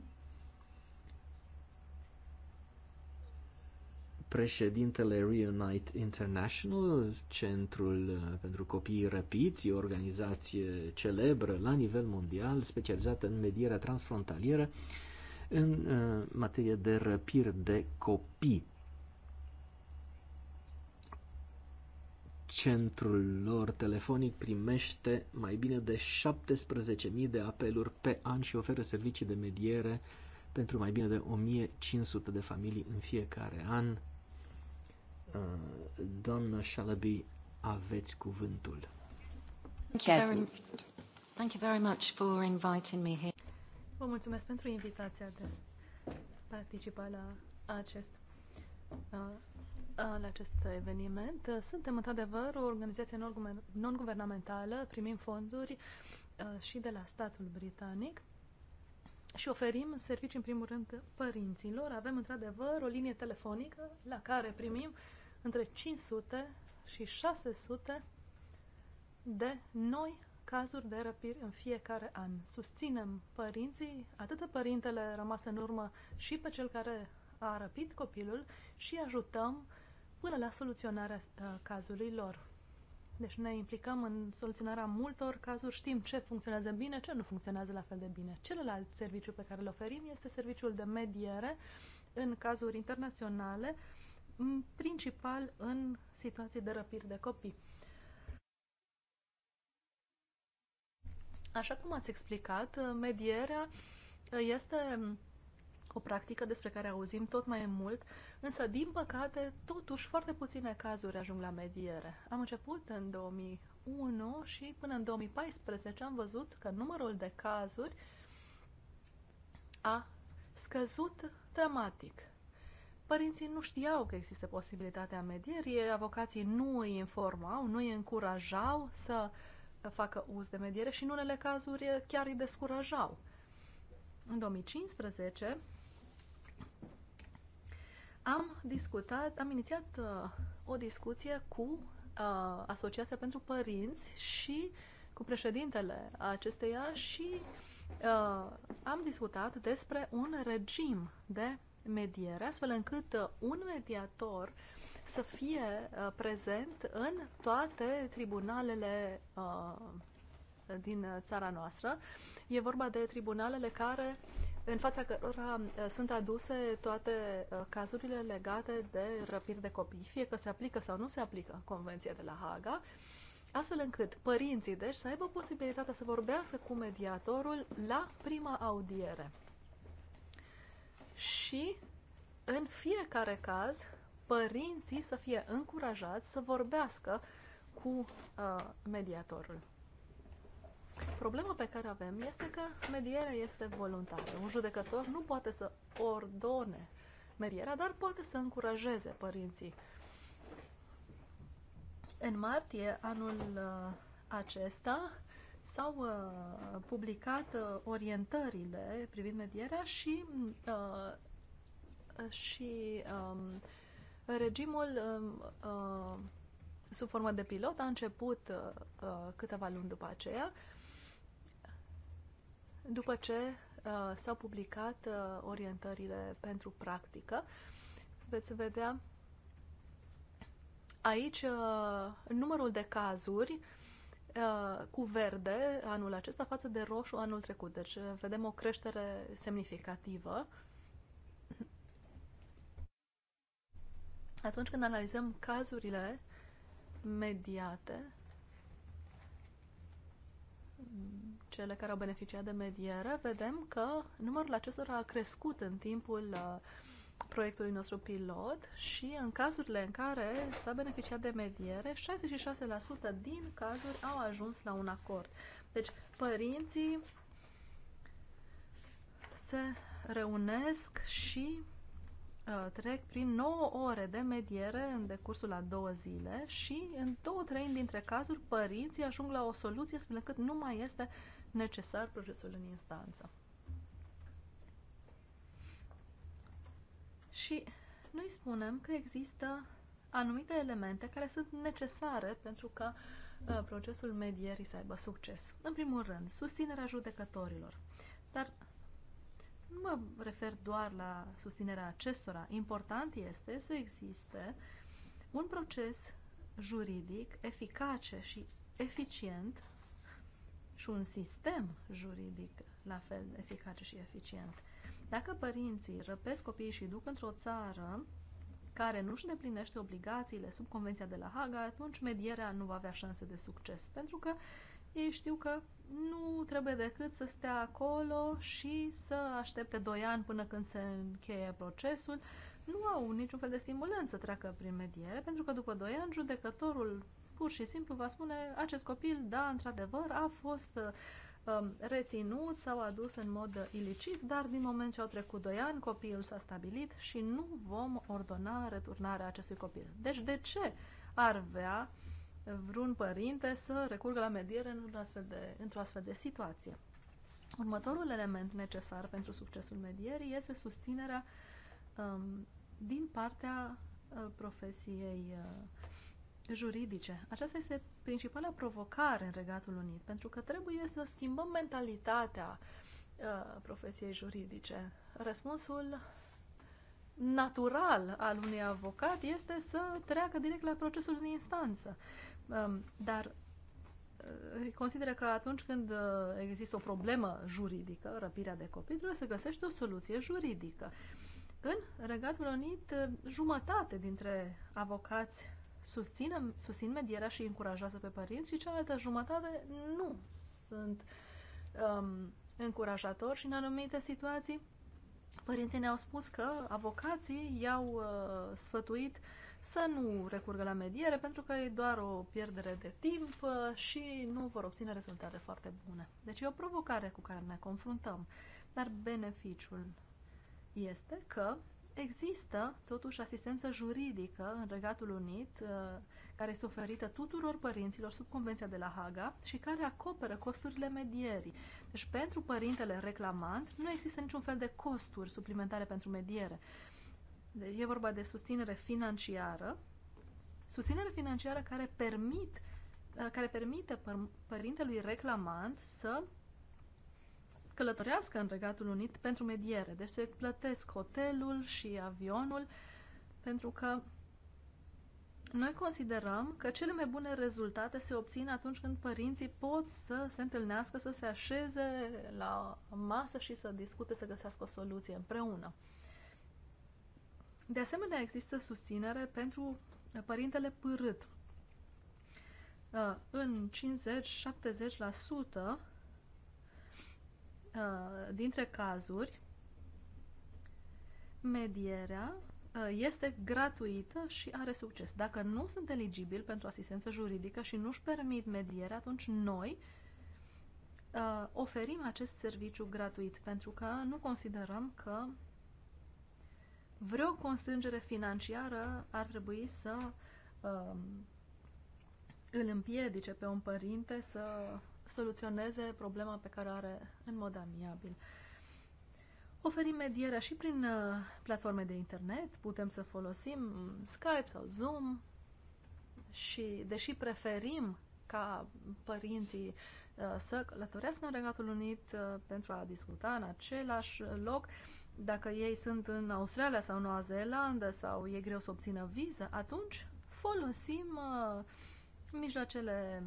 președintele Reunite International, centrul uh, pentru copiii răpiți, o organizație celebră la nivel mondial, specializată în medierea transfrontalieră în uh, materie de răpiri de copii. Centrul lor telefonic primește mai bine de 17.000 de apeluri pe an și oferă servicii de mediere pentru mai bine de 1500 de familii în fiecare an Doamna Shalabi, aveți cuvântul. Thank you very much for inviting me here. Vă mulțumesc pentru invitația de participa la acest la acest eveniment. Suntem într-adevăr o organizație non-guvernamentală, primim fonduri și de la statul britanic și oferim servicii în primul rând părinților. Avem într-adevăr o linie telefonică la care primim uh, între 500 și 600 de noi cazuri de răpiri în fiecare an. Susținem părinții, atât părintele rămas în urmă și pe cel care a răpit copilul și ajutăm până la soluționarea uh, cazului lor. Deci ne implicăm în soluționarea multor cazuri, știm ce funcționează bine, ce nu funcționează la fel de bine. Celălalt serviciu pe care îl oferim este serviciul de mediere în cazuri internaționale uh, în principal în situații de răpiri de copii. Așa cum ați explicat, medierea este o practică despre care auzim tot mai mult, însă, din păcate, totuși foarte puține cazuri ajung la mediere. Am început în 2001 și până în 2014 am văzut că numărul de cazuri a scăzut dramatic. Părinții nu știau că există posibilitatea medierii, avocații nu îi informau, nu îi încurajau să facă uz de mediere și în unele cazuri chiar îi descurajau. În 2015 am discutat, am inițiat uh, o discuție cu uh, Asociația pentru Părinți și cu președintele acesteia și uh, am discutat despre un regim de mediere, astfel încât uh, un mediator să fie uh, prezent în toate tribunalele uh, din țara noastră. E vorba de tribunalele care, în fața cărora sunt aduse toate cazurile legate de răpiri de copii, fie că se aplică sau nu se aplică Convenția de la Haga, astfel încât părinții, deci, să aibă posibilitatea să vorbească cu mediatorul la prima audiere și, în fiecare caz, părinții să fie încurajați să vorbească cu uh, mediatorul. Problema pe care avem este că medierea este voluntară. Un judecător nu poate să ordone medierea, dar poate să încurajeze părinții. În martie anul uh, acesta, s-au uh, publicat uh, orientările privind medierea și, uh, și um, regimul um, sub formă de pilot a început câteva luni după aceea, după ce s-au publicat orientările pentru practică. Veți vedea aici numărul de cazuri uh, Uh, cu verde anul acesta față de roșu anul trecut. Deci uh, vedem o creștere semnificativă. Atunci când analizăm cazurile mediate, cele care au beneficiat de mediere, vedem că numărul acestora a crescut în timpul uh, proiectului nostru pilot și în cazurile în care s-a beneficiat de mediere, 66% din cazuri au ajuns la un acord. Deci, părinții se reunesc și uh, trec prin 9 ore de mediere în decursul la două zile și în două trei dintre cazuri părinții ajung la o soluție astfel încât nu mai este necesar procesul în instanță. Și noi spunem că există anumite elemente care sunt necesare pentru ca uh, procesul medierii să aibă succes. În primul rând, susținerea judecătorilor. Dar nu mă refer doar la susținerea acestora. Important este să existe un proces juridic eficace și eficient și un sistem juridic la fel eficace și eficient. Dacă părinții răpesc copiii și îi duc într-o țară care nu își deplinește obligațiile sub Convenția de la Haga, atunci medierea nu va avea șanse de succes, pentru că ei știu că nu trebuie decât să stea acolo și să aștepte 2 ani până când se încheie procesul. Nu au niciun fel de stimulant să treacă prin mediere, pentru că după 2 ani judecătorul pur și simplu va spune acest copil, da, într-adevăr, a fost Um, reținut sau adus în mod ilicit, dar din moment ce au trecut 2 ani, copilul s-a stabilit și nu vom ordona returnarea acestui copil. Deci de ce ar vrea vreun părinte să recurgă la mediere într-o astfel, de, într astfel de situație? Următorul element necesar pentru succesul medierii este susținerea um, din partea uh, profesiei uh, juridice. Aceasta este principala provocare în Regatul Unit, pentru că trebuie să schimbăm mentalitatea uh, profesiei juridice. Răspunsul natural al unui avocat este să treacă direct la procesul în instanță. Um, dar uh, consideră că atunci când uh, există o problemă juridică, răpirea de copii, trebuie să găsești o soluție juridică. În Regatul Unit, uh, jumătate dintre avocați susțin, susțin medierea și încurajează pe părinți și cealaltă jumătate nu sunt um, încurajatori și în anumite situații părinții ne-au spus că avocații i-au uh, sfătuit să nu recurgă la mediere pentru că e doar o pierdere de timp uh, și nu vor obține rezultate foarte bune. Deci e o provocare cu care ne confruntăm, dar beneficiul este că Există, totuși, asistență juridică în Regatul Unit, uh, care este oferită tuturor părinților sub Convenția de la Haga și care acoperă costurile medierii. Deci, pentru părintele reclamant, nu există niciun fel de costuri suplimentare pentru mediere. E vorba de susținere financiară, susținere financiară care, permit, uh, care permite părintelui reclamant să călătorească în Regatul Unit pentru mediere. Deci se plătesc hotelul și avionul pentru că noi considerăm că cele mai bune rezultate se obțin atunci când părinții pot să se întâlnească, să se așeze la masă și să discute, să găsească o soluție împreună. De asemenea, există susținere pentru părintele pârât. Uh, în 50-70% Uh, dintre cazuri, medierea uh, este gratuită și are succes. Dacă nu sunt eligibil pentru asistență juridică și nu-și permit medierea, atunci noi uh, oferim acest serviciu gratuit pentru că nu considerăm că vreo constrângere financiară ar trebui să îl împiedice pe un părinte să soluționeze problema pe care o are în mod amiabil. Oferim medierea și prin uh, platforme de internet, putem să folosim Skype sau Zoom și deși preferim ca părinții uh, să călătorească în Regatul Unit uh, pentru a discuta în același loc, dacă ei sunt în Australia sau Noua Zeelandă sau e greu să obțină viză, atunci folosim mijloacele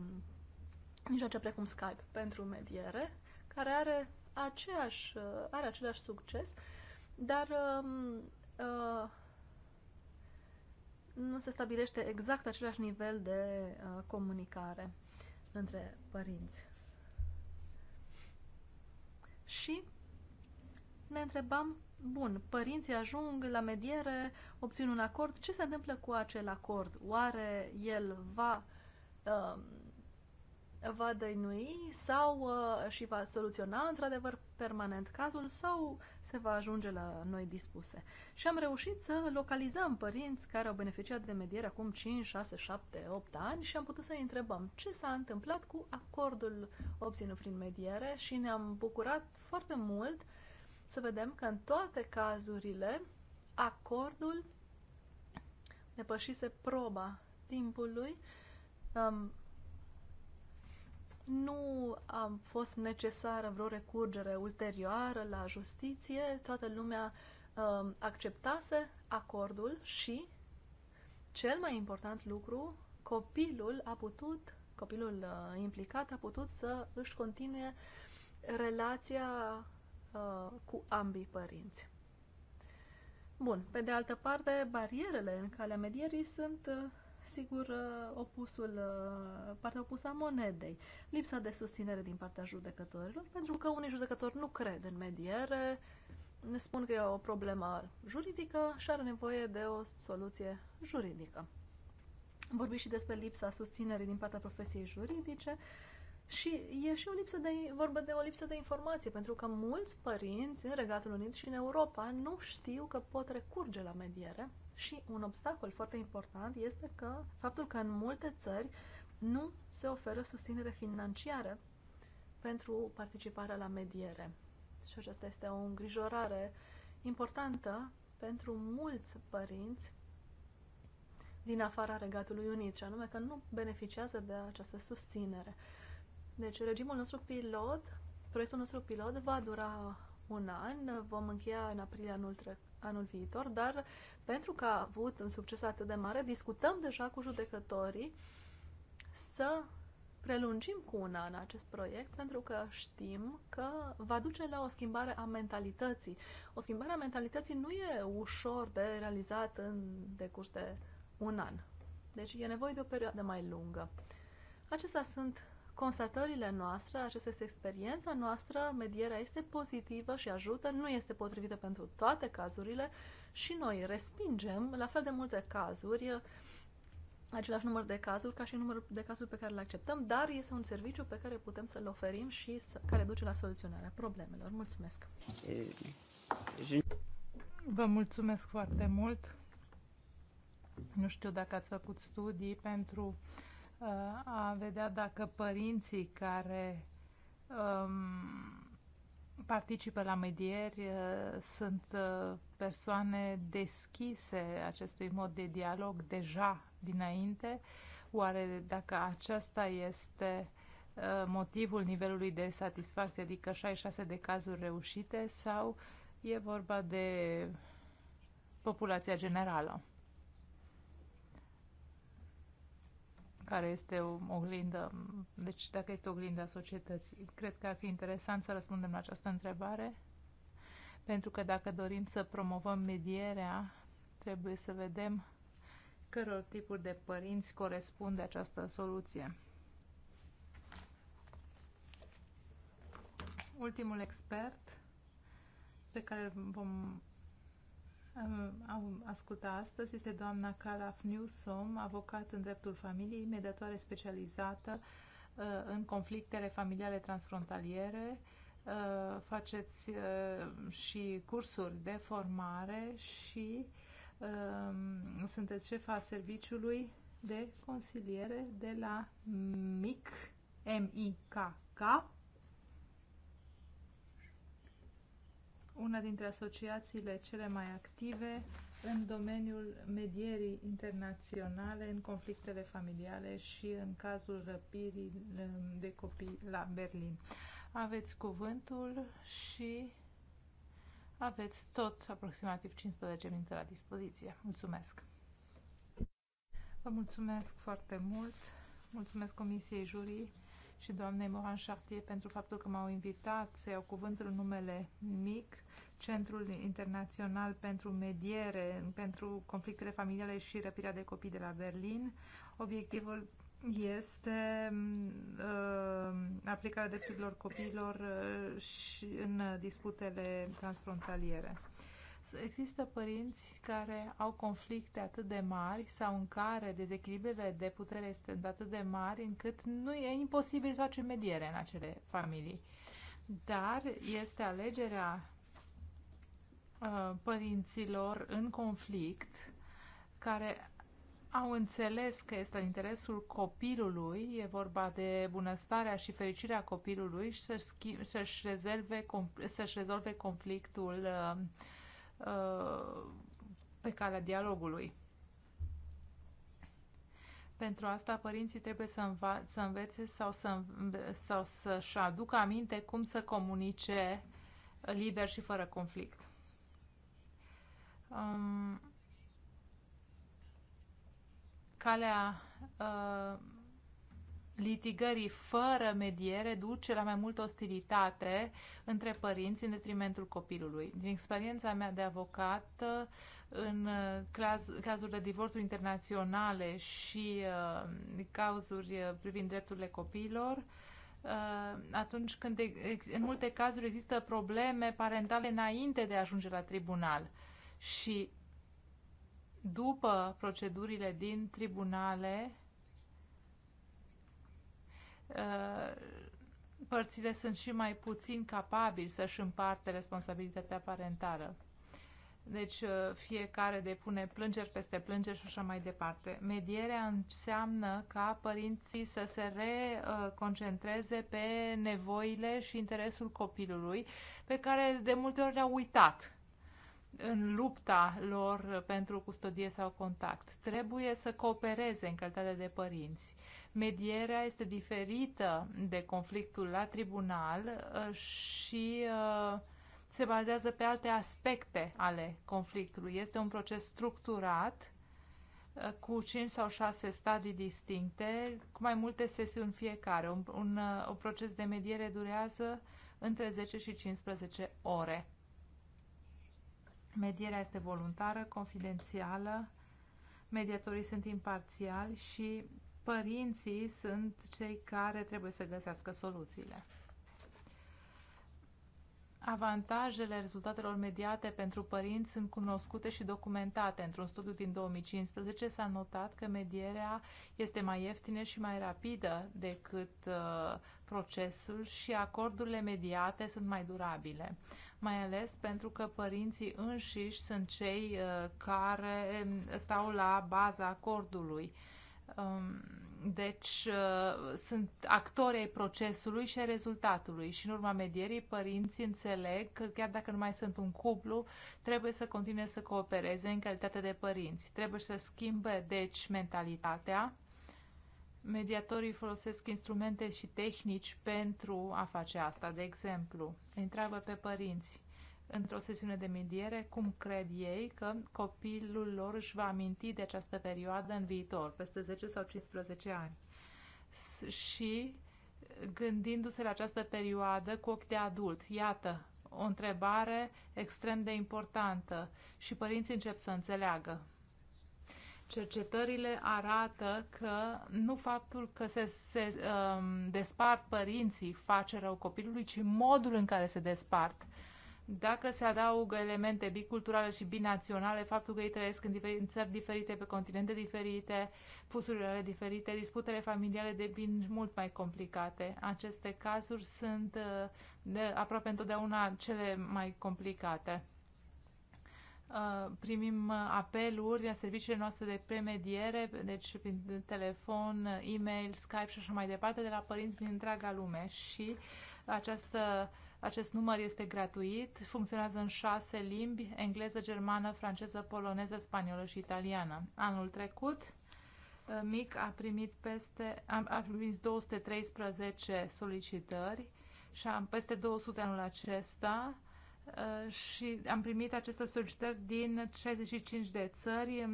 mijloace precum Skype pentru mediere, care are, aceeași, uh, are același succes, dar uh, uh, nu se stabilește exact același nivel de uh, comunicare între părinți. Și ne întrebam, bun, părinții ajung la mediere, obțin un acord, ce se întâmplă cu acel acord? Oare el va uh, va dăinui sau uh, și va soluționa într-adevăr permanent cazul sau se va ajunge la noi dispuse. Și am reușit să localizăm părinți care au beneficiat de mediere acum 5, 6, 7, 8 ani și am putut să-i întrebăm ce s-a întâmplat cu acordul obținut prin mediere și ne-am bucurat foarte mult să vedem că în toate cazurile acordul depășise proba timpului um, nu a fost necesară vreo recurgere ulterioară la justiție, toată lumea um, acceptase acordul și, cel mai important lucru, copilul a putut, copilul uh, implicat a putut să își continue relația uh, cu ambii părinți. Bun, pe de altă parte, barierele în calea medierii sunt uh, sigur, uh, opusul, uh, partea opusă a monedei, lipsa de susținere din partea judecătorilor, pentru că unii judecători nu cred în mediere, ne spun că e o problemă juridică și are nevoie de o soluție juridică. Vorbim și despre lipsa susținerii din partea profesiei juridice și e și o lipsă de, vorbă de o lipsă de informație, pentru că mulți părinți în Regatul Unit și în Europa nu știu că pot recurge la mediere și un obstacol foarte important este că faptul că în multe țări nu se oferă susținere financiară pentru participarea la mediere. Și aceasta este o îngrijorare importantă pentru mulți părinți din afara Regatului Unit, și anume că nu beneficiază de această susținere. Deci, regimul nostru pilot, proiectul nostru pilot va dura un an, vom încheia în aprilie anul, trecut anul viitor, dar pentru că a avut un succes atât de mare, discutăm deja cu judecătorii să prelungim cu un an acest proiect pentru că știm că va duce la o schimbare a mentalității. O schimbare a mentalității nu e ușor de realizat în decurs de un an. Deci e nevoie de o perioadă mai lungă. Acestea sunt constatările noastre, aceasta este experiența noastră, medierea este pozitivă și ajută, nu este potrivită pentru toate cazurile și noi respingem la fel de multe cazuri, același număr de cazuri ca și numărul de cazuri pe care le acceptăm, dar este un serviciu pe care putem să-l oferim și să, care duce la soluționarea problemelor. Mulțumesc! Vă mulțumesc foarte mult! Nu știu dacă ați făcut studii pentru uh, Uh, a vedea dacă părinții care um, participă la medieri uh, sunt uh, persoane deschise acestui mod de dialog deja dinainte? Oare dacă aceasta este uh, motivul nivelului de satisfacție, adică 66 de cazuri reușite sau e vorba de populația generală? care este o oglindă, deci dacă este oglinda societății. Cred că ar fi interesant să răspundem la această întrebare, pentru că dacă dorim să promovăm medierea, trebuie să vedem căror tipuri de părinți corespunde această soluție. Ultimul expert pe care vom am ascultat astăzi este doamna Calaf Newsom, avocat în dreptul familiei, mediatoare specializată uh, în conflictele familiale transfrontaliere. Uh, faceți uh, și cursuri de formare și um, sunteți șefa serviciului de consiliere de la MIC, M-I-K-K, una dintre asociațiile cele mai active în domeniul medierii internaționale în conflictele familiale și în cazul răpirii um, de copii la Berlin. Aveți cuvântul și aveți tot aproximativ 15 minute la dispoziție. Mulțumesc! Vă mulțumesc foarte mult! Mulțumesc Comisiei Jurii și doamnei Mohan Chartier pentru faptul că m-au invitat să iau cuvântul numele MIC, Centrul Internațional pentru Mediere, pentru conflictele familiale și răpirea de copii de la Berlin. Obiectivul este mm, uh, aplicarea drepturilor copiilor uh, și în disputele transfrontaliere. Uh, Există părinți care au conflicte atât de mari sau în care dezechilibrele de putere sunt atât de mari încât nu e imposibil să facem mediere în acele familii. Dar este alegerea uh, părinților în conflict care au înțeles că este în interesul copilului, e vorba de bunăstarea și fericirea copilului și să-și, să, rezolve, să rezolve conflictul uh, Uh, pe calea dialogului. Pentru asta, părinții trebuie să, înva- să învețe sau, să înve- sau să-și aducă aminte cum să comunice liber și fără conflict. Um, calea uh, litigării fără mediere duce la mai multă ostilitate între părinți în detrimentul copilului. Din experiența mea de avocat, în uh, caz, cazuri de divorțuri internaționale și uh, uh, privind drepturile copiilor, uh, atunci când ex, în multe cazuri există probleme parentale înainte de a ajunge la tribunal și după procedurile din tribunale, Uh, părțile sunt și mai puțin capabili să-și împarte responsabilitatea parentală. Deci uh, fiecare depune plângeri peste plângeri și așa mai departe. Medierea înseamnă ca părinții să se reconcentreze pe nevoile și interesul copilului, pe care de multe ori le-au uitat în lupta lor pentru custodie sau contact. Trebuie să coopereze în calitate de părinți Medierea este diferită de conflictul la tribunal uh, și uh, se bazează pe alte aspecte ale conflictului. Este un proces structurat uh, cu 5 sau 6 stadii distincte, cu mai multe sesiuni fiecare. Un, un, un proces de mediere durează între 10 și 15 ore. Medierea este voluntară, confidențială, mediatorii sunt imparțiali și părinții sunt cei care trebuie să găsească soluțiile. Avantajele rezultatelor mediate pentru părinți sunt cunoscute și documentate. Într-un studiu din 2015 s-a notat că medierea este mai ieftină și mai rapidă decât uh, procesul și acordurile mediate sunt mai durabile. Mai ales pentru că părinții înșiși sunt cei uh, care um, stau la baza acordului. Uh, Um, deci uh, sunt actori ai procesului și ai rezultatului și în urma medierii părinții înțeleg că chiar dacă nu mai sunt un cuplu, trebuie să continue să coopereze în calitate de părinți. Trebuie să schimbe, deci, mentalitatea. Mediatorii folosesc instrumente și tehnici pentru a face asta. De exemplu, întreabă pe părinți într-o sesiune de mediere cum cred ei că copilul lor își va aminti de această perioadă în viitor, peste 10 sau 15 ani. și gândindu-se la această perioadă cu ochi de adult. Iată, o întrebare extrem de importantă și părinții încep să înțeleagă. Cercetările arată că nu faptul că se, se um, despart părinții face rău copilului, ci modul în care se despart dacă se adaugă elemente biculturale și binaționale, faptul că ei trăiesc în, diferi, în țări diferite, pe continente diferite, fusurile diferite, disputele familiale devin mult mai complicate. Aceste cazuri sunt uh, de, aproape întotdeauna cele mai complicate. Uh, primim uh, apeluri la serviciile noastre de premediere, deci prin telefon, e-mail, Skype și așa mai departe, de la părinți din întreaga lume și această uh, acest număr este gratuit, funcționează în șase limbi, engleză, germană, franceză, poloneză, spaniolă și italiană. Anul trecut, eh, Mic a primit peste a primit 213 solicitări și am peste 200 anul acesta eh, și am primit aceste solicitări din 65 de țări.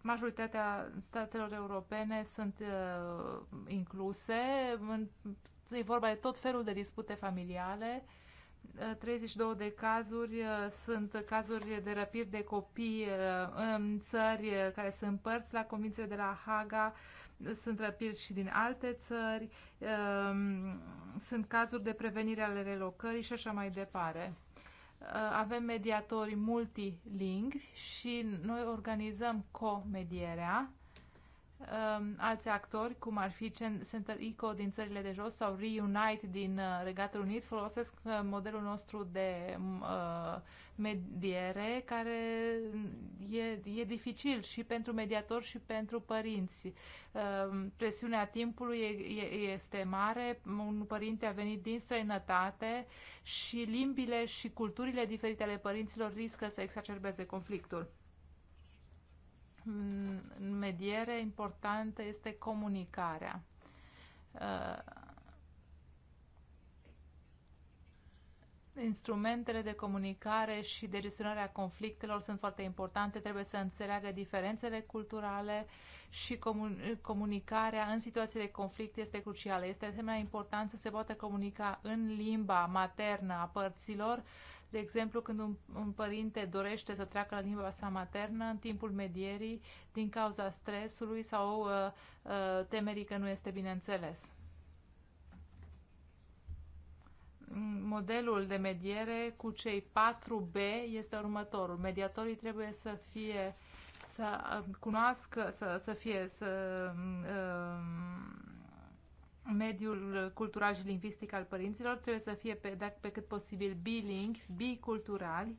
Majoritatea statelor europene sunt uh, incluse. În e vorba de tot felul de dispute familiale. 32 uh, de cazuri uh, sunt cazuri de răpiri de copii uh, în țări care sunt părți la convințele de la Haga, sunt răpiri și din alte țări, um, sunt cazuri de prevenire ale relocării și așa mai departe avem mediatori multilingvi și noi organizăm co-medierea um, alți actori, cum ar fi Center Eco din țările de jos sau Reunite din uh, Regatul Unit, folosesc uh, modelul nostru de uh, mediere, care e, e dificil și pentru mediator și pentru părinți. Uh, presiunea timpului e, e, este mare, un părinte a venit din străinătate și limbile și culturile diferite ale părinților riscă să exacerbeze conflictul în mediere importantă este comunicarea. Uh, instrumentele de comunicare și de gestionare a conflictelor sunt foarte importante. Trebuie să înțeleagă diferențele culturale și comun comunicarea în situații de conflict este crucială. Este asemenea important să se poată comunica în limba maternă a părților uh, de exemplu, când un, un părinte dorește să treacă la limba sa maternă în timpul medierii din cauza stresului sau uh, uh, temerii că nu este bineînțeles. Modelul de mediere cu cei 4B este următorul. Mediatorii trebuie să fie să uh, cunoască, să, să fie să uh, mediul cultural și lingvistic al părinților trebuie să fie pe, dacă, pe cât posibil bilingvi, biculturali.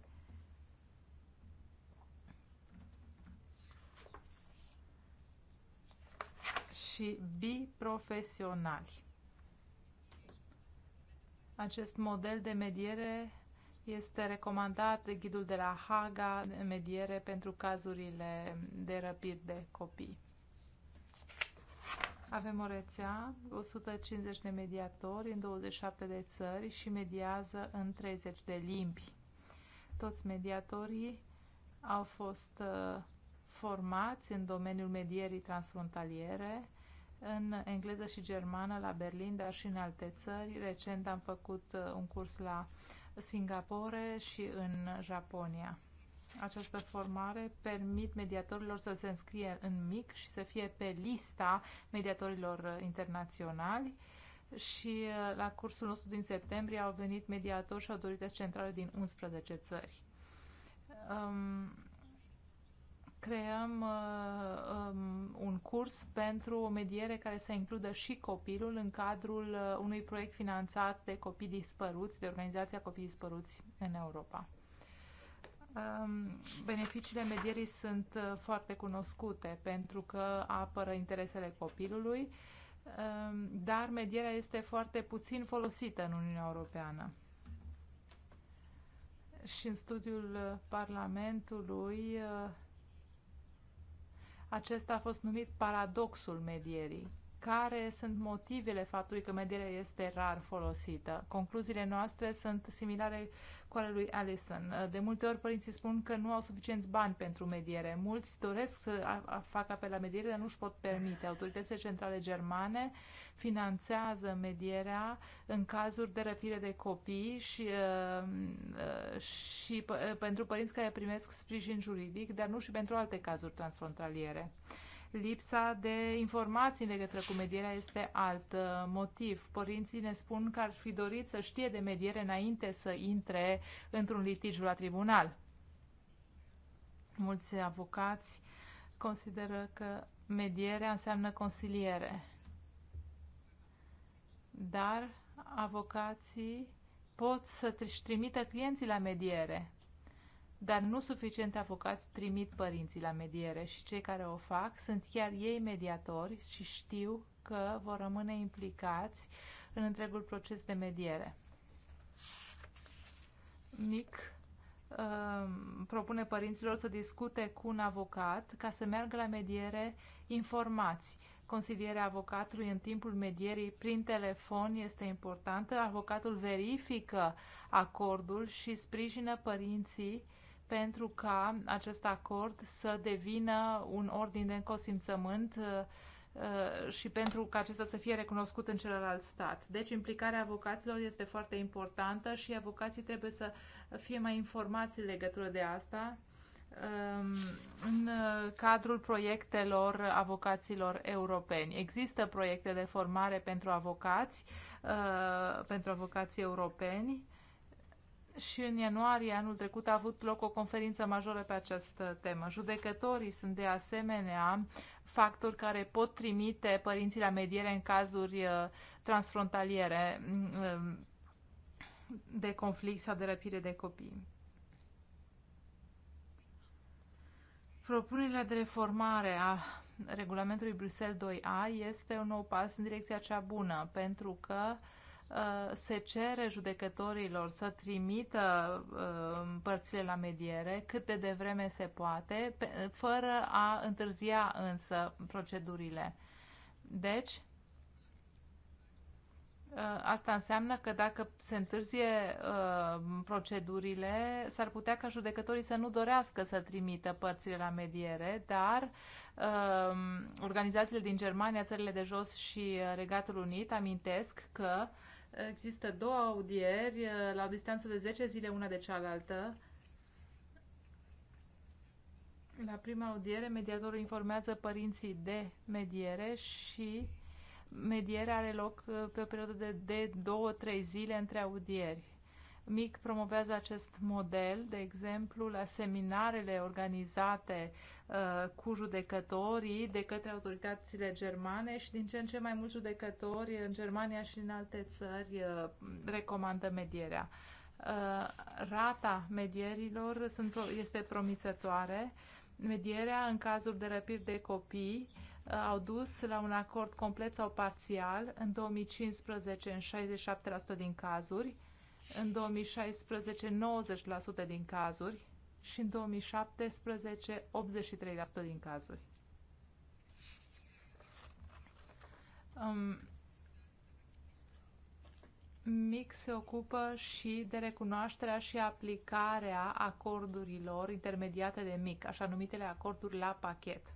și biprofesionali. Acest model de mediere este recomandat de ghidul de la Haga, mediere pentru cazurile de răpiri de copii. Avem o rețea, 150 de mediatori în 27 de țări și mediază în 30 de limbi. Toți mediatorii au fost uh, formați în domeniul medierii transfrontaliere, în engleză și germană la Berlin, dar și în alte țări. Recent am făcut uh, un curs la Singapore și în Japonia. Această formare permit mediatorilor să se înscrie în mic și să fie pe lista mediatorilor internaționali și uh, la cursul nostru din septembrie au venit mediatori și autorități centrale din 11 țări. Um, creăm uh, um, un curs pentru o mediere care să includă și copilul în cadrul uh, unui proiect finanțat de copii dispăruți, de Organizația Copii Dispăruți în Europa. Beneficiile medierii sunt uh, foarte cunoscute pentru că apără interesele copilului, um, dar medierea este foarte puțin folosită în Uniunea Europeană. Și în studiul uh, Parlamentului uh, acesta a fost numit paradoxul medierii care sunt motivele faptului că medierea este rar folosită. Concluziile noastre sunt similare cu ale lui Allison. De multe ori părinții spun că nu au suficienți bani pentru mediere. Mulți doresc să facă apel la mediere, dar nu își pot permite. Autoritățile centrale germane finanțează medierea în cazuri de răpire de copii și, uh, uh, și uh, pentru părinți care primesc sprijin juridic, dar nu și pentru alte cazuri transfrontaliere. Lipsa de informații în legătură cu medierea este alt uh, motiv. Părinții ne spun că ar fi dorit să știe de mediere înainte să intre într-un litigiu la tribunal. Mulți avocați consideră că medierea înseamnă consiliere. Dar avocații pot să-și trimită clienții la mediere dar nu suficient avocați trimit părinții la mediere și cei care o fac sunt chiar ei mediatori și știu că vor rămâne implicați în întregul proces de mediere. Mic um, propune părinților să discute cu un avocat ca să meargă la mediere informați. Consilierea avocatului în timpul medierii prin telefon este importantă. Avocatul verifică acordul și sprijină părinții pentru ca acest acord să devină un ordin de consimțământ uh, uh, și pentru ca acesta să fie recunoscut în celălalt stat. Deci implicarea avocaților este foarte importantă și avocații trebuie să fie mai informați în legătură de asta um, în uh, cadrul proiectelor avocaților europeni. Există proiecte de formare pentru avocați, pentru avocații europeni și în ianuarie anul trecut a avut loc o conferință majoră pe această temă. Judecătorii sunt de asemenea factori care pot trimite părinții la mediere în cazuri uh, transfrontaliere mm, um, de conflict sau de răpire de copii. Propunerea de reformare a regulamentului Bruxelles 2A este un nou pas în direcția cea bună, pentru că uh, Uh, se cere judecătorilor să trimită uh, părțile la mediere cât de devreme se poate, fără a întârzia însă procedurile. Deci, uh, Asta înseamnă că dacă se întârzie procedurile, s-ar putea ca judecătorii să nu dorească să trimită părțile la mediere, dar organizațiile din Germania, țările de jos și Regatul Unit amintesc că Există două audieri uh, la o distanță de 10 zile una de cealaltă. La prima audiere, mediatorul informează părinții de mediere și medierea are loc uh, pe o perioadă de 2-3 zile între audieri mic promovează acest model, de exemplu, la seminarele organizate uh, cu judecătorii de către autoritățile germane și din ce în ce mai mulți judecători în Germania și în alte țări uh, recomandă medierea. Uh, rata medierilor sunt, este promițătoare. Medierea în cazul de răpiri de copii uh, au dus la un acord complet sau parțial în 2015 în 67% din cazuri, în 2016 90% din cazuri și în 2017 83% din cazuri. Um, MIC se ocupă și de recunoașterea și aplicarea acordurilor intermediate de MIC, așa numitele acorduri la pachet.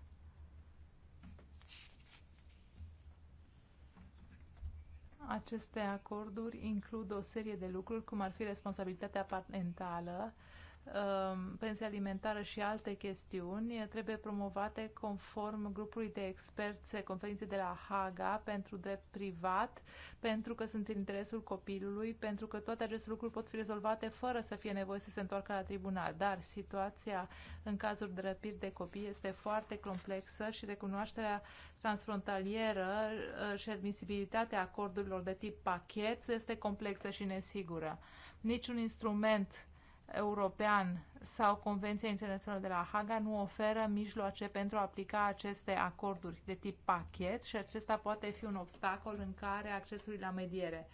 Aceste acorduri includ o serie de lucruri, cum ar fi responsabilitatea parentală, Um, pensia alimentară și alte chestiuni trebuie promovate conform grupului de experți conferințe de la Haga pentru de privat, pentru că sunt în interesul copilului, pentru că toate aceste lucruri pot fi rezolvate fără să fie nevoie să se întoarcă la tribunal. Dar situația în cazuri de răpiri de copii este foarte complexă și recunoașterea transfrontalieră uh, și admisibilitatea acordurilor de tip pachet este complexă și nesigură. Niciun instrument european sau Convenția Internațională de la Haga nu oferă mijloace pentru a aplica aceste acorduri de tip pachet și acesta poate fi un obstacol în care accesul la mediere.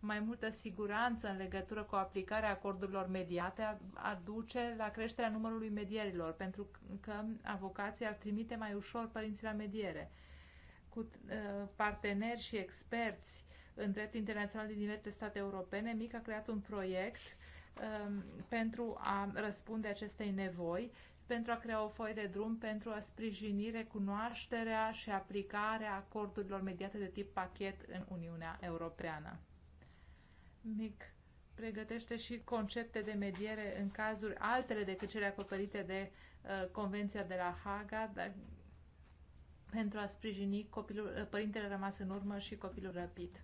Mai multă siguranță în legătură cu aplicarea acordurilor mediate aduce la creșterea numărului medierilor, pentru că avocații ar trimite mai ușor părinții la mediere. Cu uh, parteneri și experți în drept internațional din diverse state europene, MIC a creat un proiect Um, pentru a răspunde acestei nevoi, pentru a crea o foaie de drum, pentru a sprijini recunoașterea și aplicarea acordurilor mediate de tip pachet în Uniunea Europeană. Mic pregătește și concepte de mediere în cazuri altele decât cele acoperite de uh, Convenția de la Haga dar, pentru a sprijini copilul, uh, părintele rămas în urmă și copilul răpit,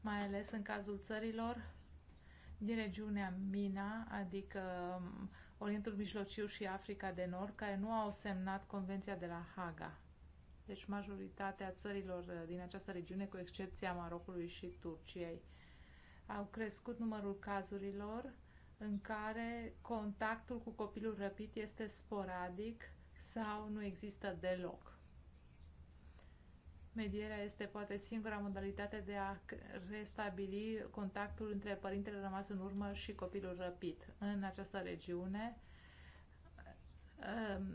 mai ales în cazul țărilor din regiunea MINA, adică um, Orientul Mijlociu și Africa de Nord, care nu au semnat Convenția de la Haga. Deci majoritatea țărilor uh, din această regiune, cu excepția Marocului și Turciei, au crescut numărul cazurilor în care contactul cu copilul răpit este sporadic sau nu există deloc. Medierea este poate singura modalitate de a restabili contactul între părintele rămas în urmă și copilul răpit. În această regiune, um,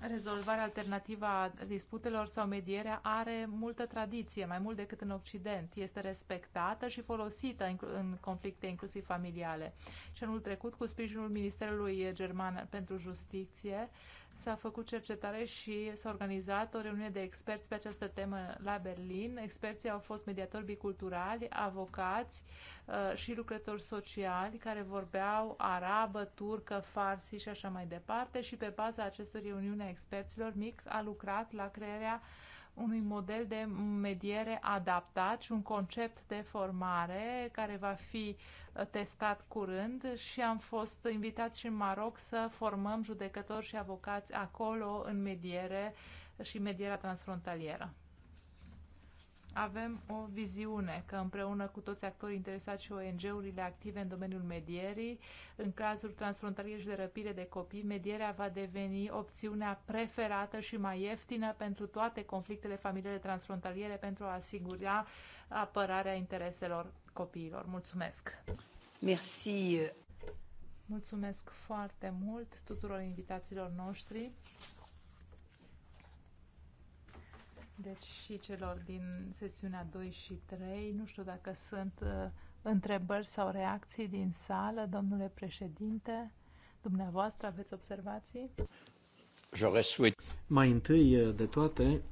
rezolvarea alternativă a disputelor sau medierea are multă tradiție, mai mult decât în Occident. Este respectată și folosită în conflicte inclusiv familiale. Și anul trecut, cu sprijinul Ministerului German pentru Justiție, S-a făcut cercetare și s-a organizat o reuniune de experți pe această temă la Berlin. Experții au fost mediatori biculturali, avocați uh, și lucrători sociali care vorbeau arabă, turcă, farsi și așa mai departe și pe baza acestor reuniuni a experților, MIC a lucrat la crearea uh, unui model de mediere adaptat și un concept de formare care va fi uh, testat curând și am fost invitați și în Maroc să formăm judecători și avocați acolo în mediere și medierea transfrontalieră avem o viziune că împreună cu toți actorii interesați și ONG-urile active în domeniul medierii, în cazul transfrontalier și de răpire de copii, medierea va deveni opțiunea preferată și mai ieftină pentru toate conflictele familiale transfrontaliere pentru a asigura apărarea intereselor copiilor. Mulțumesc! Merci! Mulțumesc foarte mult tuturor invitațiilor noștri. Deci și celor din sesiunea 2 și 3, nu știu dacă sunt uh, întrebări sau reacții din sală, domnule președinte, dumneavoastră aveți observații? Mai întâi de toate,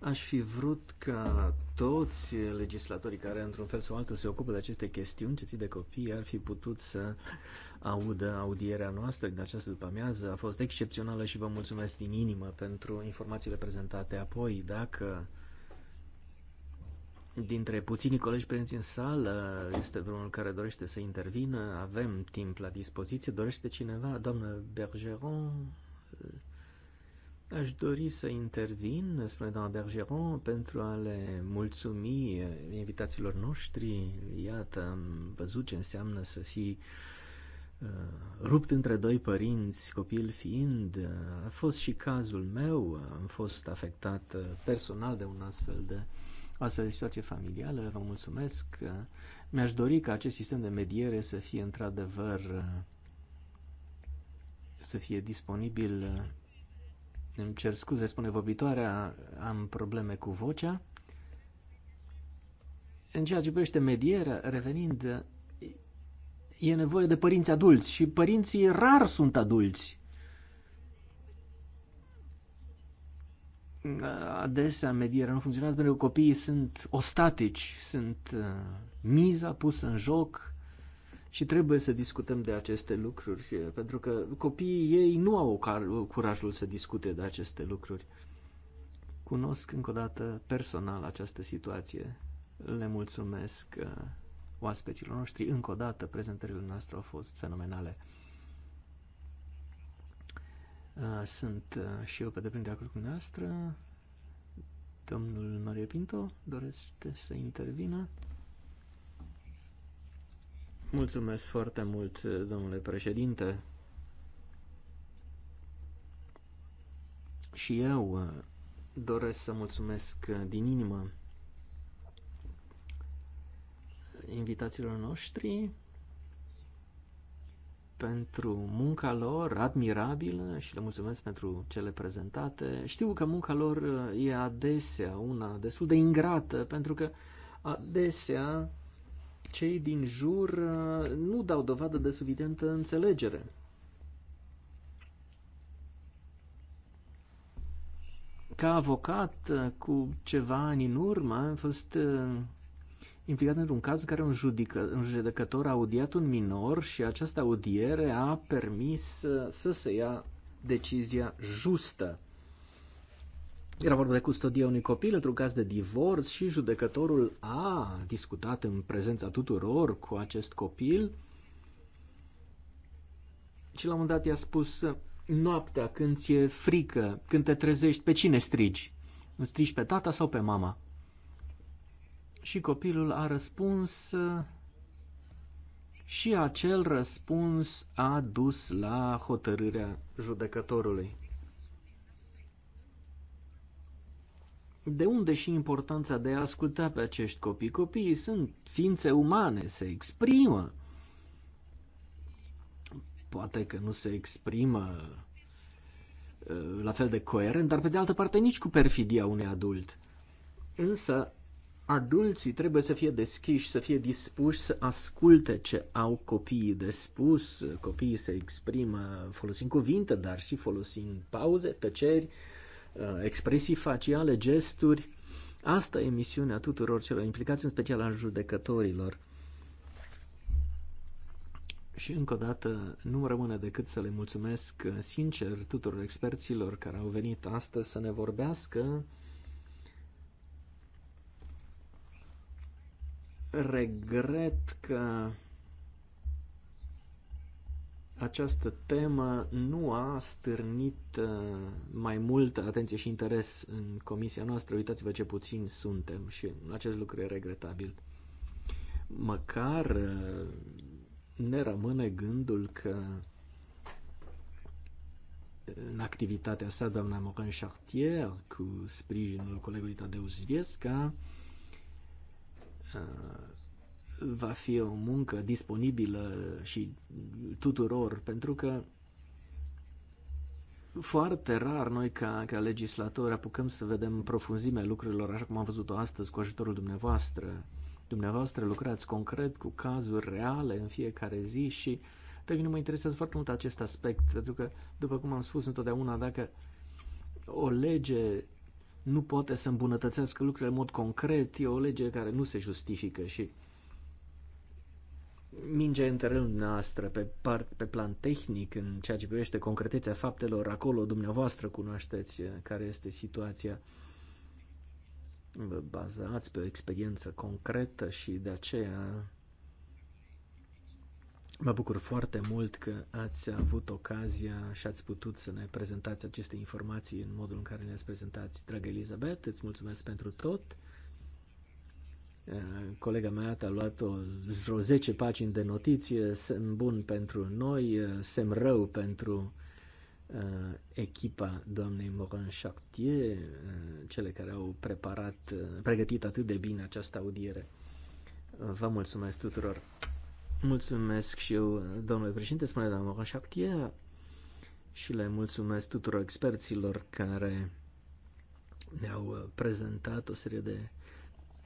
aș fi vrut ca toți legislatorii care, într-un fel sau altul, se ocupă de aceste chestiuni ce ții de copii, ar fi putut să audă audierea noastră din această după-amiază. A fost excepțională și vă mulțumesc din inimă pentru informațiile prezentate. Apoi, dacă dintre puținii colegi prezenți în sală este vreunul care dorește să intervină, avem timp la dispoziție. Dorește cineva? Doamnă Bergeron? Aș dori să intervin, spune doamna Bergeron, pentru a le mulțumi invitațiilor noștri. Iată, am văzut ce înseamnă să fii Eh, rupt între doi părinți, copil fiind, eh, a fost și cazul meu, am fost afectat eh, personal de un astfel de o astfel de situație familială, vă mulțumesc. Mi-aș dori ca acest sistem de mediere să fie într-adevăr să fie disponibil. Îmi cer scuze, spune vorbitoarea, am probleme cu vocea. În ceea ce privește medierea, revenind e nevoie de părinți adulți și părinții rar sunt adulți. Adesea medierea nu funcționează pentru că copiii sunt ostatici, sunt uh, miza pusă în joc și trebuie să discutăm de aceste lucruri, uh, pentru că copiii ei nu au curajul să discute de aceste lucruri. Cunosc încă o dată personal această situație. Le mulțumesc uh, oaspeților noștri. Încă o dată, prezentările noastre au fost fenomenale. Uh, sunt uh, și eu pe deplin de acord cu dumneavoastră. Domnul Mario Pinto dorește să intervină. Mulțumesc foarte mult, domnule președinte. Și eu uh, doresc să mulțumesc din inimă invitațiilor noștri pentru munca lor admirabilă și le mulțumesc pentru cele prezentate. Știu că munca lor e adesea una destul de ingrată, pentru că adesea cei din jur uh, nu dau dovadă de suficientă înțelegere. Ca avocat, uh, cu ceva ani în urmă, am fost uh, implicat într-un caz în care un, judică, un judecător a audiat un minor și această audiere a permis uh, să, se ia decizia justă. Era vorba de custodia unui copil într-un caz de divorț și judecătorul a discutat în prezența tuturor cu acest copil și la un moment dat i-a spus uh, noaptea când ți-e frică, când te trezești, pe cine strigi? Îmi strigi pe tata sau pe mama? Și copilul a răspuns și acel răspuns a dus la hotărârea judecătorului. De unde și importanța de a asculta pe acești copii? Copiii sunt ființe umane, se exprimă. Poate că nu se exprimă uh, la fel de coerent, dar pe de altă parte nici cu perfidia unui adult. Însă adulții trebuie să fie deschiși, să fie dispuși să asculte ce au copiii de spus. Copiii se exprimă folosind cuvinte, dar și folosind pauze, tăceri, uh, expresii faciale, gesturi. Asta e misiunea tuturor celor implicați, în special a judecătorilor. Și încă o dată nu rămâne decât să le mulțumesc uh, sincer tuturor experților care au venit astăzi să ne vorbească regret că această temă nu a stârnit uh, mai mult atenție și interes în comisia noastră. Uitați-vă ce puțini suntem și acest lucru e regretabil. Măcar uh, ne rămâne gândul că în activitatea sa, doamna Morin Chartier, cu sprijinul colegului Tadeu Viesca, Uh, va fi o muncă disponibilă și tuturor, pentru că foarte rar noi ca, ca legislatori apucăm să vedem profunzimea lucrurilor așa cum am văzut-o astăzi cu ajutorul dumneavoastră. Dumneavoastră lucrați concret cu cazuri reale în fiecare zi și pe mine mă interesează foarte mult acest aspect, pentru că, după cum am spus întotdeauna, dacă o lege nu poate să îmbunătățească lucrurile în mod concret, e o lege care nu se justifică și minge în terenul noastră, pe, part, pe plan tehnic, în ceea ce privește concretețea faptelor, acolo dumneavoastră cunoașteți uh, care este situația. Vă bazați pe o experiență concretă și de aceea Mă bucur foarte mult că ați avut ocazia și ați putut să ne prezentați aceste informații în modul în care le-ați prezentat, dragă Elizabeth. Îți mulțumesc pentru tot. Eh, colega mea a luat o, vreo 10 pagini de notiție, semn bun pentru noi, eh, semn rău pentru uh, echipa doamnei Morin Chartier, uh, cele care au preparat, uh, pregătit atât de bine această audiere. Vă mulțumesc tuturor! Mulțumesc și eu, domnule președinte, spune doamna Roșaptia, și le mulțumesc tuturor experților care ne-au prezentat o serie de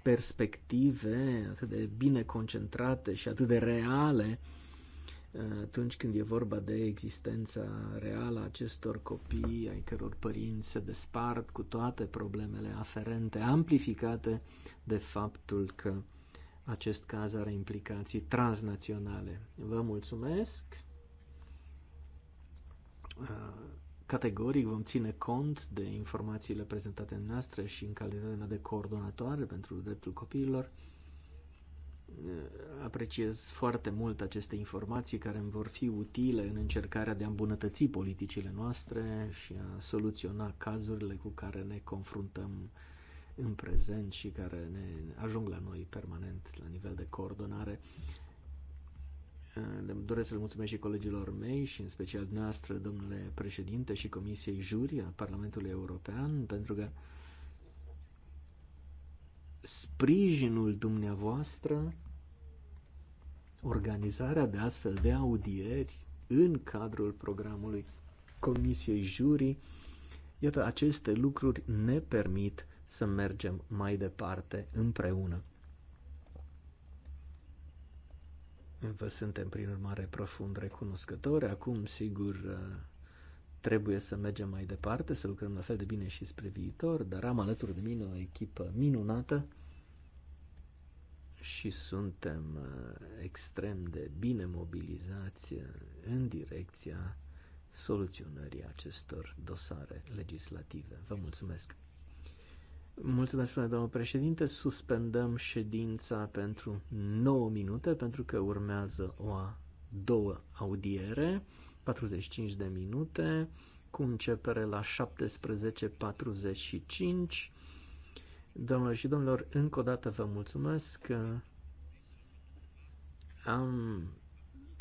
perspective atât de bine concentrate și atât de reale uh, atunci când e vorba de existența reală a acestor copii ai căror părinți se despart cu toate problemele aferente, amplificate de faptul că acest caz are implicații transnaționale. Vă mulțumesc. Uh, categoric vom ține cont de informațiile prezentate în noastre și în calitatea mea de coordonatoare pentru dreptul copiilor. Uh, apreciez foarte mult aceste informații care îmi vor fi utile în încercarea de a îmbunătăți politicile noastre și a soluționa cazurile cu care ne confruntăm în prezent și care ne ajung la noi permanent la nivel de coordonare. Le doresc să l mulțumesc și colegilor mei și în special noastră, domnule președinte și Comisiei Juri a Parlamentului European, pentru că sprijinul dumneavoastră, organizarea de astfel de audieri în cadrul programului Comisiei juri, iată, aceste lucruri ne permit să mergem mai departe împreună. Vă suntem, prin urmare, profund recunoscători. Acum, sigur, trebuie să mergem mai departe, să lucrăm la fel de bine și spre viitor, dar am alături de mine o echipă minunată și suntem uh, extrem de bine mobilizați uh, în direcția soluționării acestor dosare legislative. Vă mulțumesc! Mulțumesc, domnul președinte. Suspendăm ședința pentru 9 minute, pentru că urmează o a doua audiere, 45 de minute, cu începere la 17.45. Domnilor și domnilor, încă o dată vă mulțumesc. Că am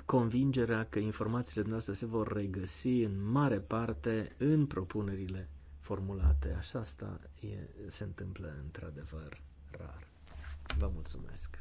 convingerea că informațiile noastre se vor regăsi în mare parte în propunerile formulate. Așa asta e, se întâmplă într-adevăr rar. Vă mulțumesc!